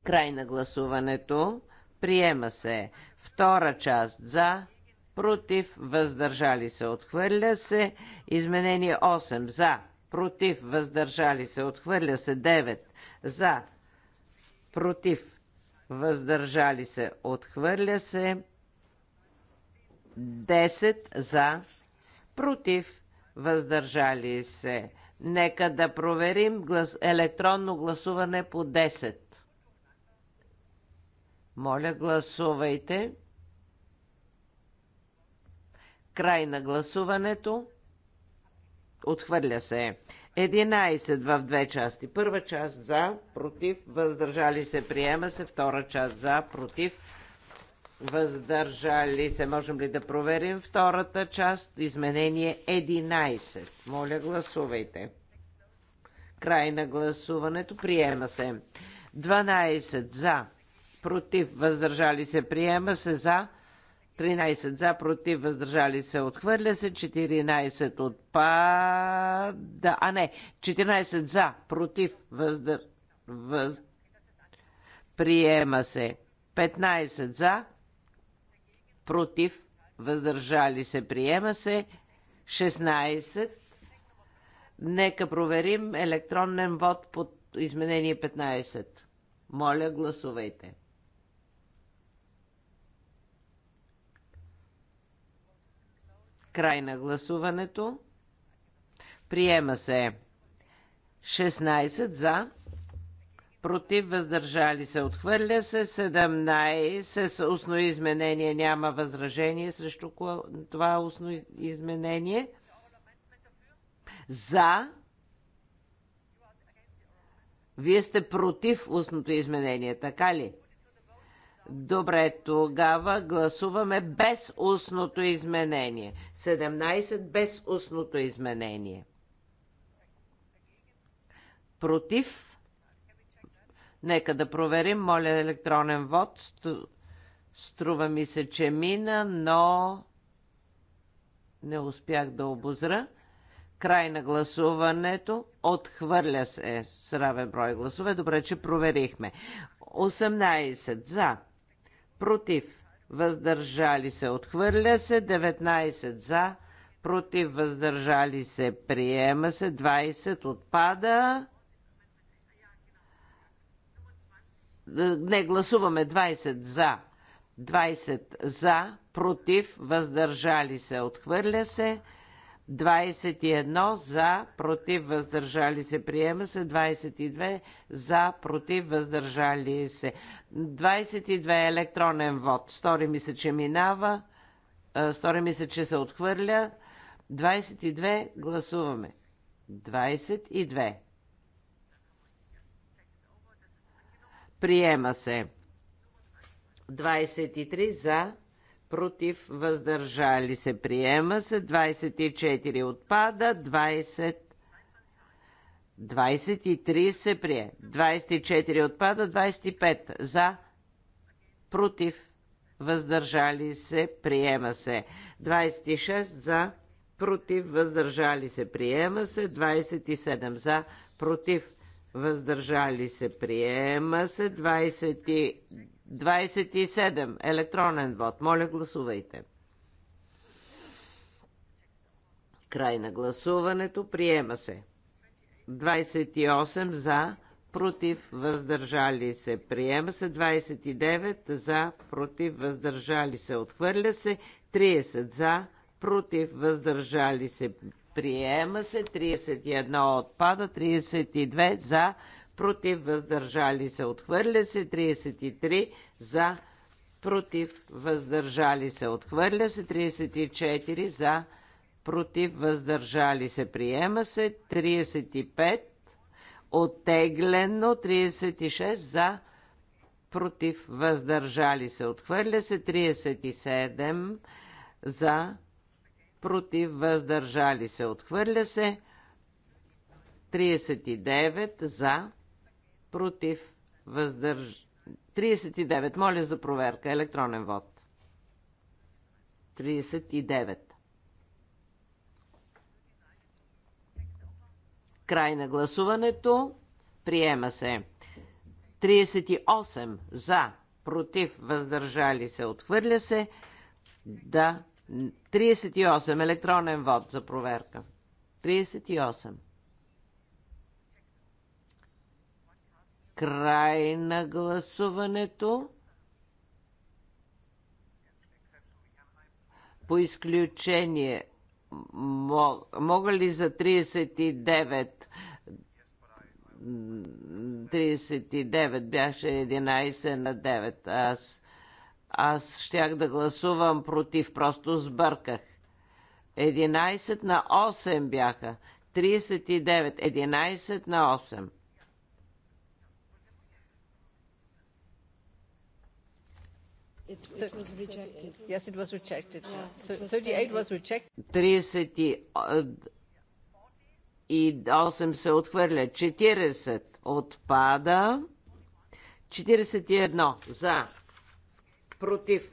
Край на гласуването. Приема се. Втора част за, против, въздържали се, отхвърля се. Изменение 8 за, против, въздържали се, отхвърля се. 9 за, против, въздържали се, отхвърля се. 10 за, против, въздържали се. Нека да проверим глас... електронно гласуване по 10. Моля, гласувайте. Край на гласуването. Отхвърля се. 11 в две части. Първа част за, против, въздържали се, приема се. Втора част за, против, въздържали се. Можем ли да проверим втората част? Изменение 11. Моля, гласувайте. Край на гласуването. Приема се. 12 за, против, въздържали се. Приема се за. 13 за, против, въздържали се, отхвърля се, 14 отпада, а не, 14 за, против, въздър... въз... приема се, 15 за, против, въздържали се, приема се. 16. Нека проверим електронен вод под изменение 15. Моля, гласувайте. Край на гласуването. Приема се 16 за, против, въздържали се, отхвърля се, 17 с устно изменение, няма възражение срещу това устно изменение. За. Вие сте против устното изменение, така ли? Добре, тогава гласуваме без устното изменение. 17 без устното изменение. Против Нека да проверим. Моля електронен вод. Струва ми се, че мина, но не успях да обозра. Край на гласуването. Отхвърля се с равен брой гласове. Добре, че проверихме. 18 за. Против. Въздържали се. Отхвърля се. 19 за. Против. Въздържали се. Приема се. 20 отпада. не гласуваме 20 за, 20 за, против, въздържали се, отхвърля се. 21 за, против, въздържали се, приема се. 22 за, против, въздържали се. 22 електронен вод. Стори ми се, че минава. Стори ми се, че се отхвърля. 22 гласуваме. 22. Приема се. 23 за, против, въздържали се. Приема се. 24 отпада. 20 23 се прие. 24 отпада. 25 за, против, въздържали се, приема се. 26 за, против, въздържали се, приема се. 27 за, против, въздържали се, приема се 20, 27 електронен вод. Моля, гласувайте. Край на гласуването, приема се. 28 за, против, въздържали се, приема се. 29 за, против, въздържали се, отхвърля се. 30 за, против, въздържали се, Приема се 31 отпада, 32 за, против, въздържали се. Отхвърля се 33 за, против, въздържали се. Отхвърля се 34 за, против, въздържали се. Приема се 35 оттеглено 36 за, против, въздържали се. Отхвърля се 37 за, против, въздържали се, отхвърля се. 39 за, против, въздърж... 39. Моля за проверка. Електронен вод. 39. Край на гласуването. Приема се. 38 за, против, въздържали се, отхвърля се. Да, 38. Електронен вод за проверка. 38. Край на гласуването. По изключение, мога ли за 39 39 бяше 11 на 9. Аз аз щях да гласувам против, просто сбърках. 11 на 8 бяха. 39. 11 на 8. 38 38 се отхвърля. 40 отпада. 41 за против,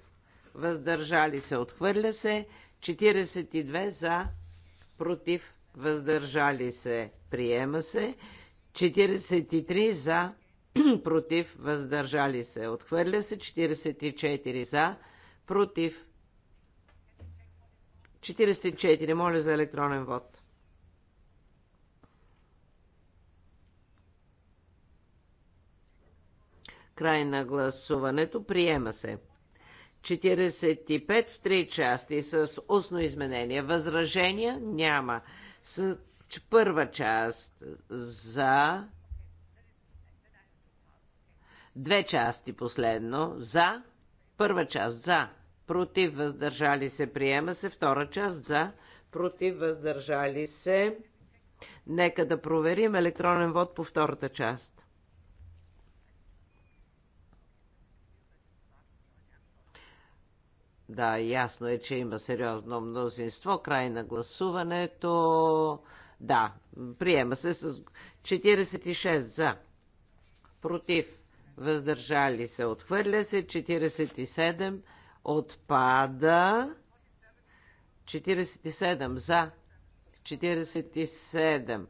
въздържали се, отхвърля се. 42 за, против, въздържали се, приема се. 43 за, [clears throat] против, въздържали се, отхвърля се. 44 за, против. 44, моля за електронен вод. Край на гласуването. Приема се. 45 в 3 части с устно изменение. Възражения няма. С първа част за две части последно. За първа част за против въздържали се приема се. Втора част за против въздържали се. Нека да проверим електронен вод по втората част. Да, ясно е, че има сериозно мнозинство. Край на гласуването. Да, приема се с 46 за. Против. Въздържали се. Отхвърля се. 47 отпада. 47 за. 47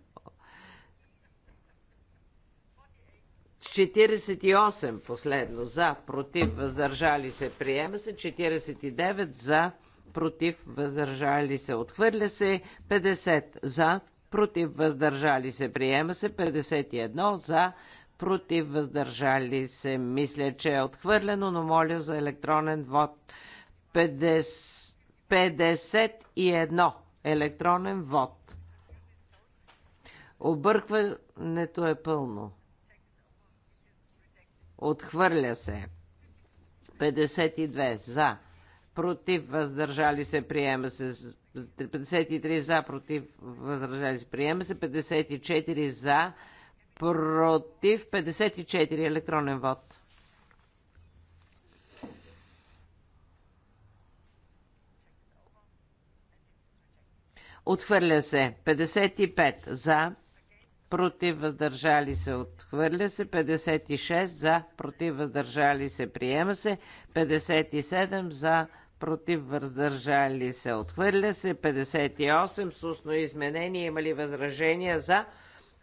48 последно за, против, въздържали се, приема се. 49 за, против, въздържали се, отхвърля се. 50 за, против, въздържали се, приема се. 51 за, против, въздържали се. Мисля, че е отхвърлено, но моля за електронен вод. 50, 51 електронен вод. Объркването е пълно. Отхвърля се. 52 за. Против въздържали се. Приема се. 53 за. Против въздържали се. Приема се. 54 за. Против 54 електронен вод. Отхвърля се. 55 за против въздържали се, отхвърля се, 56 за, против въздържали се, приема се, 57 за, против въздържали се, отхвърля се, 58 с устно изменение, има ли възражения за,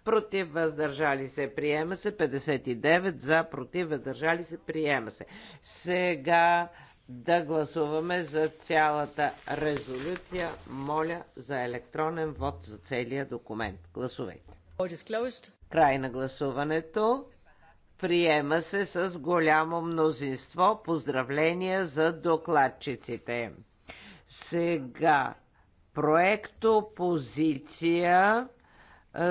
против въздържали се, приема се, 59 за, против въздържали се, приема се. Сега да гласуваме за цялата резолюция. Моля за електронен вод за целия документ. Гласувайте. Край на гласуването. Приема се с голямо мнозинство. Поздравления за докладчиците. Сега проекто позиция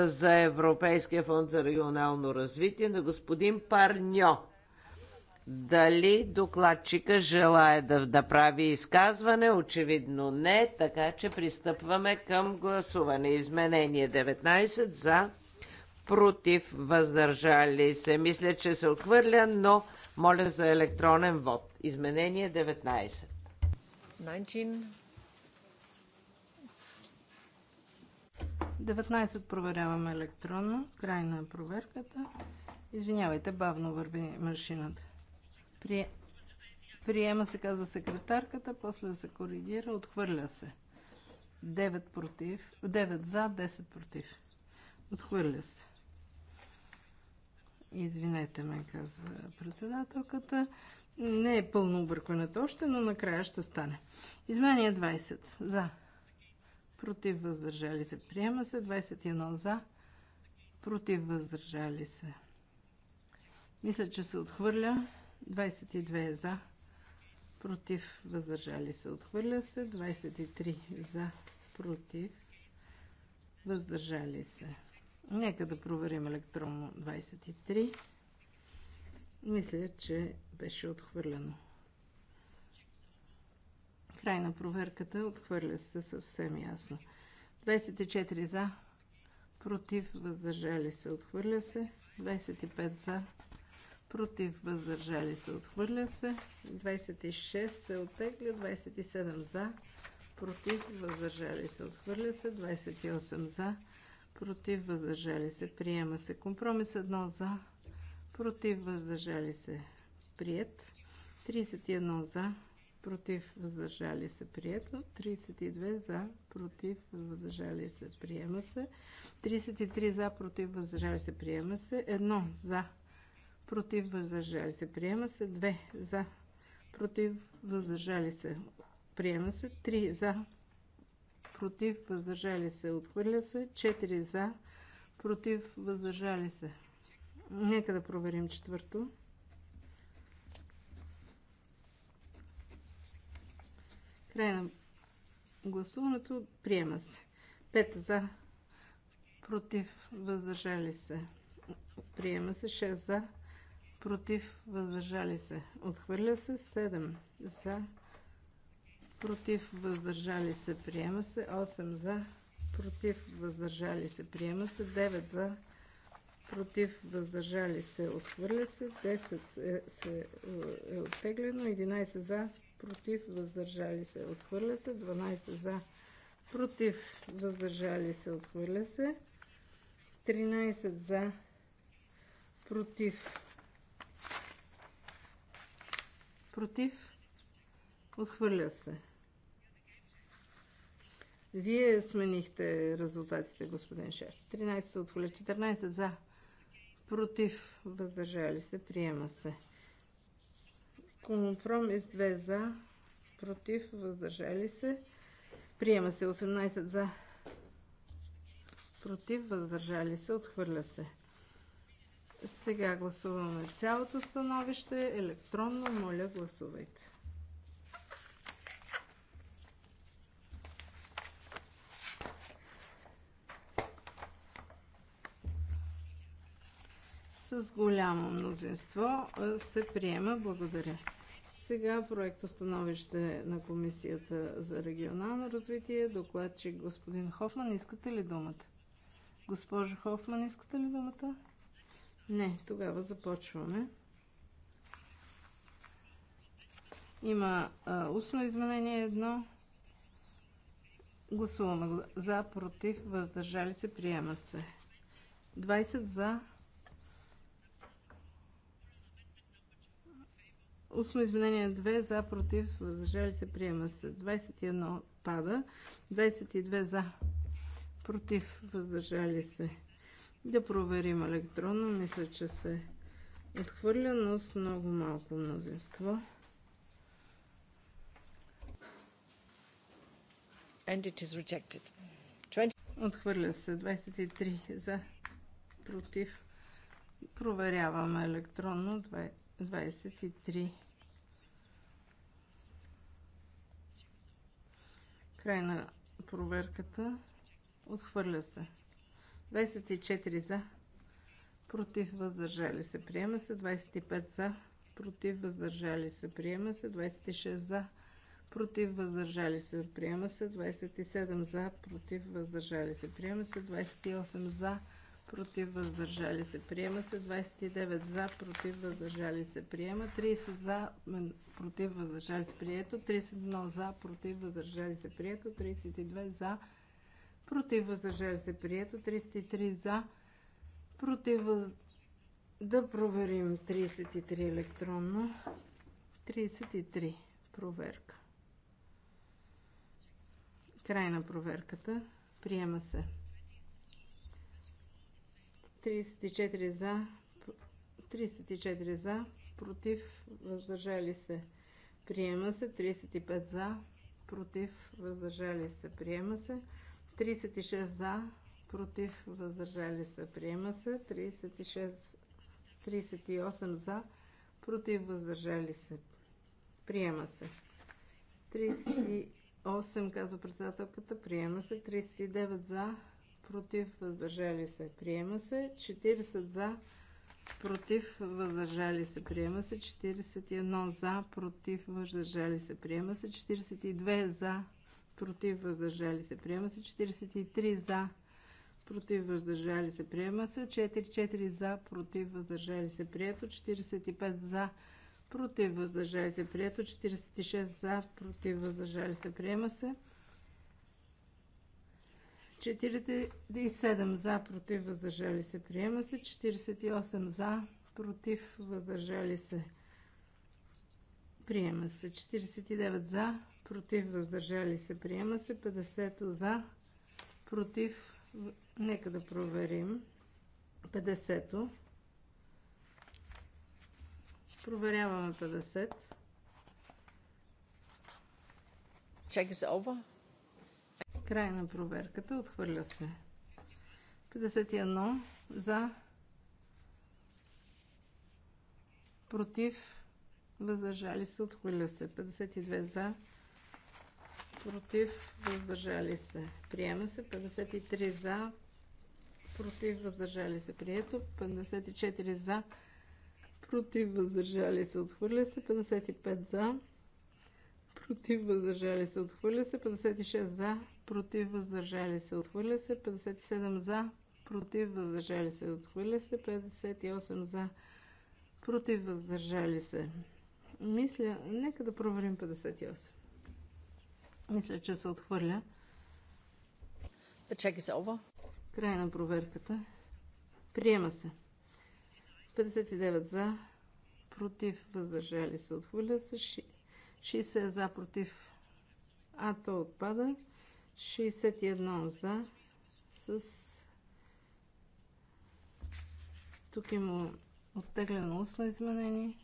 за Европейския фонд за регионално развитие на господин Парньо. Дали докладчика желая да направи изказване? Очевидно не, така че пристъпваме към гласуване. Изменение 19 за, против, въздържали се. Мисля, че се отхвърля, но моля за електронен вод. Изменение 19. 19. 19 проверяваме електронно. Край на проверката. Извинявайте, бавно върви машината. Приема се, казва секретарката, после се коригира, отхвърля се. 9 против, 9 за, 10 против. Отхвърля се. Извинете ме, казва председателката. Не е пълно объркването още, но накрая ще стане. Изменение 20 за. Против въздържали се. Приема се 21 за. Против въздържали се. Мисля, че се отхвърля. 22 за, против, въздържали се, отхвърля се. 23 за, против, въздържали се. Нека да проверим електронно 23. Мисля, че беше отхвърлено. Край на проверката отхвърля се съвсем ясно. 24 за, против, въздържали се, отхвърля се. 25 за, против въздържали се отхвърля се 26 се оттегля 27 за против въздържали се отхвърля се 28 за против въздържали се приема се компромис 1 за против въздържали се прият 31 за против въздържали се прието 32 за против въздържали се приема се 33 за против въздържали се приема се 1 за против, въздържали се, приема се. 2 за, против, въздържали се, приема се. 3 за, против, въздържали се, отхвърля се. 4 за, против, въздържали се. Нека да проверим четвърто. Край на гласуването. Приема се. 5 за, против, въздържали се. Приема се. 6 за, против, въздържали се. Отхвърля се 7 за, против, въздържали се, приема се 8 за, против, въздържали се, приема се 9 за, против, въздържали се, отхвърля се 10 е, се, е, е оттеглено, 11 за, против, въздържали се, отхвърля се 12 за, против, въздържали се, отхвърля се 13 за, против, Против. Отхвърля се. Вие сменихте резултатите, господин Шер. 13 се отхвърля, 14 за. Против. Въздържали се. Приема се. Компромис 2 за. Против. Въздържали се. Приема се 18 за. Против. Въздържали се. Отхвърля се. Сега гласуваме цялото становище електронно. Моля, гласувайте. С голямо мнозинство се приема. Благодаря. Сега проекто становище на Комисията за регионално развитие. Докладчик господин Хофман, искате ли думата? Госпожо Хофман, искате ли думата? Не, тогава започваме. Има а, устно изменение едно. Гласуваме го. За, против, въздържали се, приема се. 20 за. Устно изменение 2 за, против, въздържали се, приема се. 21 пада. 22 за, против, въздържали се. Да проверим електронно. Мисля, че се отхвърля, но с много малко мнозинство. And it is rejected. 20... Отхвърля се 23 за против. Проверяваме електронно 23. Край на проверката. Отхвърля се. 24 за, против, въздържали се, приема се. 25 за, против, въздържали се, приема се. 26 за, против, въздържали се, приема се. 27 за, против, въздържали се, приема се. 28 за, против, въздържали се, приема се. 29 за, против, въздържали се, приема. 30 за, против, въздържали се, прието. 31 за, против, въздържали се, прието. 32 за, против, против въздържали се прието, 33 за, против въз... да проверим 33 електронно, 33 проверка. Край на проверката, приема се. 34 за, 34 за, против, въздържали се, приема се, 35 за, против, въздържали се, приема се. 36 за, против, въздържали се, приема се. 36, 38 за, против, въздържали се, приема се. 38, казва председателката, приема се. 39 за, против, въздържали се, приема се. 40 за, против, въздържали се, приема се. 41 за, против, въздържали се, приема се. 42 за, против въздържали се, приема се 43 за, против въздържали се, приема се 44 за, против въздържали се, прието 45 за, против въздържали се, прието 46 за, против въздържали се, приема се 47 за, против въздържали се, приема се 48 за, против въздържали се, приема се 49 за, против, въздържали се, приема се. 50 за, против, нека да проверим. 50 Проверяваме 50. Check is over. Край на проверката. Отхвърля се. 51 за. Против. Въздържали се. Отхвърля се. 52 за против, въздържали се. Приема се 53 за, против, въздържали се. Прието 54 за, против, въздържали се. Отхвърля се 55 за, против, въздържали се. Отхвърля се 56 за, против, въздържали се. Отхвърля се 57 за, против, въздържали се. Отхвърля се 58 за, против, въздържали се. Мисля, нека да проверим 58. Мисля, че се отхвърля. The check is over. Край на проверката. Приема се. 59 за, против, въздържали се, отхвърля се. 60 за, против, а то отпада. 61 за, с... Тук има оттеглено устно изменение.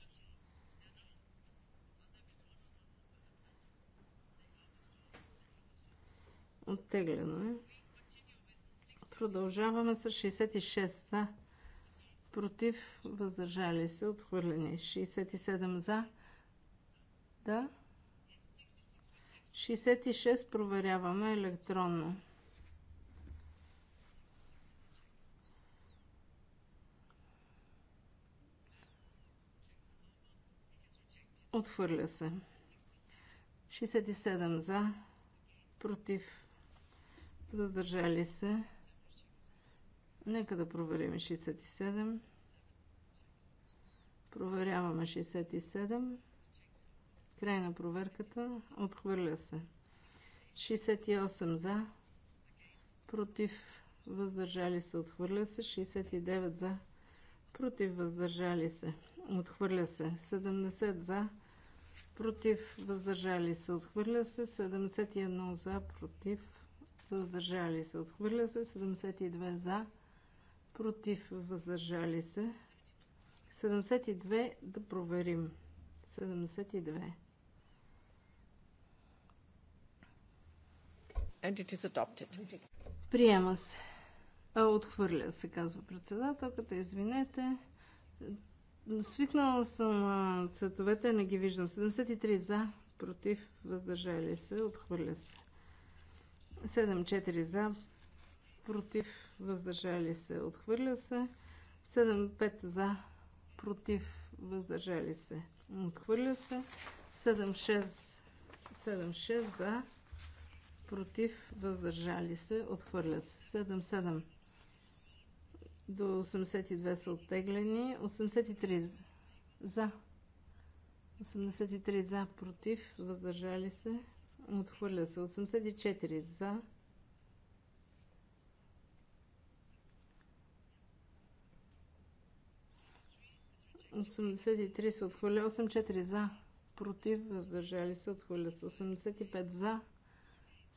Оттеглено е. Продължаваме с 66 за. Против. Въздържали се. Отхвърлени. 67 за. Да. 66 проверяваме електронно. Отхвърля се. 67 за, против, въздържали се. Нека да проверим 67. Проверяваме 67. Край на проверката. Отхвърля се. 68 за. Против. Въздържали се. Отхвърля се. 69 за. Против. Въздържали се. Отхвърля се. 70 за. Против. Въздържали се. Отхвърля се. 71 за. Против въздържали се. Отхвърля се 72 за, против, въздържали се. 72 да проверим. 72. And it is adopted. Приема се. А, отхвърля се, казва председателката. Извинете. Свикнала съм цветовете, не ги виждам. 73 за, против, въздържали се, отхвърля се. 7-4 за, против, въздържали се, отхвърля се. 7-5 за, против, въздържали се, отхвърля се. 7-6, за, против, въздържали се, отхвърля се. 7-7 до 82 са оттеглени. 83 за. 83 за, против, въздържали се, Отхвърля се 84 за. Осемдесет се отхвърля, 84 за, против, въздържали се, отхвърля се, 85 за,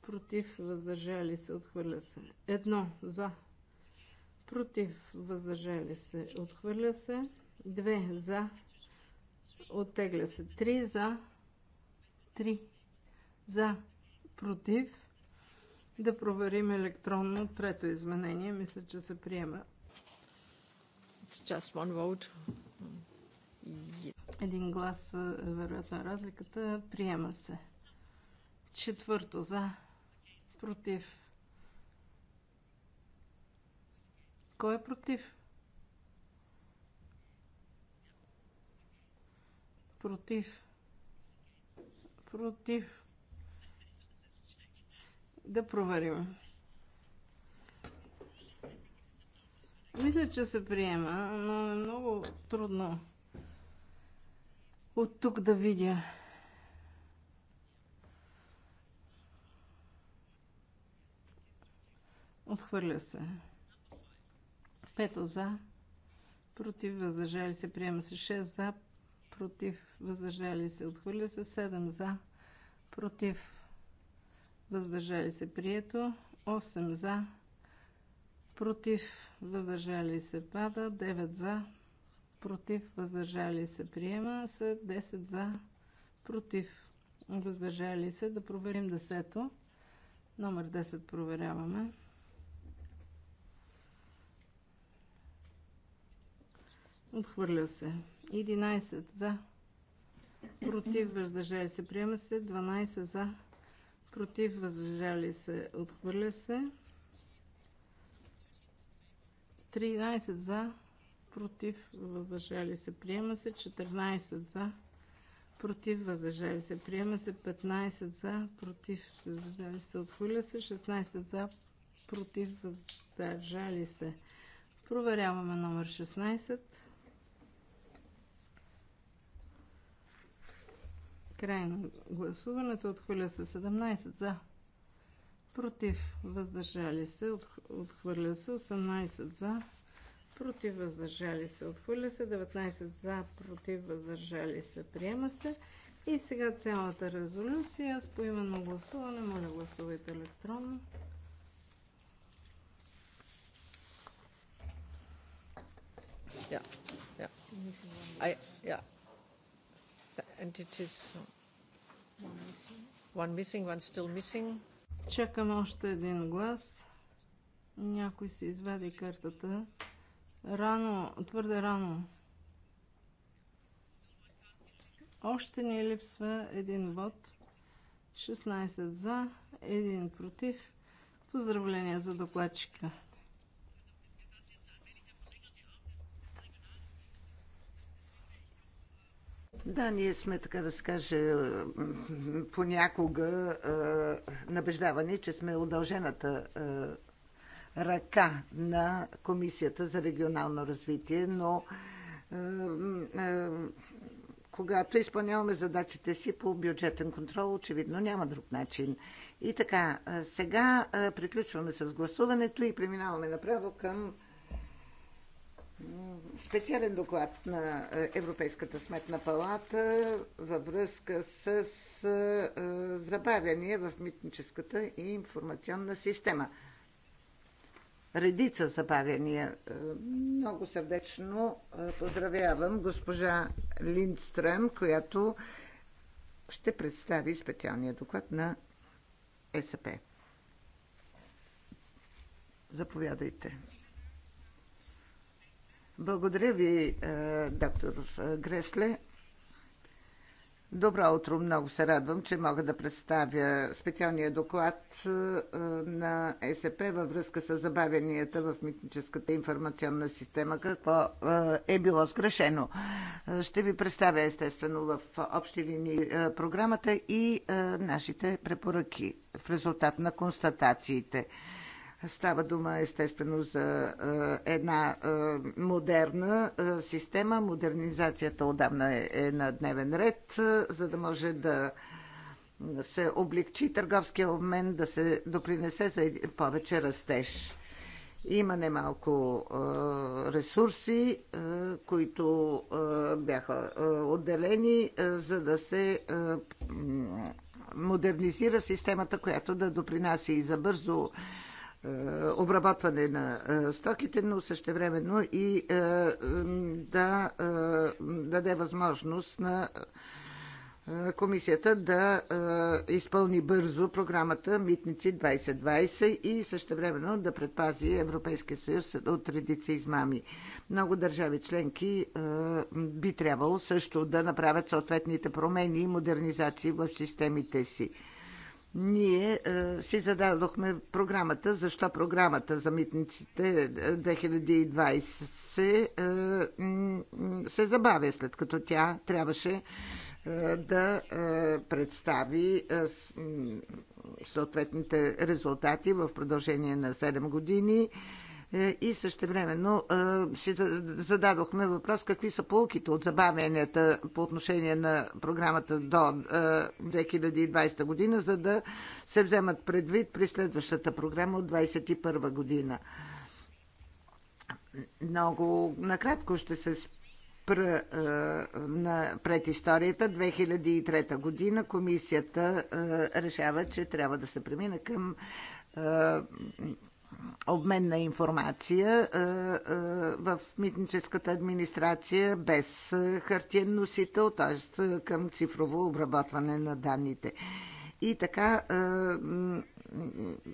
против, въздържали се, отхвърля се, едно за, против, въздържали се, отхвърля се, две за, оттегля се, три за, три за. Против. Да проверим електронно трето изменение. Мисля, че се приема. It's just one vote. Yeah. Един глас, е, вероятно е разликата. Приема се. Четвърто. За. Против. Кой е против? Против. Против. Да проверим. Мисля, че се приема, но е много трудно от тук да видя. Отхвърля се. Пето за. Против въздържали се. Приема се 6 за. Против въздържали се. Отхвърля се 7 за. Против въздържали се прието, 8 за, против, въздържали се пада, 9 за, против, въздържали се приема се, 10 за, против, въздържали се, да проверим 10-то, номер 10 проверяваме. Отхвърля се. 11 за. Против въздържали се. Приема се. 12 за против, въздържали се, отхвърля се. 13 за, против, въздържали се, приема се. 14 за, против, въздържали се, приема се. 15 за, против, въздържали се, отхвърля се. 16 за, против, въздържали се. Проверяваме номер 16. Край на гласуването. Отхвърля се 17 за. Против. Въздържали се. Отхвърля се 18 за. Против. Въздържали се. Отхвърля се 19 за. Против. Въздържали се. Приема се. И сега цялата резолюция с поименно гласуване. Моля гласувайте електронно. Yeah. Yeah. I, yeah. And it is one missing, one still missing. Чакам още един глас. Някой се извади картата. Рано, твърде рано. Още ни липсва един вод. 16 за, един против. Поздравления за докладчика. Да, ние сме, така да се каже, понякога е, набеждавани, че сме удължената е, ръка на Комисията за регионално развитие, но е, е, когато изпълняваме задачите си по бюджетен контрол, очевидно няма друг начин. И така, сега приключваме с гласуването и преминаваме направо към специален доклад на Европейската сметна палата във връзка с е, забавяния в митническата и информационна система. Редица забавяния. Е, много сърдечно е, поздравявам госпожа Линдстрем, която ще представи специалния доклад на СП. Заповядайте. Благодаря ви, е, доктор Гресле. Добро утро! Много се радвам, че мога да представя специалния доклад е, на ЕСП във връзка с забавянията в митническата информационна система. Какво е, е било сгрешено? Ще ви представя естествено в общи линии програмата и нашите препоръки в резултат на констатациите. Става дума естествено за е, една е, модерна е, система. Модернизацията отдавна е на дневен ред, за да може да се облегчи търговския обмен, да се допринесе за повече растеж. Има немалко ресурси, които бяха отделени, за да се модернизира системата, която да допринася и за бързо е, обработване на е, стоките, но същевременно и е, да даде възможност на комисията да изпълни бързо програмата Митници 2020 и същевременно да предпази Европейския съюз от редица измами. Много държави членки би трябвало също да направят съответните промени и модернизации в системите си ние е, си зададохме програмата, защо програмата за митниците 2020 е, е се забавя, след като тя трябваше е, да е, представи е, съответните резултати в продължение на 7 години. Е, е, и също времено си е, зададохме въпрос какви са полуките от забавянията по отношение на програмата до 2020 е, година, за да се вземат предвид при следващата програма от 2021 година. Много накратко ще се спра на предисторията. 2003 година комисията решава, че трябва да се премина към обмен на информация в митническата администрация без хартиен носител, т.е. към цифрово обработване на данните. И така,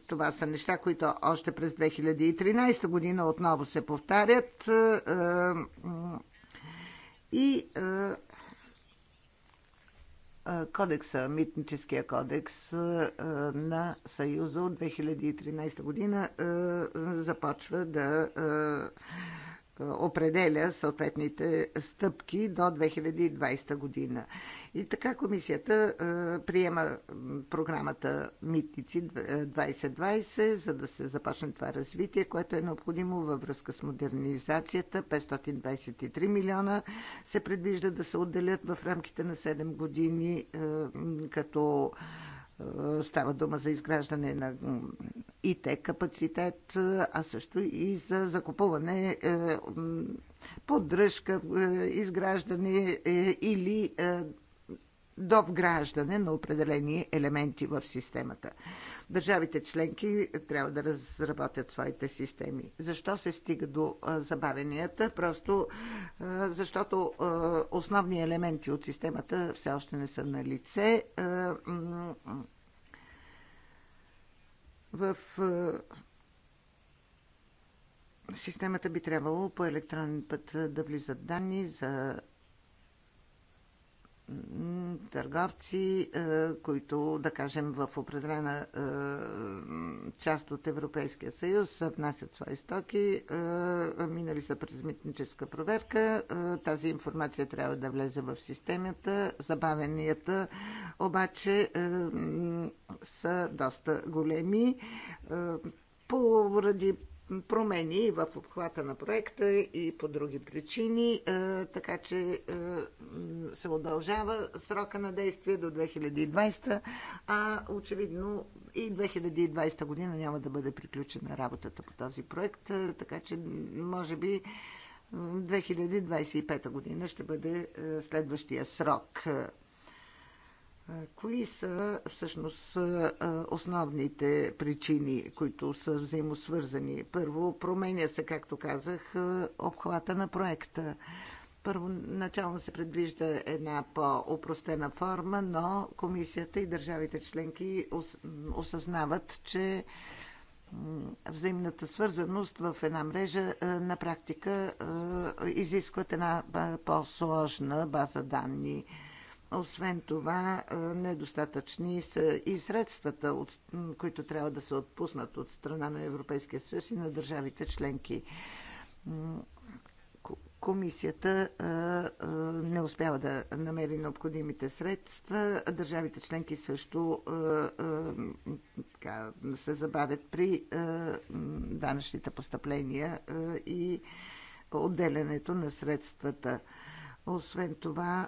това са неща, които още през 2013 година отново се повтарят. И кодекса, митническия кодекс на Съюза от 2013 година започва да определя съответните стъпки до 2020 година. И така комисията е, приема програмата Митници 2020, е, за да се започне това развитие, което е необходимо във връзка с модернизацията. 523 милиона се предвижда да се отделят в рамките на 7 години, е, като е, става дума за изграждане на ИТ капацитет, е, а също и за закупуване, е, поддръжка, изграждане или довграждане на определени елементи в системата. Държавите членки трябва да разработят своите системи. Защо се стига до забавенията? Просто защото основни елементи от системата все още не са на лице. В системата би трябвало по електронен път да влизат данни за търговци, е, които, да кажем, в определена е, част от Европейския съюз внасят свои стоки, е, минали са през митническа проверка. Тази информация трябва да влезе в системата. Забавенията обаче са доста големи. Поради промени в обхвата на проекта и по други причини, е, така че е, се удължава срока на действие до 2020, а очевидно и 2020 година няма да бъде приключена работата по този проект, е, така че може би 2025 година ще бъде следващия срок Кои са всъщност основните причини, които са взаимосвързани? Първо, променя се, както казах, обхвата на проекта. Първоначално се предвижда една по-опростена форма, но комисията и държавите членки осъзнават, че взаимната свързаност в една мрежа на практика изискват една по-сложна база данни – освен това, недостатъчни са и средствата, които трябва да се отпуснат от страна на Европейския съюз и на държавите членки. Комисията не успява да намери необходимите средства. Държавите членки също така, се забавят при данъчните постъпления и отделянето на средствата. Освен това,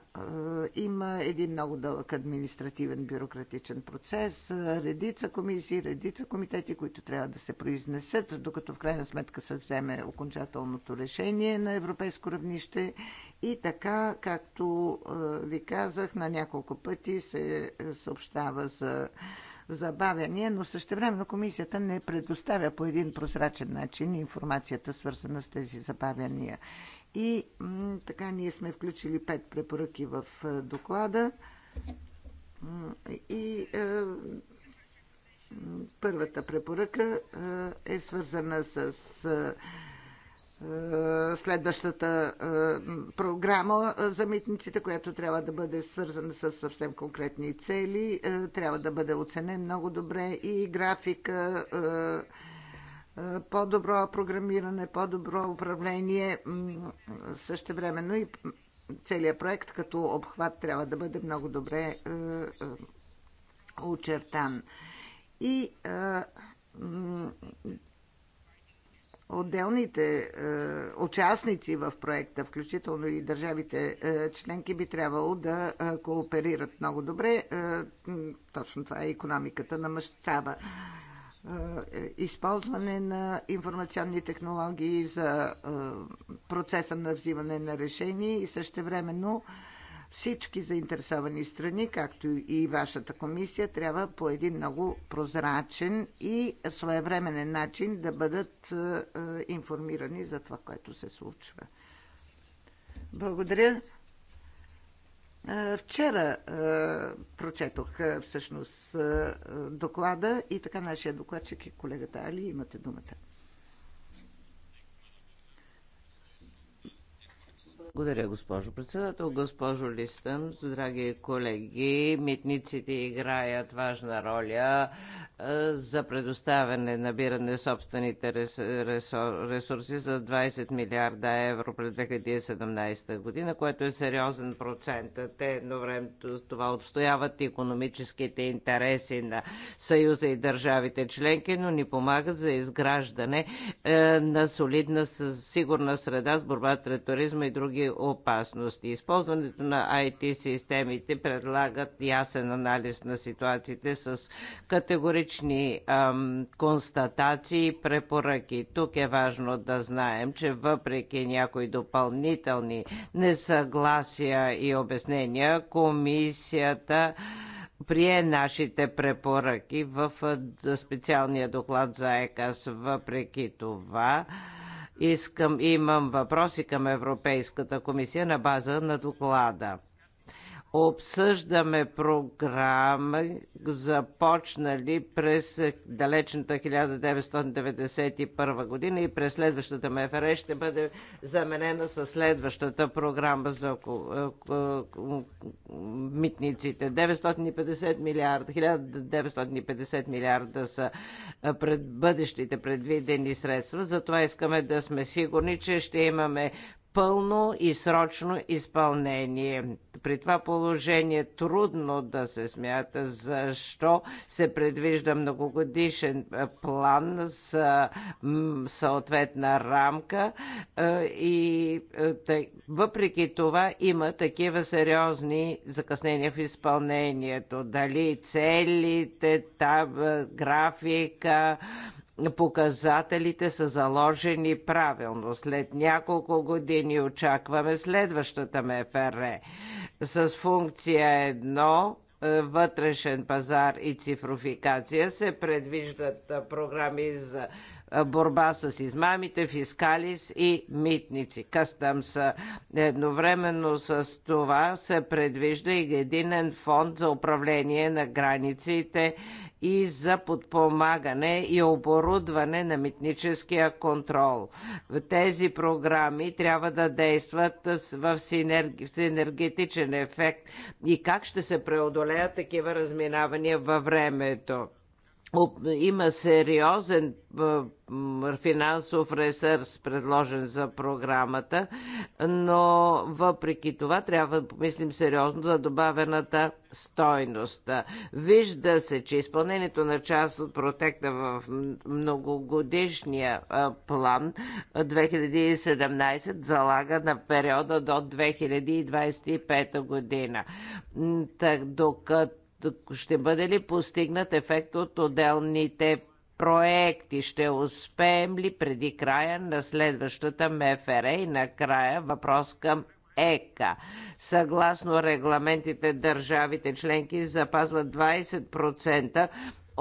има един много дълъг административен бюрократичен процес, редица комисии, редица комитети, които трябва да се произнесат, докато в крайна сметка се вземе окончателното решение на европейско равнище. И така, както ви казах, на няколко пъти се е, съобщава за забавяния, но същевременно комисията не предоставя по един прозрачен начин информацията, свързана с тези забавяния. И така ние сме включили пет препоръки в е, доклада. И е, първата препоръка е, е свързана с е, е, следващата е, програма за митниците, която трябва да бъде свързана с съвсем конкретни цели. Трябва да бъде оценен много добре и графика по-добро програмиране, по-добро управление. Също времено и целият проект като обхват трябва да бъде много добре е, е, очертан. И е, отделните участници в проекта, включително и държавите членки, би трябвало да кооперират много добре. точно това е економиката на мащаба. Е, използване на информационни технологии за процеса на взимане на решения и същевременно всички заинтересовани страни, както и вашата комисия, трябва по един много прозрачен и своевременен начин да бъдат информирани за това, което се случва. Благодаря. Вчера прочетох всъщност доклада и така нашия докладчик и е колегата Али имате думата. Благодаря, госпожо председател. Госпожо Листън, драги колеги, митниците играят важна роля за предоставяне, набиране собствените ресурси за 20 милиарда евро през 2017 година, което е сериозен процент. Те едновременно с това отстояват економическите интереси на Съюза и държавите членки, но ни помагат за изграждане е, на солидна, сигурна среда с борбата туризма и други други опасности. Използването на IT системите предлагат ясен анализ на ситуациите с категорични ам, констатации и препоръки. Тук е важно да знаем, че въпреки някои допълнителни несъгласия и обяснения, комисията прие нашите препоръки в специалния доклад за ЕКАС. Въпреки това, Искам, имам въпроси към Европейската комисия на база на доклада обсъждаме програми, започнали през далечната 1991 година и през следващата МФР ще бъде заменена с следващата програма за митниците. 950 милиарда, 1950 милиарда са пред бъдещите предвидени средства, затова искаме да сме сигурни, че ще имаме пълно и срочно изпълнение. При това положение трудно да се смята защо се предвижда многогодишен план с съответна рамка и въпреки това има такива сериозни закъснения в изпълнението. Дали целите, таб, графика, показателите са заложени правилно. След няколко години очакваме следващата МФР с функция 1 е, вътрешен пазар и цифровикация се предвиждат е, програми за е, борба с измамите, фискалис и митници. Къстъм са. Едновременно с това се предвижда и единен фонд за управление на границите и за подпомагане и оборудване на митническия контрол. Тези програми трябва да действат в синергетичен ефект и как ще се преодолеят такива разминавания във времето има сериозен финансов ресърс предложен за програмата, но въпреки това трябва да помислим сериозно за добавената стойност. Вижда се, че изпълнението на част от протекта в многогодишния план 2017 залага на периода до 2025 година. Так, докато ще бъде ли постигнат ефект от отделните проекти? Ще успеем ли преди края на следващата МФР? И накрая въпрос към ЕКА. Съгласно регламентите, държавите членки запазват 20%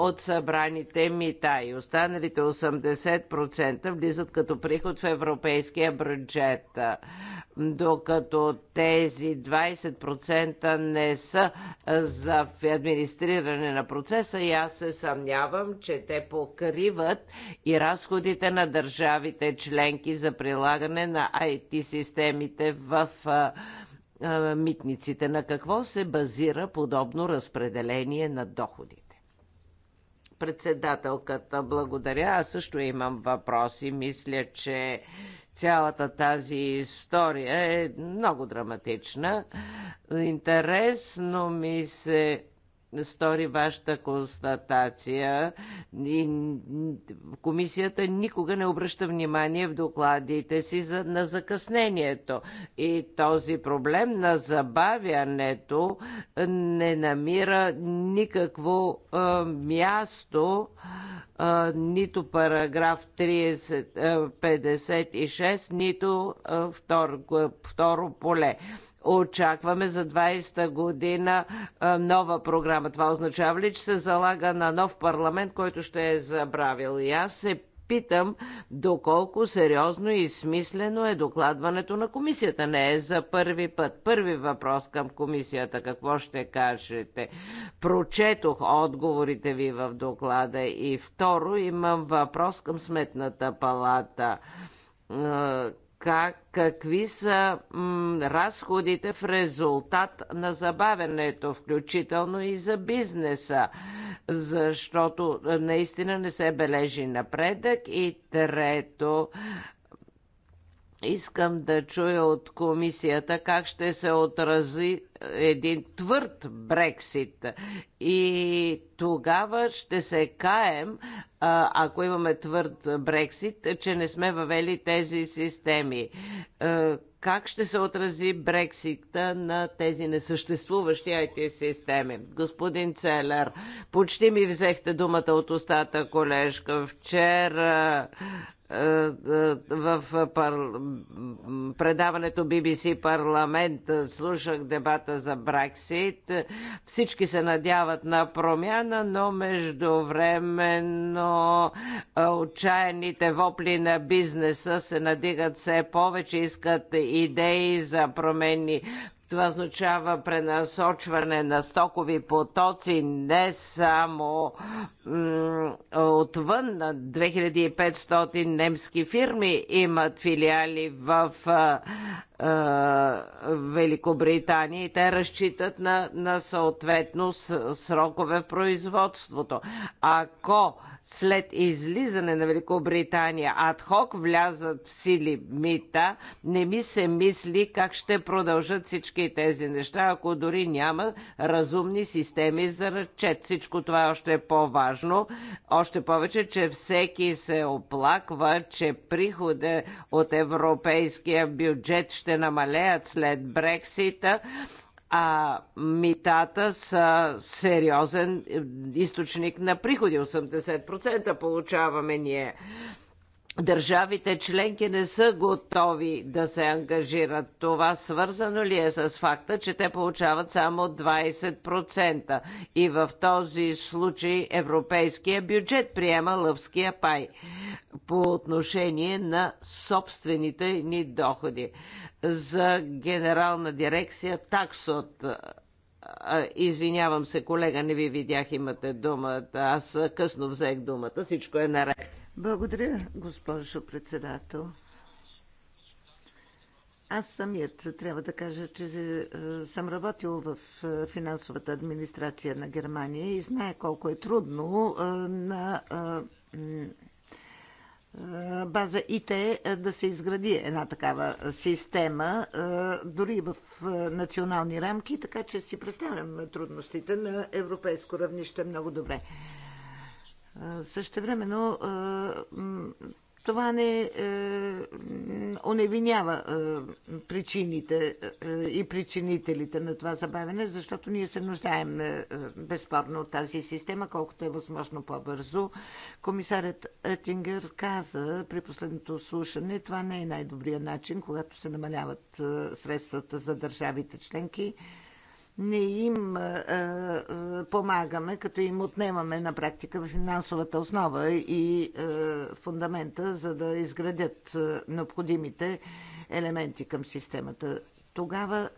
от събраните мита и останалите 80% влизат като приход в европейския бюджет, докато тези 20% не са за администриране на процеса и аз се съмнявам, че те покриват и разходите на държавите членки за прилагане на IT системите в митниците. На какво се базира подобно разпределение на доходи? Председателката, благодаря. Аз също имам въпроси. Мисля, че цялата тази история е много драматична. Интересно ми се стори вашата констатация и комисията никога не обръща внимание в докладите си за, на закъснението. И този проблем на забавянето не намира никакво а, място а, нито параграф 30, а, 56, нито а, втор, а, второ поле. Очакваме за 20-та година нова програма. Това означава ли, че се залага на нов парламент, който ще е забравил? И аз се питам доколко сериозно и смислено е докладването на комисията. Не е за първи път. Първи въпрос към комисията. Какво ще кажете? Прочетох отговорите ви в доклада и второ имам въпрос към сметната палата как, какви са м, разходите в резултат на забавенето, включително и за бизнеса, защото наистина не се бележи напредък. И трето, Искам да чуя от комисията как ще се отрази един твърд Брексит. И тогава ще се каем, ако имаме твърд Брексит, че не сме въвели тези системи. Е, как ще се отрази Брексита на тези несъществуващи IT системи? Господин Целер, почти ми взехте думата от устата, колежка. Вчера е, е, в пар... предаването BBC парламент е, слушах дебата за Брексит. Всички се надяват на промяна, но междувременно отчаяните вопли на бизнеса се надигат все повече, искат идеи за промени това означава пренасочване на стокови потоци не само отвън. 2500 немски фирми имат филиали в Великобритания и те разчитат на, на съответно срокове в производството. Ако след излизане на Великобритания адхок влязат в сили мита, не ми се мисли как ще продължат всички тези неща, ако дори няма разумни системи за ръчет. Всичко това е още по-важно, още повече, че всеки се оплаква, че приходи от европейския бюджет ще намалеят след Брексита а митата са сериозен е, източник на приходи. 80% получаваме ние. Държавите членки не са готови да се ангажират. Това свързано ли е с факта, че те получават само 20%? И в този случай европейския бюджет приема лъвския пай по отношение на собствените ни доходи за генерална дирекция таксот. Извинявам се, колега, не ви видях, имате думата. Аз късно взех думата, всичко е наред. Благодаря, госпожо председател. Аз самият трябва да кажа, че е, съм работил в е, финансовата администрация на Германия и знае колко е трудно е, на база ИТ е, е, да се изгради една такава система, е, дори в национални рамки, така че си представям трудностите на европейско равнище много добре. Също времено това не е, оневинява е, причините е, и причинителите на това забавене, защото ние се нуждаем е, безспорно от тази система, колкото е възможно по-бързо. Комисарят Етингер каза при последното слушане, това не е най-добрият начин, когато се намаляват е, средствата за държавите членки. Е, не им помагаме, като им отнемаме на практика финансовата основа и фундамента, за да изградят необходимите елементи към системата. Тогава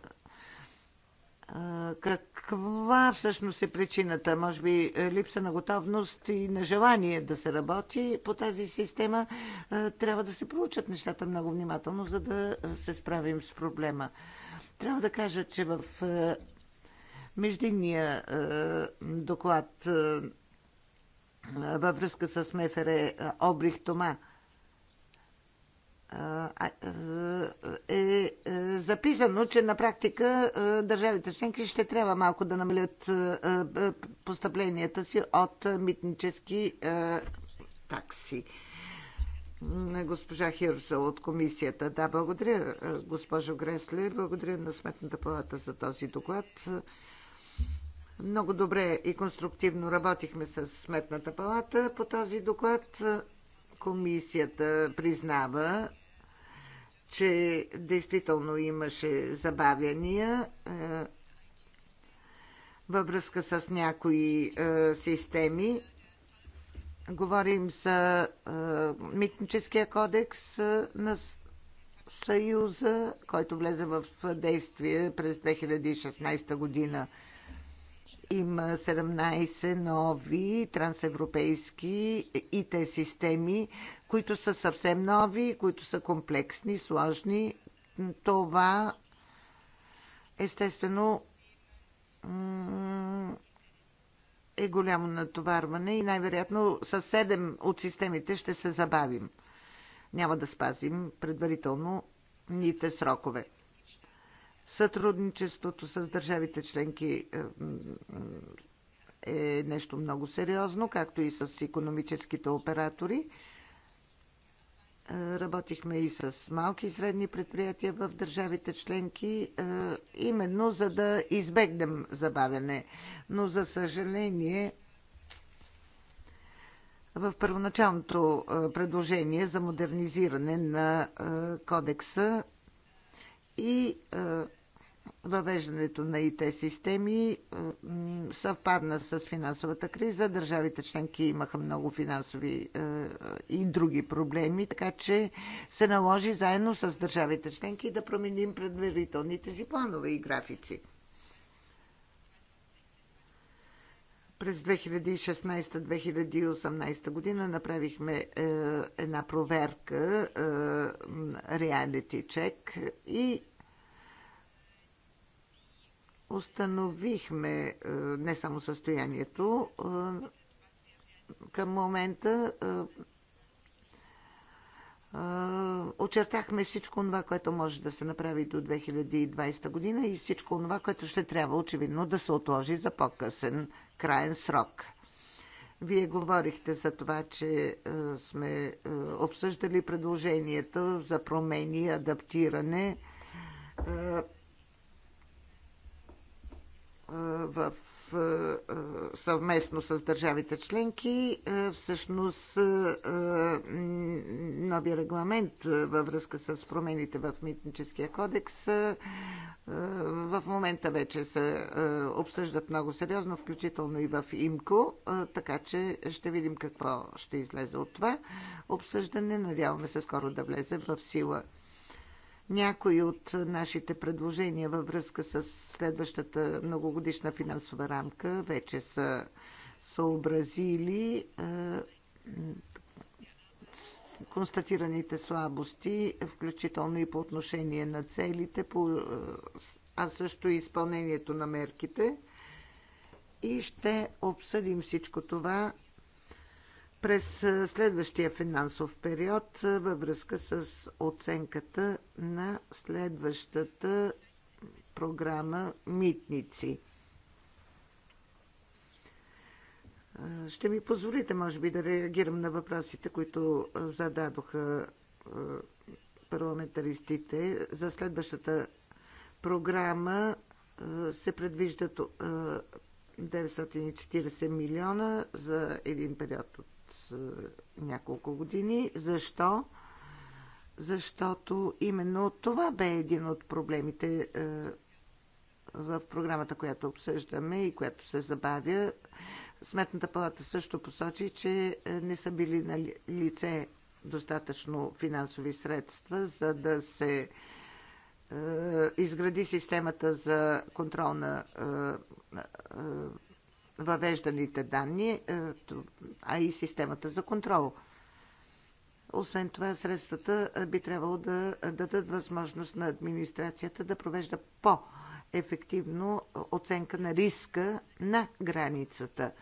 каква всъщност е причината? Може би липса на готовност и на желание да се работи по тази система. Трябва да се проучат нещата много внимателно, за да се справим с проблема. Трябва да кажа, че в междинния е, доклад е, във връзка с Мефере Обрих Тома е, е записано, че на практика държавите членки ще трябва малко да намалят постъпленията си от митнически такси. Госпожа Хирсъл от комисията. Да, благодаря, госпожо Гресле. Благодаря на Сметната палата за този доклад. Много добре и конструктивно работихме с Сметната палата по този доклад. Комисията признава, че действително имаше забавяния е, във връзка с някои е, системи. Говорим за е, митническия кодекс на Съюза, който влезе в действие през 2016 година. Има 17 нови трансевропейски ИТ системи, които са съвсем нови, които са комплексни, сложни. Това естествено е голямо натоварване и най-вероятно с 7 от системите ще се забавим. Няма да спазим предварително ните срокове. Сътрудничеството с държавите членки е, е нещо много сериозно, както и с економическите оператори. Е, работихме и с малки и средни предприятия в държавите членки, е, именно за да избегнем забавяне. Но, за съжаление, в първоначалното предложение за модернизиране на кодекса и въвеждането на ИТ системи съвпадна с финансовата криза. Държавите членки имаха много финансови и други проблеми, така че се наложи заедно с държавите членки да променим предварителните си планове и графици. През 2016-2018 година направихме е, една проверка, е, реалити чек и установихме е, не само състоянието е, към момента, е, очертахме всичко това, което може да се направи до 2020 година и всичко това, което ще трябва очевидно да се отложи за по-късен краен срок. Вие говорихте за това, че е, сме е, обсъждали предложенията за промени и адаптиране е, в е, е, съвместно с държавите членки. Е, всъщност нови регламент във връзка с промените в Митническия кодекс в момента вече се обсъждат много сериозно, включително и в ИМКО, така че ще видим какво ще излезе от това обсъждане. Надяваме се скоро да влезе в сила някои от нашите предложения във връзка с следващата многогодишна финансова рамка вече са съобразили констатираните слабости, включително и по отношение на целите, а също и изпълнението на мерките. И ще обсъдим всичко това през следващия финансов период във връзка с оценката на следващата програма Митници. Ще ми позволите, може би, да реагирам на въпросите, които зададоха парламентаристите. За следващата програма се предвиждат 940 милиона за един период от е, няколко години. Защо? Защото именно това бе един от проблемите е, в програмата, която обсъждаме и която се забавя. Сметната палата също посочи, че е, не са били на лице достатъчно финансови средства, за да се изгради системата за контрол на въвежданите данни, е, а и системата за контрол. Освен това, средствата е, би трябвало да е, дадат възможност на администрацията да провежда по-ефективно оценка на риска на границата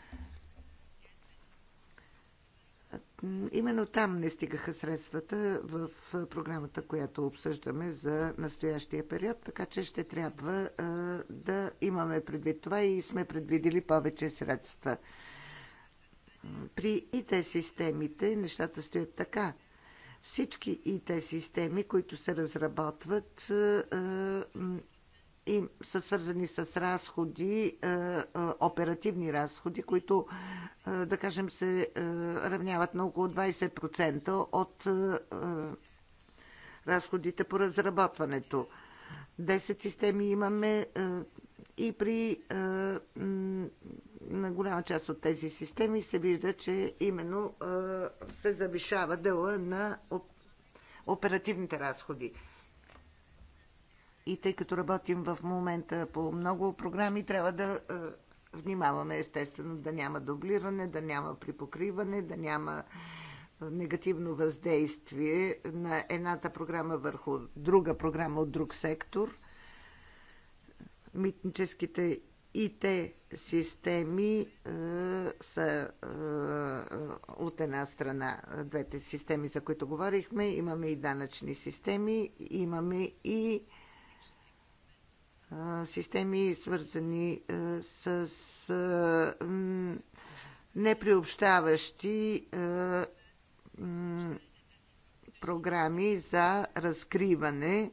Именно там не стигаха средствата в програмата, която обсъждаме за настоящия период, така че ще трябва да имаме предвид това и сме предвидили повече средства. При ИТ системите нещата стоят така. Всички ИТ системи, които се разработват, и са свързани с разходи, е, е, оперативни разходи, които, е, да кажем, се равняват на около 20% от разходите по разработването. 10 системи имаме и при на голяма част от тези системи се вижда, че именно се завишава дела на оперативните разходи. И тъй като работим в момента по много програми, трябва да е, внимаваме естествено да няма дублиране, да няма припокриване, да няма е, негативно въздействие на едната програма върху друга програма от друг сектор. Митническите ИТ системи е, са е, от една страна двете системи, за които говорихме. Имаме и данъчни системи, имаме и е, системи, свързани с неприобщаващи програми за разкриване,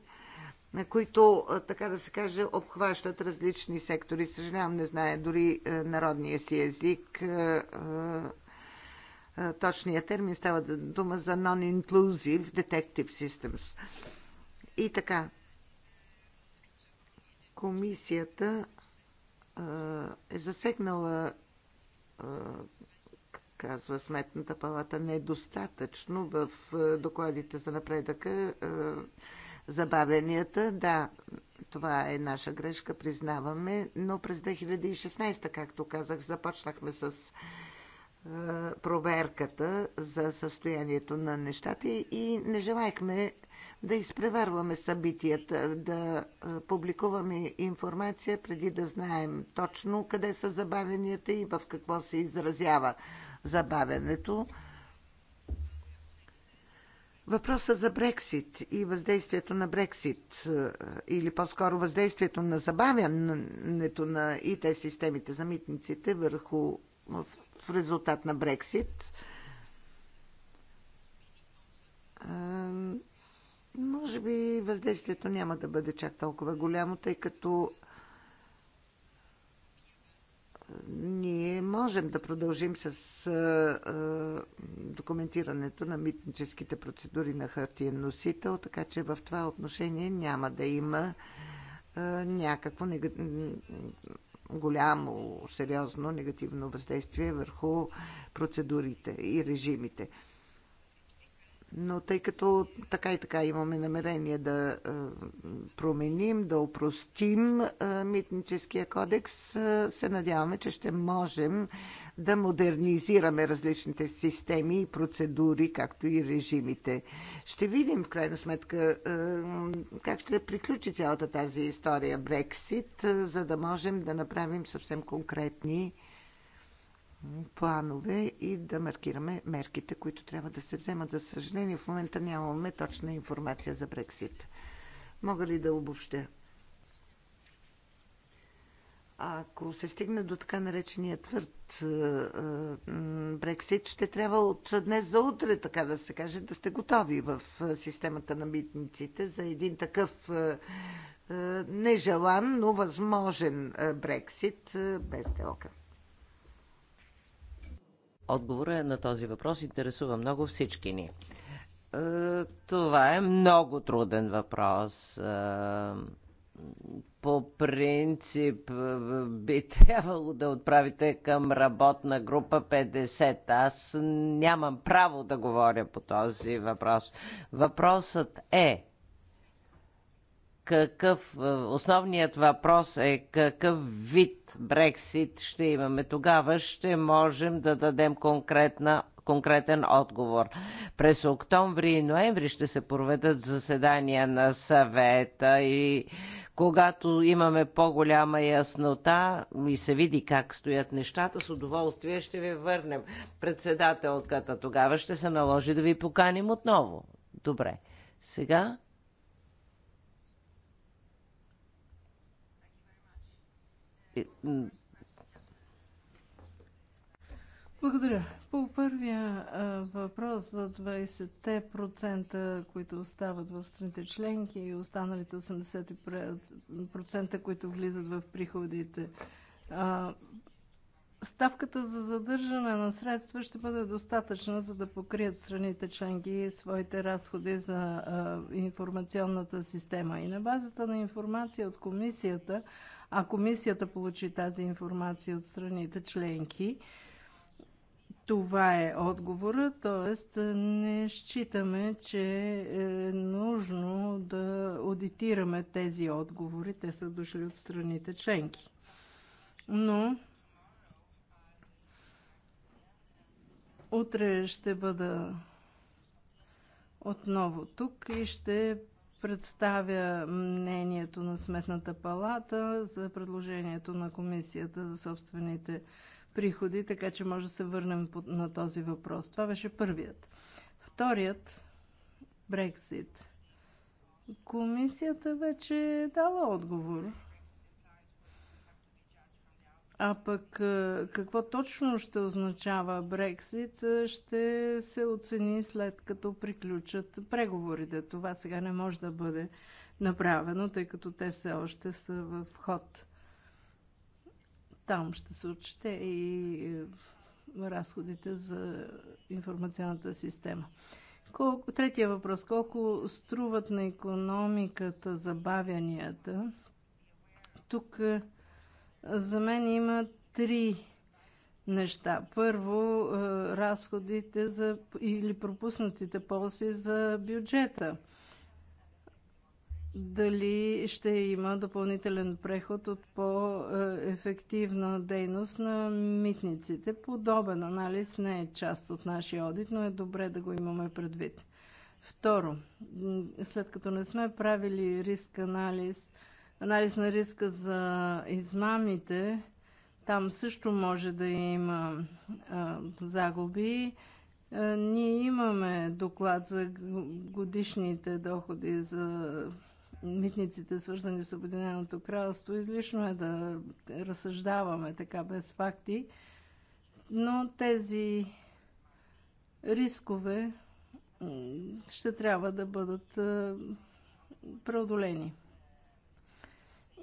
на които, така да се каже, обхващат различни сектори. Съжалявам, не знае дори народния си език. Точният термин става дума за Non-Inclusive Detective Systems. И така, комисията е засегнала, казва Сметната палата, недостатъчно в докладите за напредъка забавенията. Да, това е наша грешка, признаваме, но през 2016, както казах, започнахме с проверката за състоянието на нещата и не желаехме да изпреварваме събитията, да публикуваме информация преди да знаем точно къде са забавенията и в какво се изразява забавенето. Въпросът за Брексит и въздействието на Брексит, или по-скоро въздействието на забавянето на ИТ системите за митниците върху в резултат на Брексит, може би въздействието няма да бъде чак толкова голямо, тъй като ние можем да продължим с а, а, документирането на митническите процедури на хартиен носител, така че в това отношение няма да има а, някакво нег... голямо, сериозно негативно въздействие върху процедурите и режимите. Но тъй като така и така имаме намерение да е, променим, да упростим е, митническия кодекс, е, се надяваме, че ще можем да модернизираме различните системи и процедури, както и режимите. Ще видим, в крайна сметка, как ще приключи цялата тази история Брексит, за да можем да направим съвсем конкретни планове и да маркираме мерките, които трябва да се вземат. За съжаление, в момента нямаме точна информация за Брексит. Мога ли да обобщя? Ако се стигне до така наречения твърд е, Брексит, ще трябва от днес за утре, така да се каже, да сте готови в е, системата на митниците за един такъв е, нежелан, но възможен Брексит без делка. Отговора е на този въпрос интересува много всички ни. Е, това е много труден въпрос. Е, по принцип би [laughs] трябвало да отправите към работна група 50. Аз нямам право да говоря по този въпрос. Въпросът е какъв, е, основният въпрос е какъв вид Брексит ще имаме. Тогава ще можем да дадем конкретна конкретен отговор. През октомври и ноември ще се проведат заседания на съвета и когато имаме по-голяма яснота и се види как стоят нещата, с удоволствие ще ви върнем. Председателката тогава ще се наложи да ви поканим отново. Добре. Сега Е, Благодаря. По първия въпрос за 20%, които остават в страните членки и останалите 80%, които влизат в приходите. Ставката за задържане на средства ще бъде достатъчна, за да покрият страните членки и своите разходи за информационната система. И на базата на информация от комисията, а комисията получи тази информация от страните членки. Това е отговора, т.е. не считаме, че е нужно да аудитираме тези отговори. Те са дошли от страните членки. Но утре ще бъда отново тук и ще представя мнението на Сметната палата за предложението на Комисията за собствените приходи, така че може да се върнем на този въпрос. Това беше първият. Вторият Брексит. Комисията вече е дала отговор а пък какво точно ще означава Брексит, ще се оцени след като приключат преговорите. Това сега не може да бъде направено, тъй като те все още са в ход. Там ще се отчете и е, разходите за информационната система. Колко, третия въпрос. Колко струват на економиката забавянията? Тук е, за мен има три неща. Първо, е, разходите за, или пропуснатите ползи за бюджета. Дали ще има допълнителен преход от по-ефективна дейност на митниците? Подобен анализ не е част от нашия одит, но е добре да го имаме предвид. Второ, след като не сме правили риск анализ, анализ на риска за измамите, там също може да има а, загуби. А, ние имаме доклад за годишните доходи за митниците, свързани с Обединеното кралство. Излишно е да разсъждаваме така без факти, но тези рискове ще трябва да бъдат преодолени.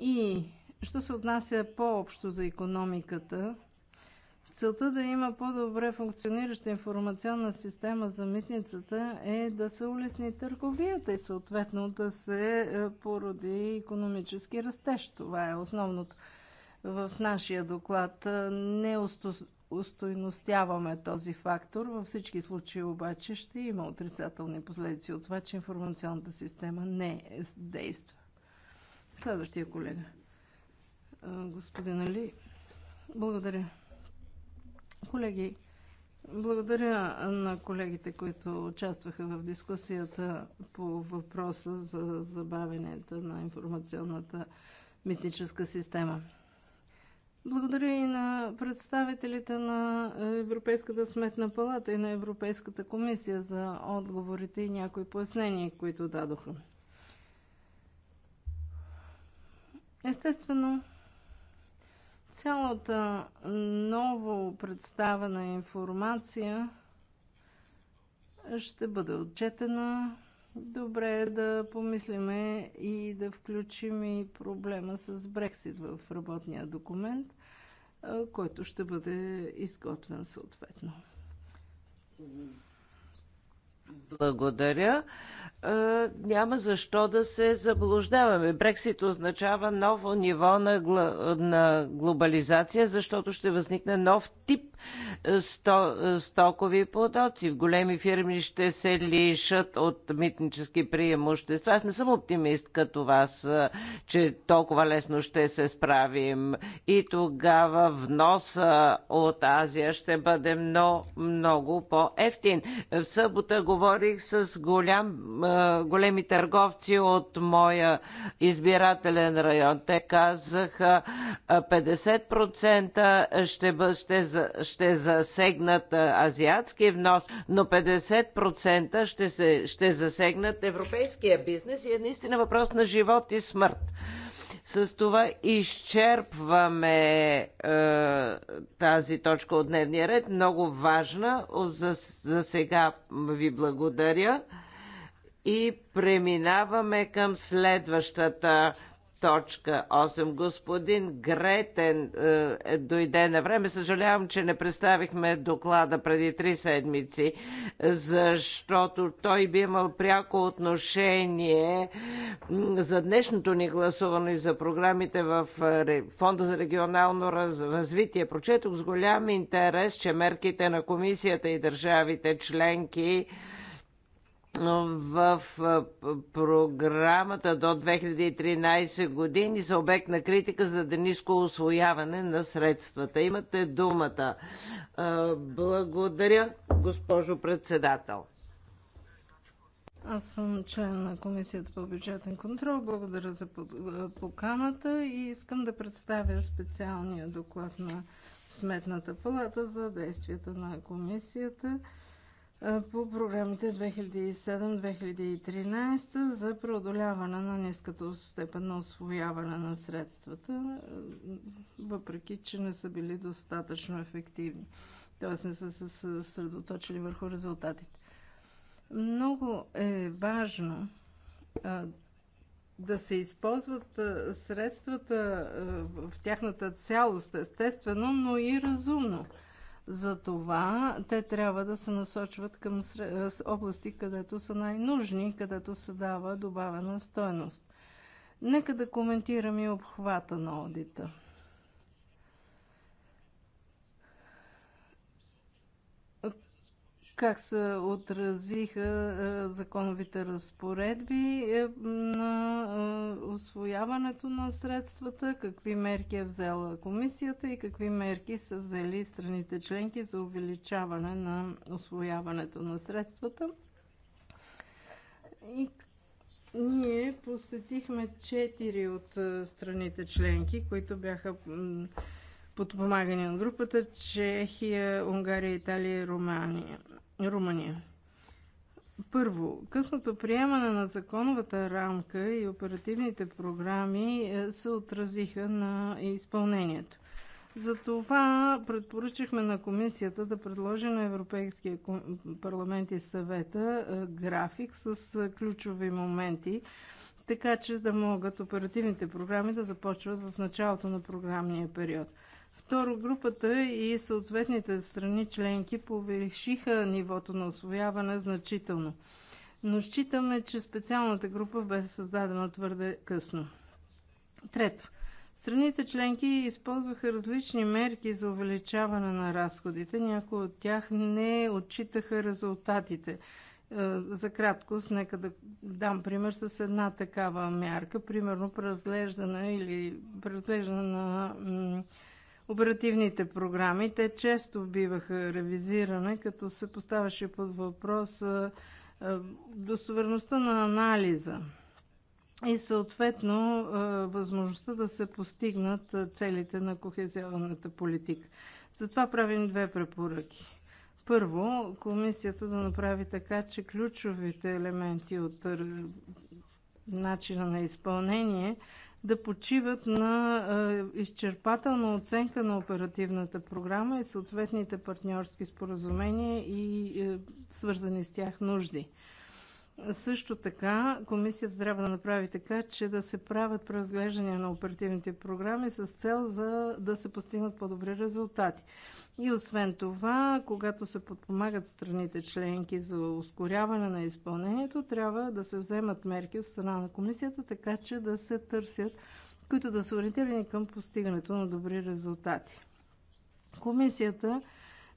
И що се отнася по-общо за економиката, целта да има по-добре функционираща информационна система за митницата е да се улесни търговията и съответно да се е, породи економически растеж. Това е основното в нашия доклад. Не устойностяваме този фактор. Във всички случаи обаче ще има отрицателни последици от това, че информационната система не е, действа. Следващия колега. Господин Али, благодаря. Колеги, благодаря на колегите, които участваха в дискусията по въпроса за забавянето на информационната митническа система. Благодаря и на представителите на Европейската сметна палата и на Европейската комисия за отговорите и някои пояснения, които дадоха. Естествено, цялата ново представена информация ще бъде отчетена. Добре е да помислиме и да включим и проблема с Брексит в работния документ, който ще бъде изготвен съответно. Благодаря. Е, няма защо да се заблуждаваме. Брексит означава ново ниво на, гл- на глобализация, защото ще възникне нов тип е, сто... Е, стокови потоци. В големи фирми ще се лишат от митнически преимущества. Аз не съм оптимист като вас, че толкова лесно ще се справим. И тогава вноса от Азия ще бъде много, много по-ефтин. В събота го говорих с голям, големи търговци от моя избирателен район. Те казаха 50% ще, ще, ще засегнат азиатски внос, но 50% ще, ще засегнат европейския бизнес и е наистина въпрос на живот и смърт. С това изчерпваме е, тази точка от дневния ред. Много важна. За, за сега ви благодаря. Благодаря. И преминаваме към следващата точка 8. Господин Гретен е, е, дойде на време. Съжалявам, че не представихме доклада преди три седмици, защото той би имал пряко отношение за днешното ни гласуване и за програмите в е, Фонда за регионално раз, развитие. Прочетох с голям интерес, че мерките на комисията и държавите членки в програмата до 2013 години за обект на критика за дениско освояване на средствата. Имате думата. Благодаря, госпожо председател. Аз съм член на Комисията по бюджетен контрол. Благодаря за поканата и искам да представя специалния доклад на Сметната палата за действията на комисията – по програмите 2007-2013 за преодоляване на ниската степен на освояване на средствата, въпреки че не са били достатъчно ефективни, т.е. не са се съсредоточили върху резултатите. Много е важно да се използват средствата в тяхната цялост, естествено, но и разумно – за това те трябва да се насочват към области, където са най-нужни, където се дава добавена стойност. Нека да коментираме обхвата на одита. как се отразиха е, законовите разпоредби е, на е, освояването на средствата, какви мерки е взела комисията и какви мерки са взели страните членки за увеличаване на освояването на средствата. И ние посетихме четири от страните членки, които бяха подпомагани от групата Чехия, Унгария, Италия и Румъния. Румъния. Първо, късното приемане на законовата рамка и оперативните програми е, се отразиха на изпълнението. Затова предпоръчахме на комисията да предложи на Европейския парламент и съвета е, график с е, ключови моменти, така че да могат оперативните програми да започват в началото на програмния период – Второ, групата и съответните страни членки повишиха нивото на освояване значително. Но считаме, че специалната група бе създадена твърде късно. Трето, страните членки използваха различни мерки за увеличаване на разходите. Някои от тях не отчитаха резултатите. Е, за краткост, нека да дам пример с една такава мярка, примерно преразглеждане или преразглеждане на Оперативните програми, те често биваха ревизирани, като се поставяше под въпрос достоверността на анализа и съответно възможността да се постигнат целите на кохезионната политика. Затова правим две препоръки. Първо, комисията да направи така, че ключовите елементи от начина на изпълнение – да почиват на е, изчерпателна оценка на оперативната програма и съответните партньорски споразумения и е, свързани с тях нужди. Също така, комисията трябва да направи така, че да се правят преразглеждания на оперативните програми с цел за да се постигнат по-добри резултати. И освен това, когато се подпомагат страните членки за ускоряване на изпълнението, трябва да се вземат мерки от страна на комисията, така че да се търсят, които да са ориентирани към постигането на добри резултати. Комисията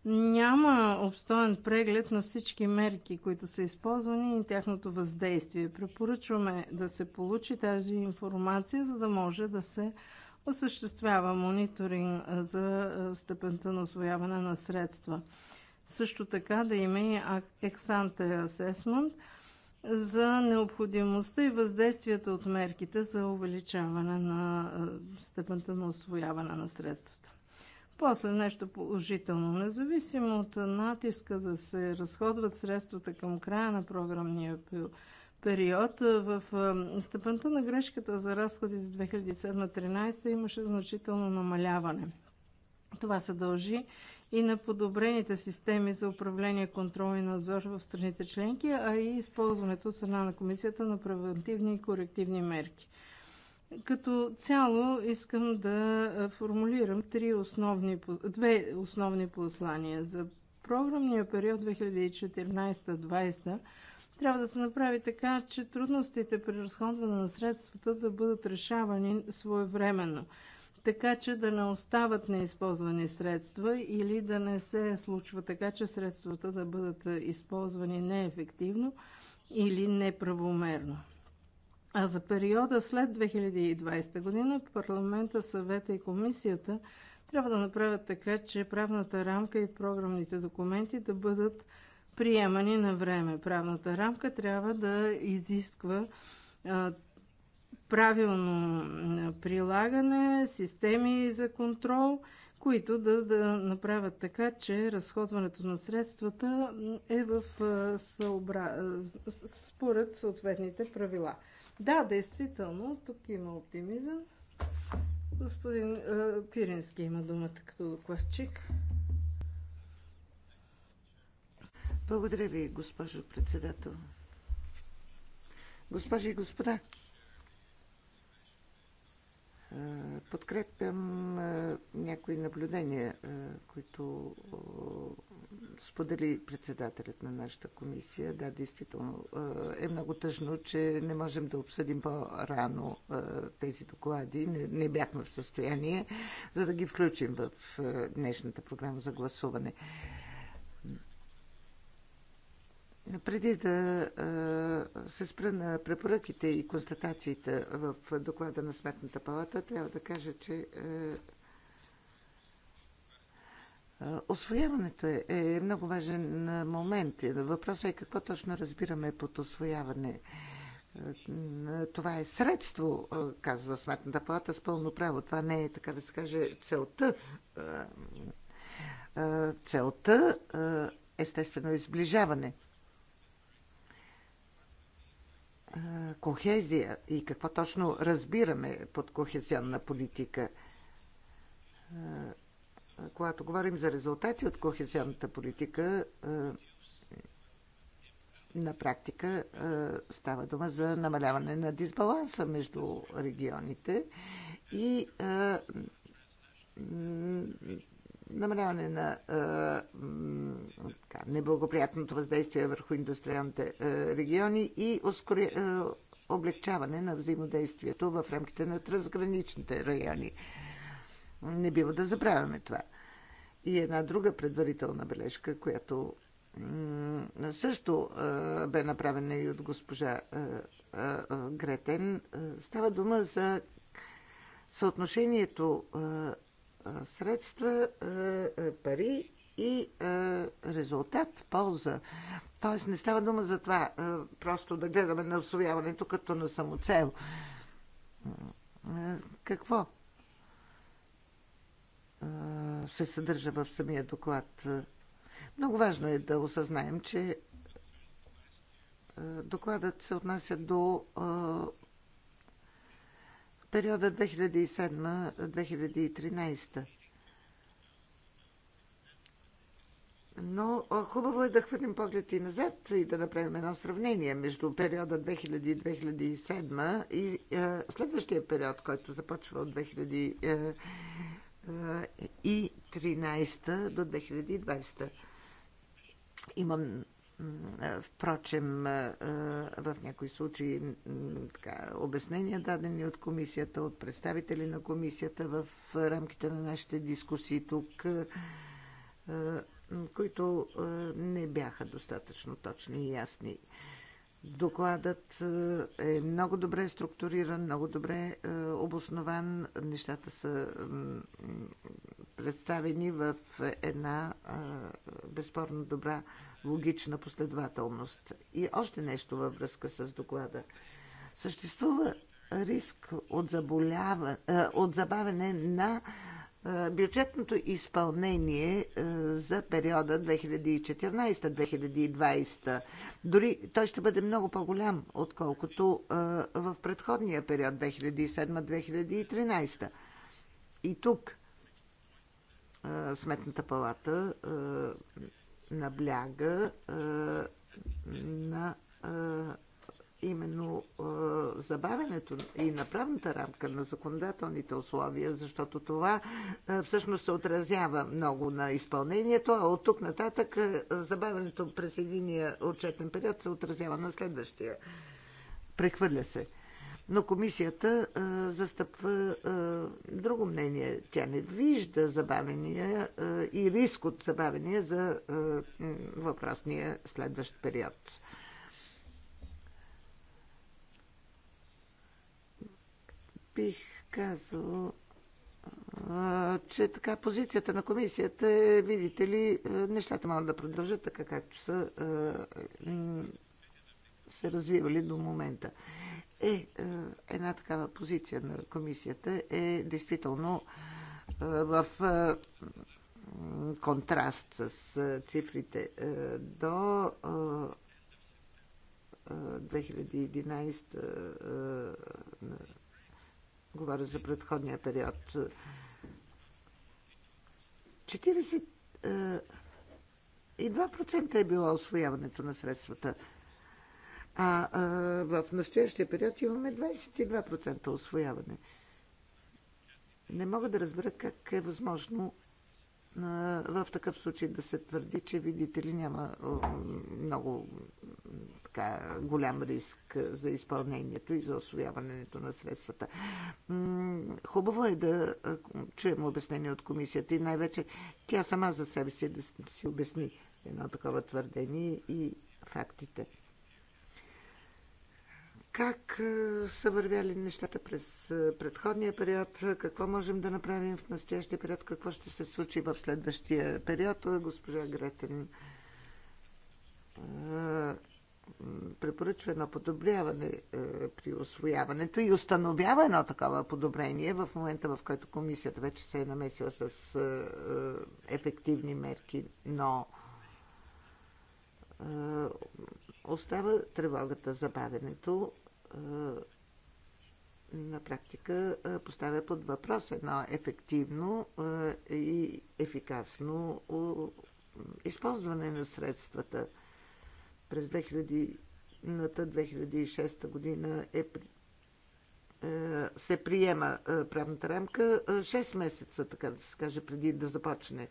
няма обстоен преглед на всички мерки, които са използвани и тяхното въздействие. Препоръчваме да се получи тази информация, за да може да се осъществява мониторинг за степента на освояване на средства. Също така да има и ексанте асесмент за необходимостта и въздействието от мерките за увеличаване на степента на освояване на средствата. После нещо положително. Независимо от натиска да се разходват средствата към края на програмния период, период в степента на грешката за разходите 2007-2013 имаше значително намаляване. Това се дължи и на подобрените системи за управление, контрол и надзор в страните членки, а и използването от страна на комисията на превентивни и корективни мерки. Като цяло искам да формулирам три основни, две основни послания. За програмния период 2014-2020 трябва да се направи така, че трудностите при разходване на средствата да бъдат решавани своевременно, така че да не остават неизползвани средства или да не се случва така, че средствата да бъдат използвани неефективно или неправомерно. А за периода след 2020 година парламента, съвета и комисията трябва да направят така, че правната рамка и програмните документи да бъдат приемани на време. Правната рамка трябва да изисква правилно прилагане, системи за контрол, които да, да направят така, че разходването на средствата е в съобра... според съответните правила. Да, действително, тук има оптимизъм. Господин Пирински има думата като докладчик. Благодаря ви, госпожо председател. Госпожи и господа, подкрепям някои наблюдения, които сподели председателят на нашата комисия. Да, действително е много тъжно, че не можем да обсъдим по-рано тези доклади. Не, бяхме в състояние, за да ги включим в днешната програма за гласуване. Преди да се спра на препоръките и констатациите в доклада на Сметната палата, трябва да кажа, че Освояването е, е много важен момент. Въпросът е какво точно разбираме под освояване. Това е средство, казва Сметната палата с пълно право. Това не е, така да се каже, целта. Целта естествено е сближаване кохезия и какво точно разбираме под кохезионна политика. Когато говорим за резултати от кохезионната политика, на практика става дума за намаляване на дисбаланса между регионите и намаляване на а, неблагоприятното въздействие върху индустриалните региони и ускори, облегчаване на взаимодействието в рамките на трансграничните райони. Не бива да забравяме това. И една друга предварителна бележка, която също бе направена и от госпожа Гретен. Става дума за съотношението средства, пари и резултат, полза. Тоест не става дума за това просто да гледаме на освояването като на самоцел. Какво се съдържа в самия доклад? Много важно е да осъзнаем, че докладът се отнася до периода 2007-2013. Но хубаво е да хвърлим поглед и назад и да направим едно сравнение между периода 2000-2007 и е, следващия период, който започва от 2013 до 2020. Имам Впрочем, в някои случаи така, обяснения дадени от комисията, от представители на комисията в рамките на нашите дискусии тук, които не бяха достатъчно точни и ясни. Докладът е много добре структуриран, много добре обоснован. Нещата са представени в една безспорно добра логична последователност. И още нещо във връзка с доклада. Съществува риск от, заболява, е, от забавене на е, бюджетното изпълнение е, за периода 2014-2020. Дори той ще бъде много по-голям, отколкото в предходния период 2007-2013. И тук Сметната палата набляга на именно забавянето и на правната рамка, на законодателните условия, защото това всъщност се отразява много на изпълнението, а от тук нататък забавянето през единия отчетен период се отразява на следващия. Прехвърля се. Но комисията а, застъпва а, друго мнение. Тя не вижда забавения а, и риск от забавения за а, въпросния следващ период. Бих казал, а, че така позицията на комисията е, видите ли, нещата могат да продължат така, както са а, се развивали до момента. Е, е, една такава позиция на комисията е действително е, в е, контраст с цифрите до 2011 говоря за предходния период 40 и 2% е било освояването на средствата а, а в настоящия период имаме 22% освояване. Не мога да разбера как е възможно в такъв случай да се твърди, че видите ли няма много така, голям риск за изпълнението и за освояването на средствата. Хубаво е да чуем обяснение от комисията и най-вече тя сама за себе си да си обясни едно такова твърдение и фактите как е, са вървяли нещата през е, предходния период, какво можем да направим в настоящия период, какво ще се случи в следващия период. Госпожа Гретен е, препоръчва едно подобряване при освояването и установява едно такова подобрение в момента, в който комисията вече се е намесила с ефективни мерки, но остава тревогата за бавенето е, на практика е, поставя под въпрос едно ефективно е, и ефикасно използване на средствата. През 2000-2006 година е, се приема правната рамка 6 месеца, така да се каже, преди да започне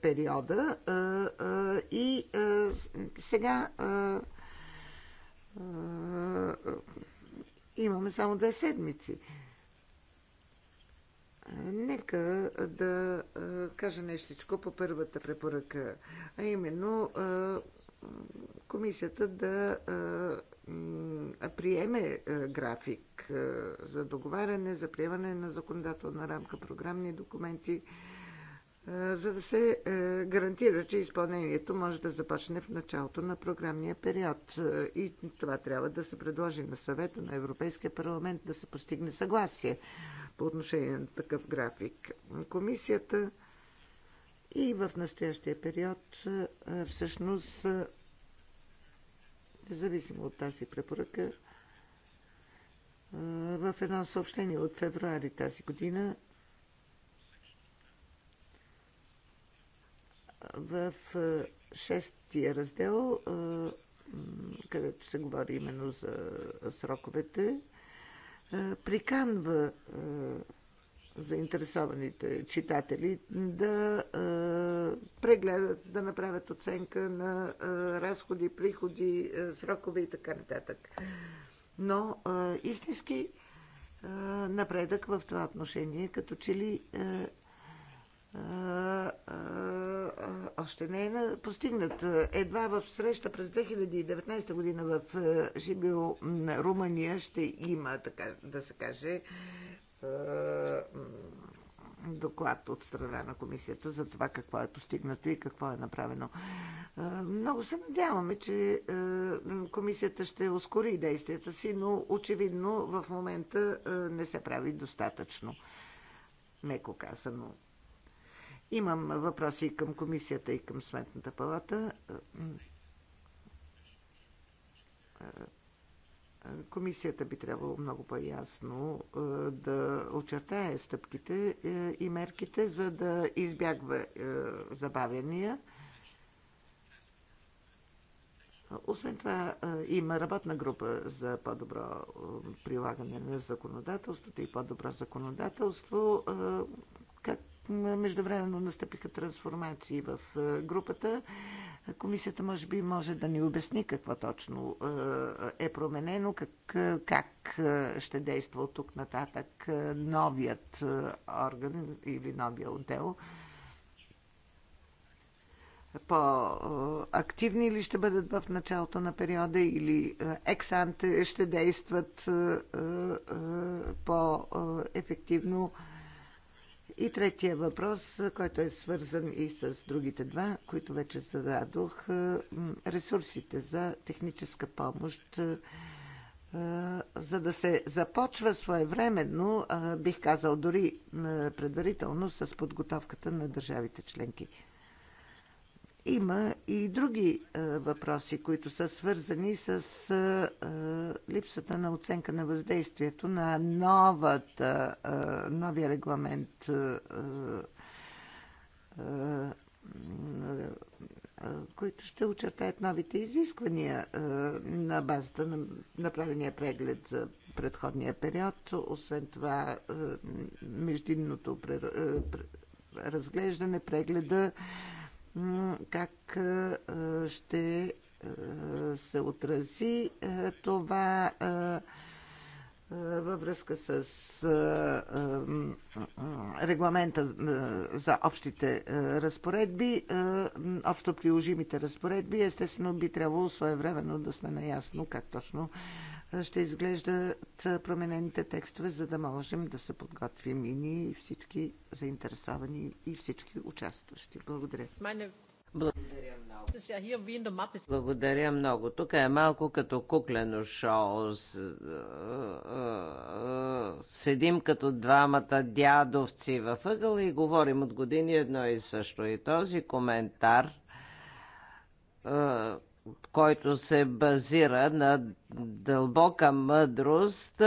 периода. И сега имаме само две седмици. Нека да кажа нещичко по първата препоръка, а именно комисията да приеме график за договаряне, за приемане на законодателна рамка, програмни документи за да се гарантира, че изпълнението може да започне в началото на програмния период. И това трябва да се предложи на съвета на Европейския парламент да се постигне съгласие по отношение на такъв график. Комисията и в настоящия период всъщност независимо от тази препоръка в едно съобщение от февруари тази година в шестия раздел, където се говори именно за сроковете, приканва заинтересованите читатели да прегледат, да направят оценка на разходи, приходи, срокове и така нататък. Но истински напредък в това отношение, като че ли още не е постигнат. Едва в среща през 2019 година в Жибил, Румъния, ще има, така да се каже, доклад от страна на комисията за това какво е постигнато и какво е направено. Много се надяваме, че комисията ще ускори действията си, но очевидно в момента не се прави достатъчно, меко казано. Имам въпроси и към комисията, и към сметната палата. Комисията би трябвало много по-ясно е, да очертае стъпките е, и мерките, за да избягва е, забавяния. Освен това, има работна група за по-добро прилагане на законодателството и по-добро законодателство. Междувременно настъпиха трансформации в е, групата. Комисията може би може да ни обясни какво точно е, е променено, как, как е, ще действа от тук нататък новият орган или новия отдел. По-активни ли ще бъдат в началото на периода или ексанте ще действат по-ефективно? И третия въпрос, който е свързан и с другите два, които вече зададох, е, ресурсите за техническа помощ, е, за да се започва своевременно, е, бих казал дори предварително, с подготовката на държавите членки. Има и други е, въпроси, които са свързани с е, е, липсата на оценка на въздействието на новата, новия регламент които ще очертаят новите изисквания на базата на направения преглед за предходния период. Освен това, междинното разглеждане, прегледа как ще се отрази това във връзка с регламента за общите разпоредби, общо приложимите разпоредби. Естествено, би трябвало своевременно да сме наясно как точно ще изглеждат променените текстове, за да можем да се подготвим и ние, и всички заинтересовани, и всички участващи. Благодаря. Благодаря много. Благодаря много. Тук е малко като куклено шоу. Е, е, е, седим като двамата дядовци във ъгъл и говорим от години едно и също. И този коментар който се базира на дълбока мъдрост,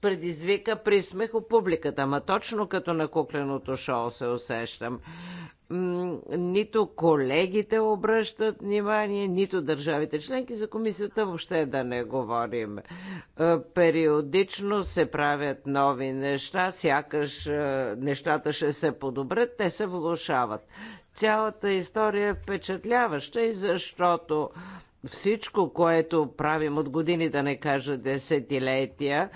предизвика присмех у публиката. Ма точно като на кукленото шоу се усещам. Нито колегите обръщат внимание, нито държавите членки за комисията въобще да не говорим. Периодично се правят нови неща, сякаш нещата ще се подобрят, те се влушават. Цялата история е впечатляваща и защото всичко, което правим от години, да не кажа десетилетия,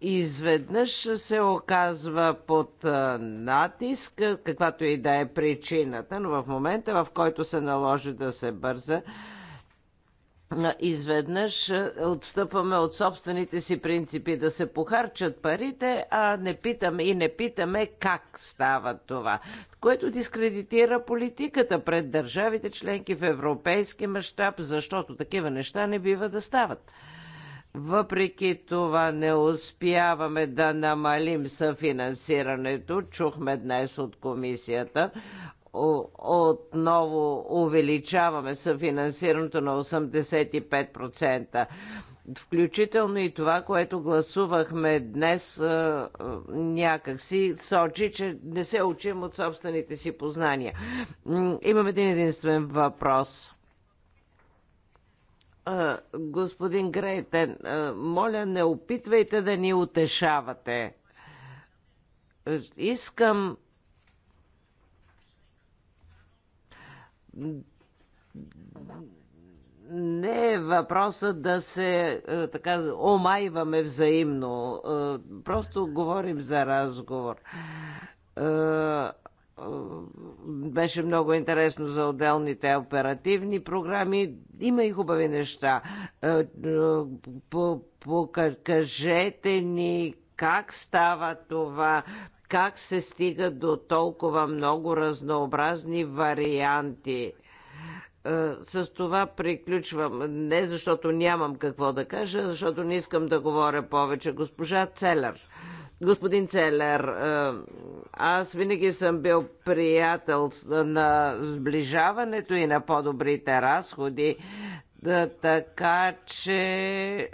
изведнъж се оказва под натиск, каквато и да е причината, но в момента, в който се наложи да се бърза, изведнъж е, отстъпваме от собствените си принципи да се похарчат парите, а не питаме и не питаме как става това, което дискредитира политиката пред държавите членки в европейски мащаб, защото такива неща не бива да стават. Въпреки това не успяваме да намалим съфинансирането. Чухме днес от комисията отново увеличаваме съфинансирането на 85%. Включително и това, което гласувахме днес някакси сочи, че не се учим от собствените си познания. Имам един единствен въпрос господин Грейтен, моля, не опитвайте да ни утешавате. Искам не е въпроса да се е, така омайваме взаимно. Е, просто говорим за разговор. Е, беше много интересно за отделните оперативни програми. Има и хубави неща. Покажете ни как става това как се стига до толкова много разнообразни варианти. Е, с това приключвам. Не защото нямам какво да кажа, защото не искам да говоря повече. Госпожа Целер. Господин Целер, е, аз винаги съм бил приятел на сближаването и на по-добрите разходи, да, така че е,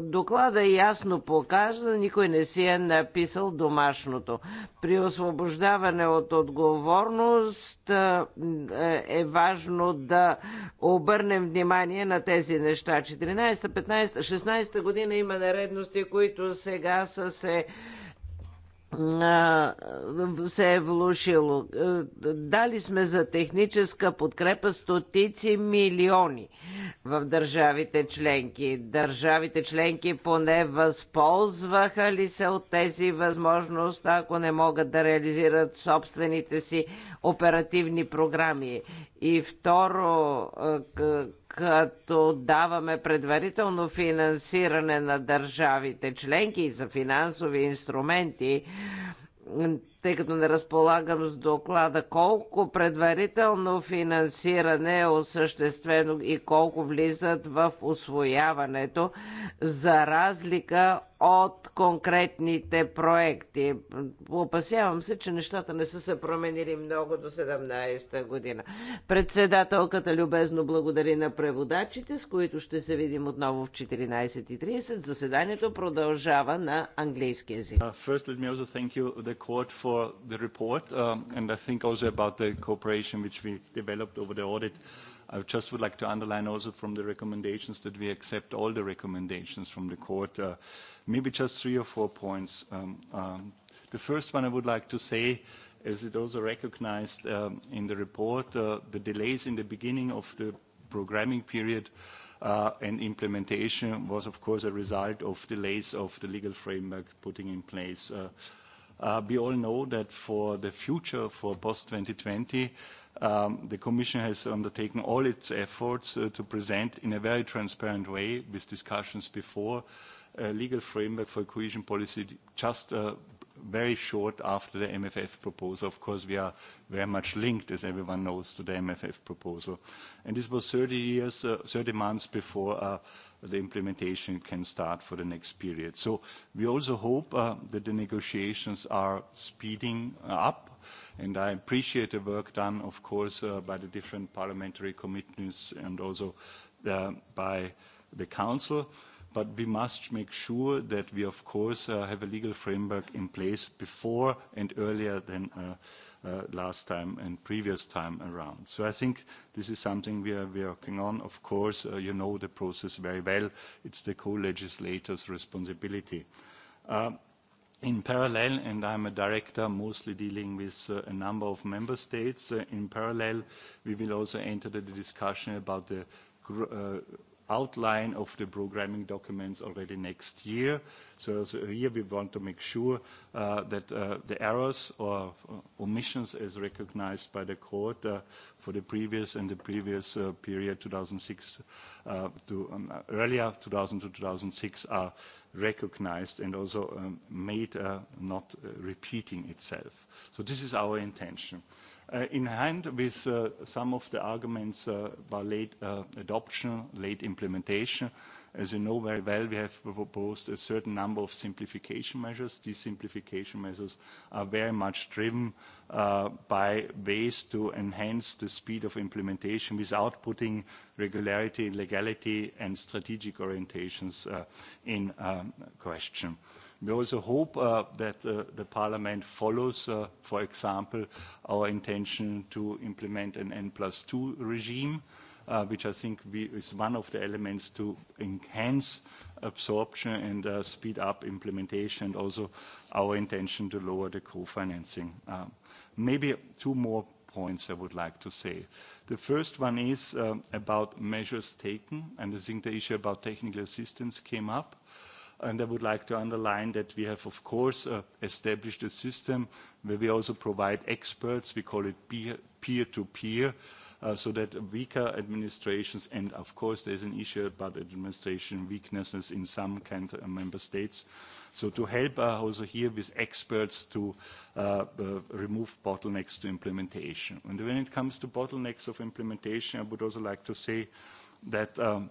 доклада ясно показва, никой не си е написал домашното. При освобождаване от отговорност е, е важно да обърнем внимание на тези неща. 14, 15, 16 година има наредности, които сега са се се е влушило. Е, дали сме за техническа подкрепа стотици милиони в държавите членки. Държавите членки поне възползваха ли се от тези възможности, ако не могат да реализират собствените си оперативни програми. И второ, е, като даваме предварително финансиране на държавите членки за финансови инструменти, тъй като не разполагам с доклада, колко предварително финансиране е осъществено и колко влизат в освояването, за разлика от конкретните проекти. Опасявам се, че нещата не са се променили много до 17-та година. Председателката любезно благодари на преводачите, с които ще се видим отново в 14.30. Заседанието продължава на английски язик. Uh, for the report, and I think also about the cooperation which we developed over the audit. I just would like to underline also from the recommendations that we accept all the recommendations from the court. Maybe just three or four points. The first one I would like to say, as it also recognized in the report, the delays in the beginning of the programming period and implementation was, of course, a result of delays of the legal framework putting in place. We all know that for the future, for post-2020, the Commission has undertaken all its efforts to present in a very transparent way, with discussions before, a legal framework for cohesion policy just very short after the MFF proposal. Of course, we are very much linked, as everyone knows, to the MFF proposal. And this was 30 years, 30 months before the implementation can start for the next period. So we also hope uh, that the negotiations are speeding up and I appreciate the work done, of course, uh, by the different parliamentary committees and also uh, by the Council. But we must make sure that we, of course, uh, have a legal framework in place before and earlier than uh, uh, last time and previous time around. So I think this is something we are working on. Of course, uh, you know the process very well. It's the co-legislator's responsibility. Uh, in parallel, and I'm a director mostly dealing with uh, a number of member states, uh, in parallel, we will also enter the discussion about the uh, outline of the programming documents already next year. So here we want to make sure that the errors or omissions as recognized by the court for the previous and the previous period, 2006 to earlier 2000 to 2006, are recognized and also made not repeating itself. So this is our intention in hand with uh, some of the arguments uh, by late uh, adoption, late implementation. As you know very well, we have proposed a certain number of simplification measures. These simplification measures are very much driven uh, by ways to enhance the speed of implementation without putting regularity, legality, and strategic orientations uh, in um, question. Uh, We also hope that the parliament follows, for example, our intention to implement an N plus two regime, which I think is one of the elements to enhance absorption and speed up implementation, and also our intention to lower the co-financing. Maybe two more points I would like to say. The first one is about measures taken, and I think the issue about technical assistance came up. And I would like to underline that we have, of course, uh, established a system where we also provide experts. We call it peer-to-peer, uh, so that weaker administrations, and of course there's an issue about administration weaknesses in some kind of member states. So to help uh, also here with experts to uh, uh, remove bottlenecks to implementation. And when it comes to bottlenecks of implementation, I would also like to say that um,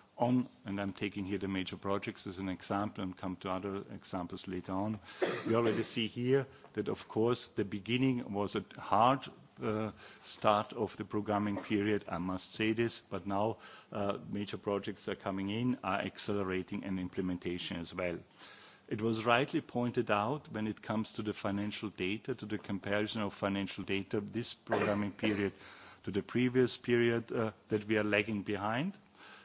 on, and I'm taking here the major projects as an example and come to other examples later on. We already see here that, of course, the beginning was a hard start of the programming period, I must say this, but now major projects are coming in, are accelerating, and implementation as well. It was rightly pointed out when it comes to the financial data, to the comparison of financial data, this programming period to the previous period, that we are lagging behind.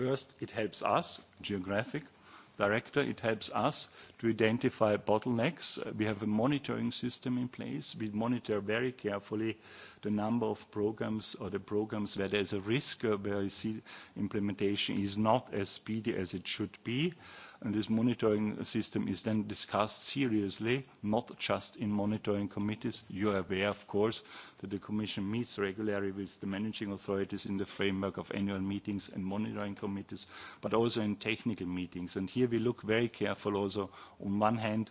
First, it helps us, geographic director, it helps us to identify bottlenecks. We have a monitoring system in place. We monitor very carefully the number of programs or the programs where there's a risk, where we see implementation is not as speedy as it should be. And this monitoring system is then discussed seriously, not just in monitoring committees. You are aware, of course, that the Commission meets regularly with the managing authorities in the framework of annual meetings and monitoring committees, but also in technical meetings. And here we look very careful also, on one hand,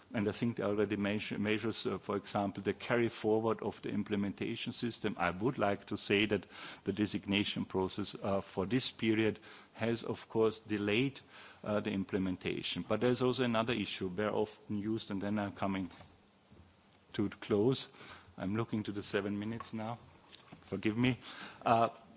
and I think they already measures, for example, the carry forward of the implementation system. I would like to say that the designation process for this period has, of course, delayed the implementation. But there's also another issue, very often used, and then I'm coming to close. I'm looking to the seven minutes now. Forgive me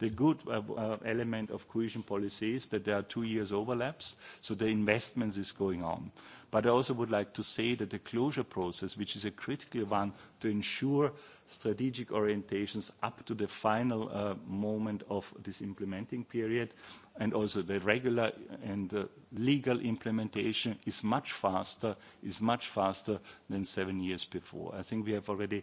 The good element of cohesion policy is that there are two years overlaps, so the investments is going on. But I also would like to say that the closure process, which is a critical one to ensure strategic orientations up to the final moment of this implementing period, and also the regular and legal implementation is much faster, is much faster than seven years before. I think we have already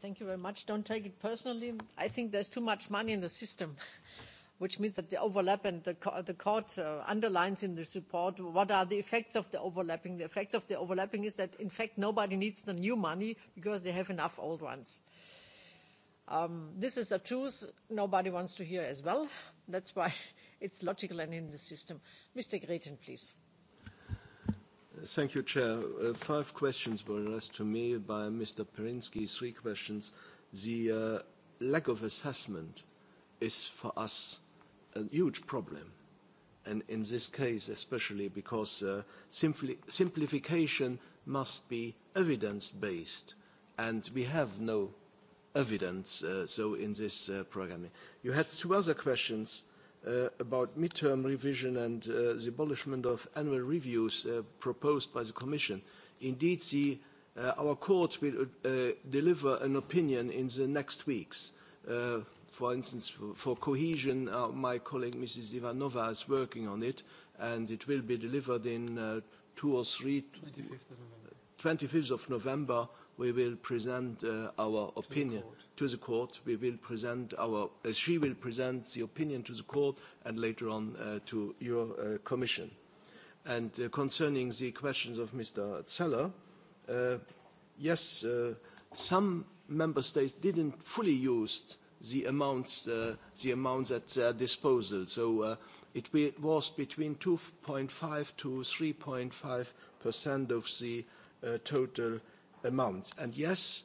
Thank you very much. Don't take it personally. I think there's too much money in the system, which means that the overlap and the, co- the court uh, underlines in the report what are the effects of the overlapping. The effects of the overlapping is that, in fact, nobody needs the new money because they have enough old ones. Um, this is a truth nobody wants to hear as well. That's why it's logical and in the system. Mr. Gretin, please. Thank you, Chair. five questions were addressed to me by Mr. Perinsky, three questions. The lack of assessment is for us a huge problem. And in this case, especially because simplification must be evidence-based. And we have no evidence, so in this programming. You had two other questions uh about mid term revision and uh the abolishment of annual reviews uh proposed by the Commission. Indeed, the our court will uh deliver an opinion in the next weeks. Uh for instance, for for cohesion, uh my colleague Mrs. Ivanova is working on it, and it will be delivered in uh two or three... 25th of November. 25th of November, we will present uh our opinion. To to the court. We will present our, as she will present the opinion to the court and later on uh, to your uh, commission. And uh, concerning the questions of Mr. Zeller, uh, yes, uh, some member states didn't fully use the amounts, uh, the amounts at their disposal. So uh, it was between 2.5 to 3.5 percent of the uh, total amounts. And yes,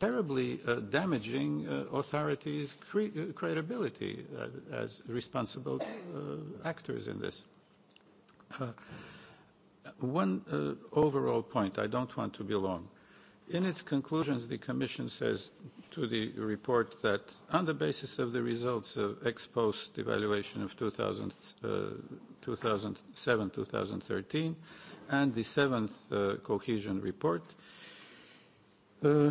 terribly uh, damaging uh, authorities' cre- credibility uh, as responsible uh, actors in this. Uh, one uh, overall point, I don't want to be long. In its conclusions, the Commission says to the report that on the basis of the results of ex post evaluation of 2000, uh, 2007-2013 and the seventh uh, cohesion report, uh,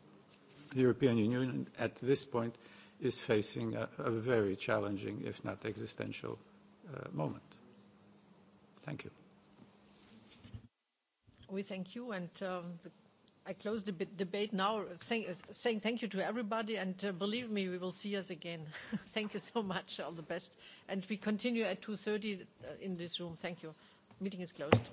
the European Union at this point is facing a, a very challenging, if not existential, uh, moment. Thank you. We thank you, and um, I close the debate now, saying, saying thank you to everybody, and uh, believe me, we will see us again. thank you so much. All the best, and we continue at 2:30 in this room. Thank you. Meeting is closed.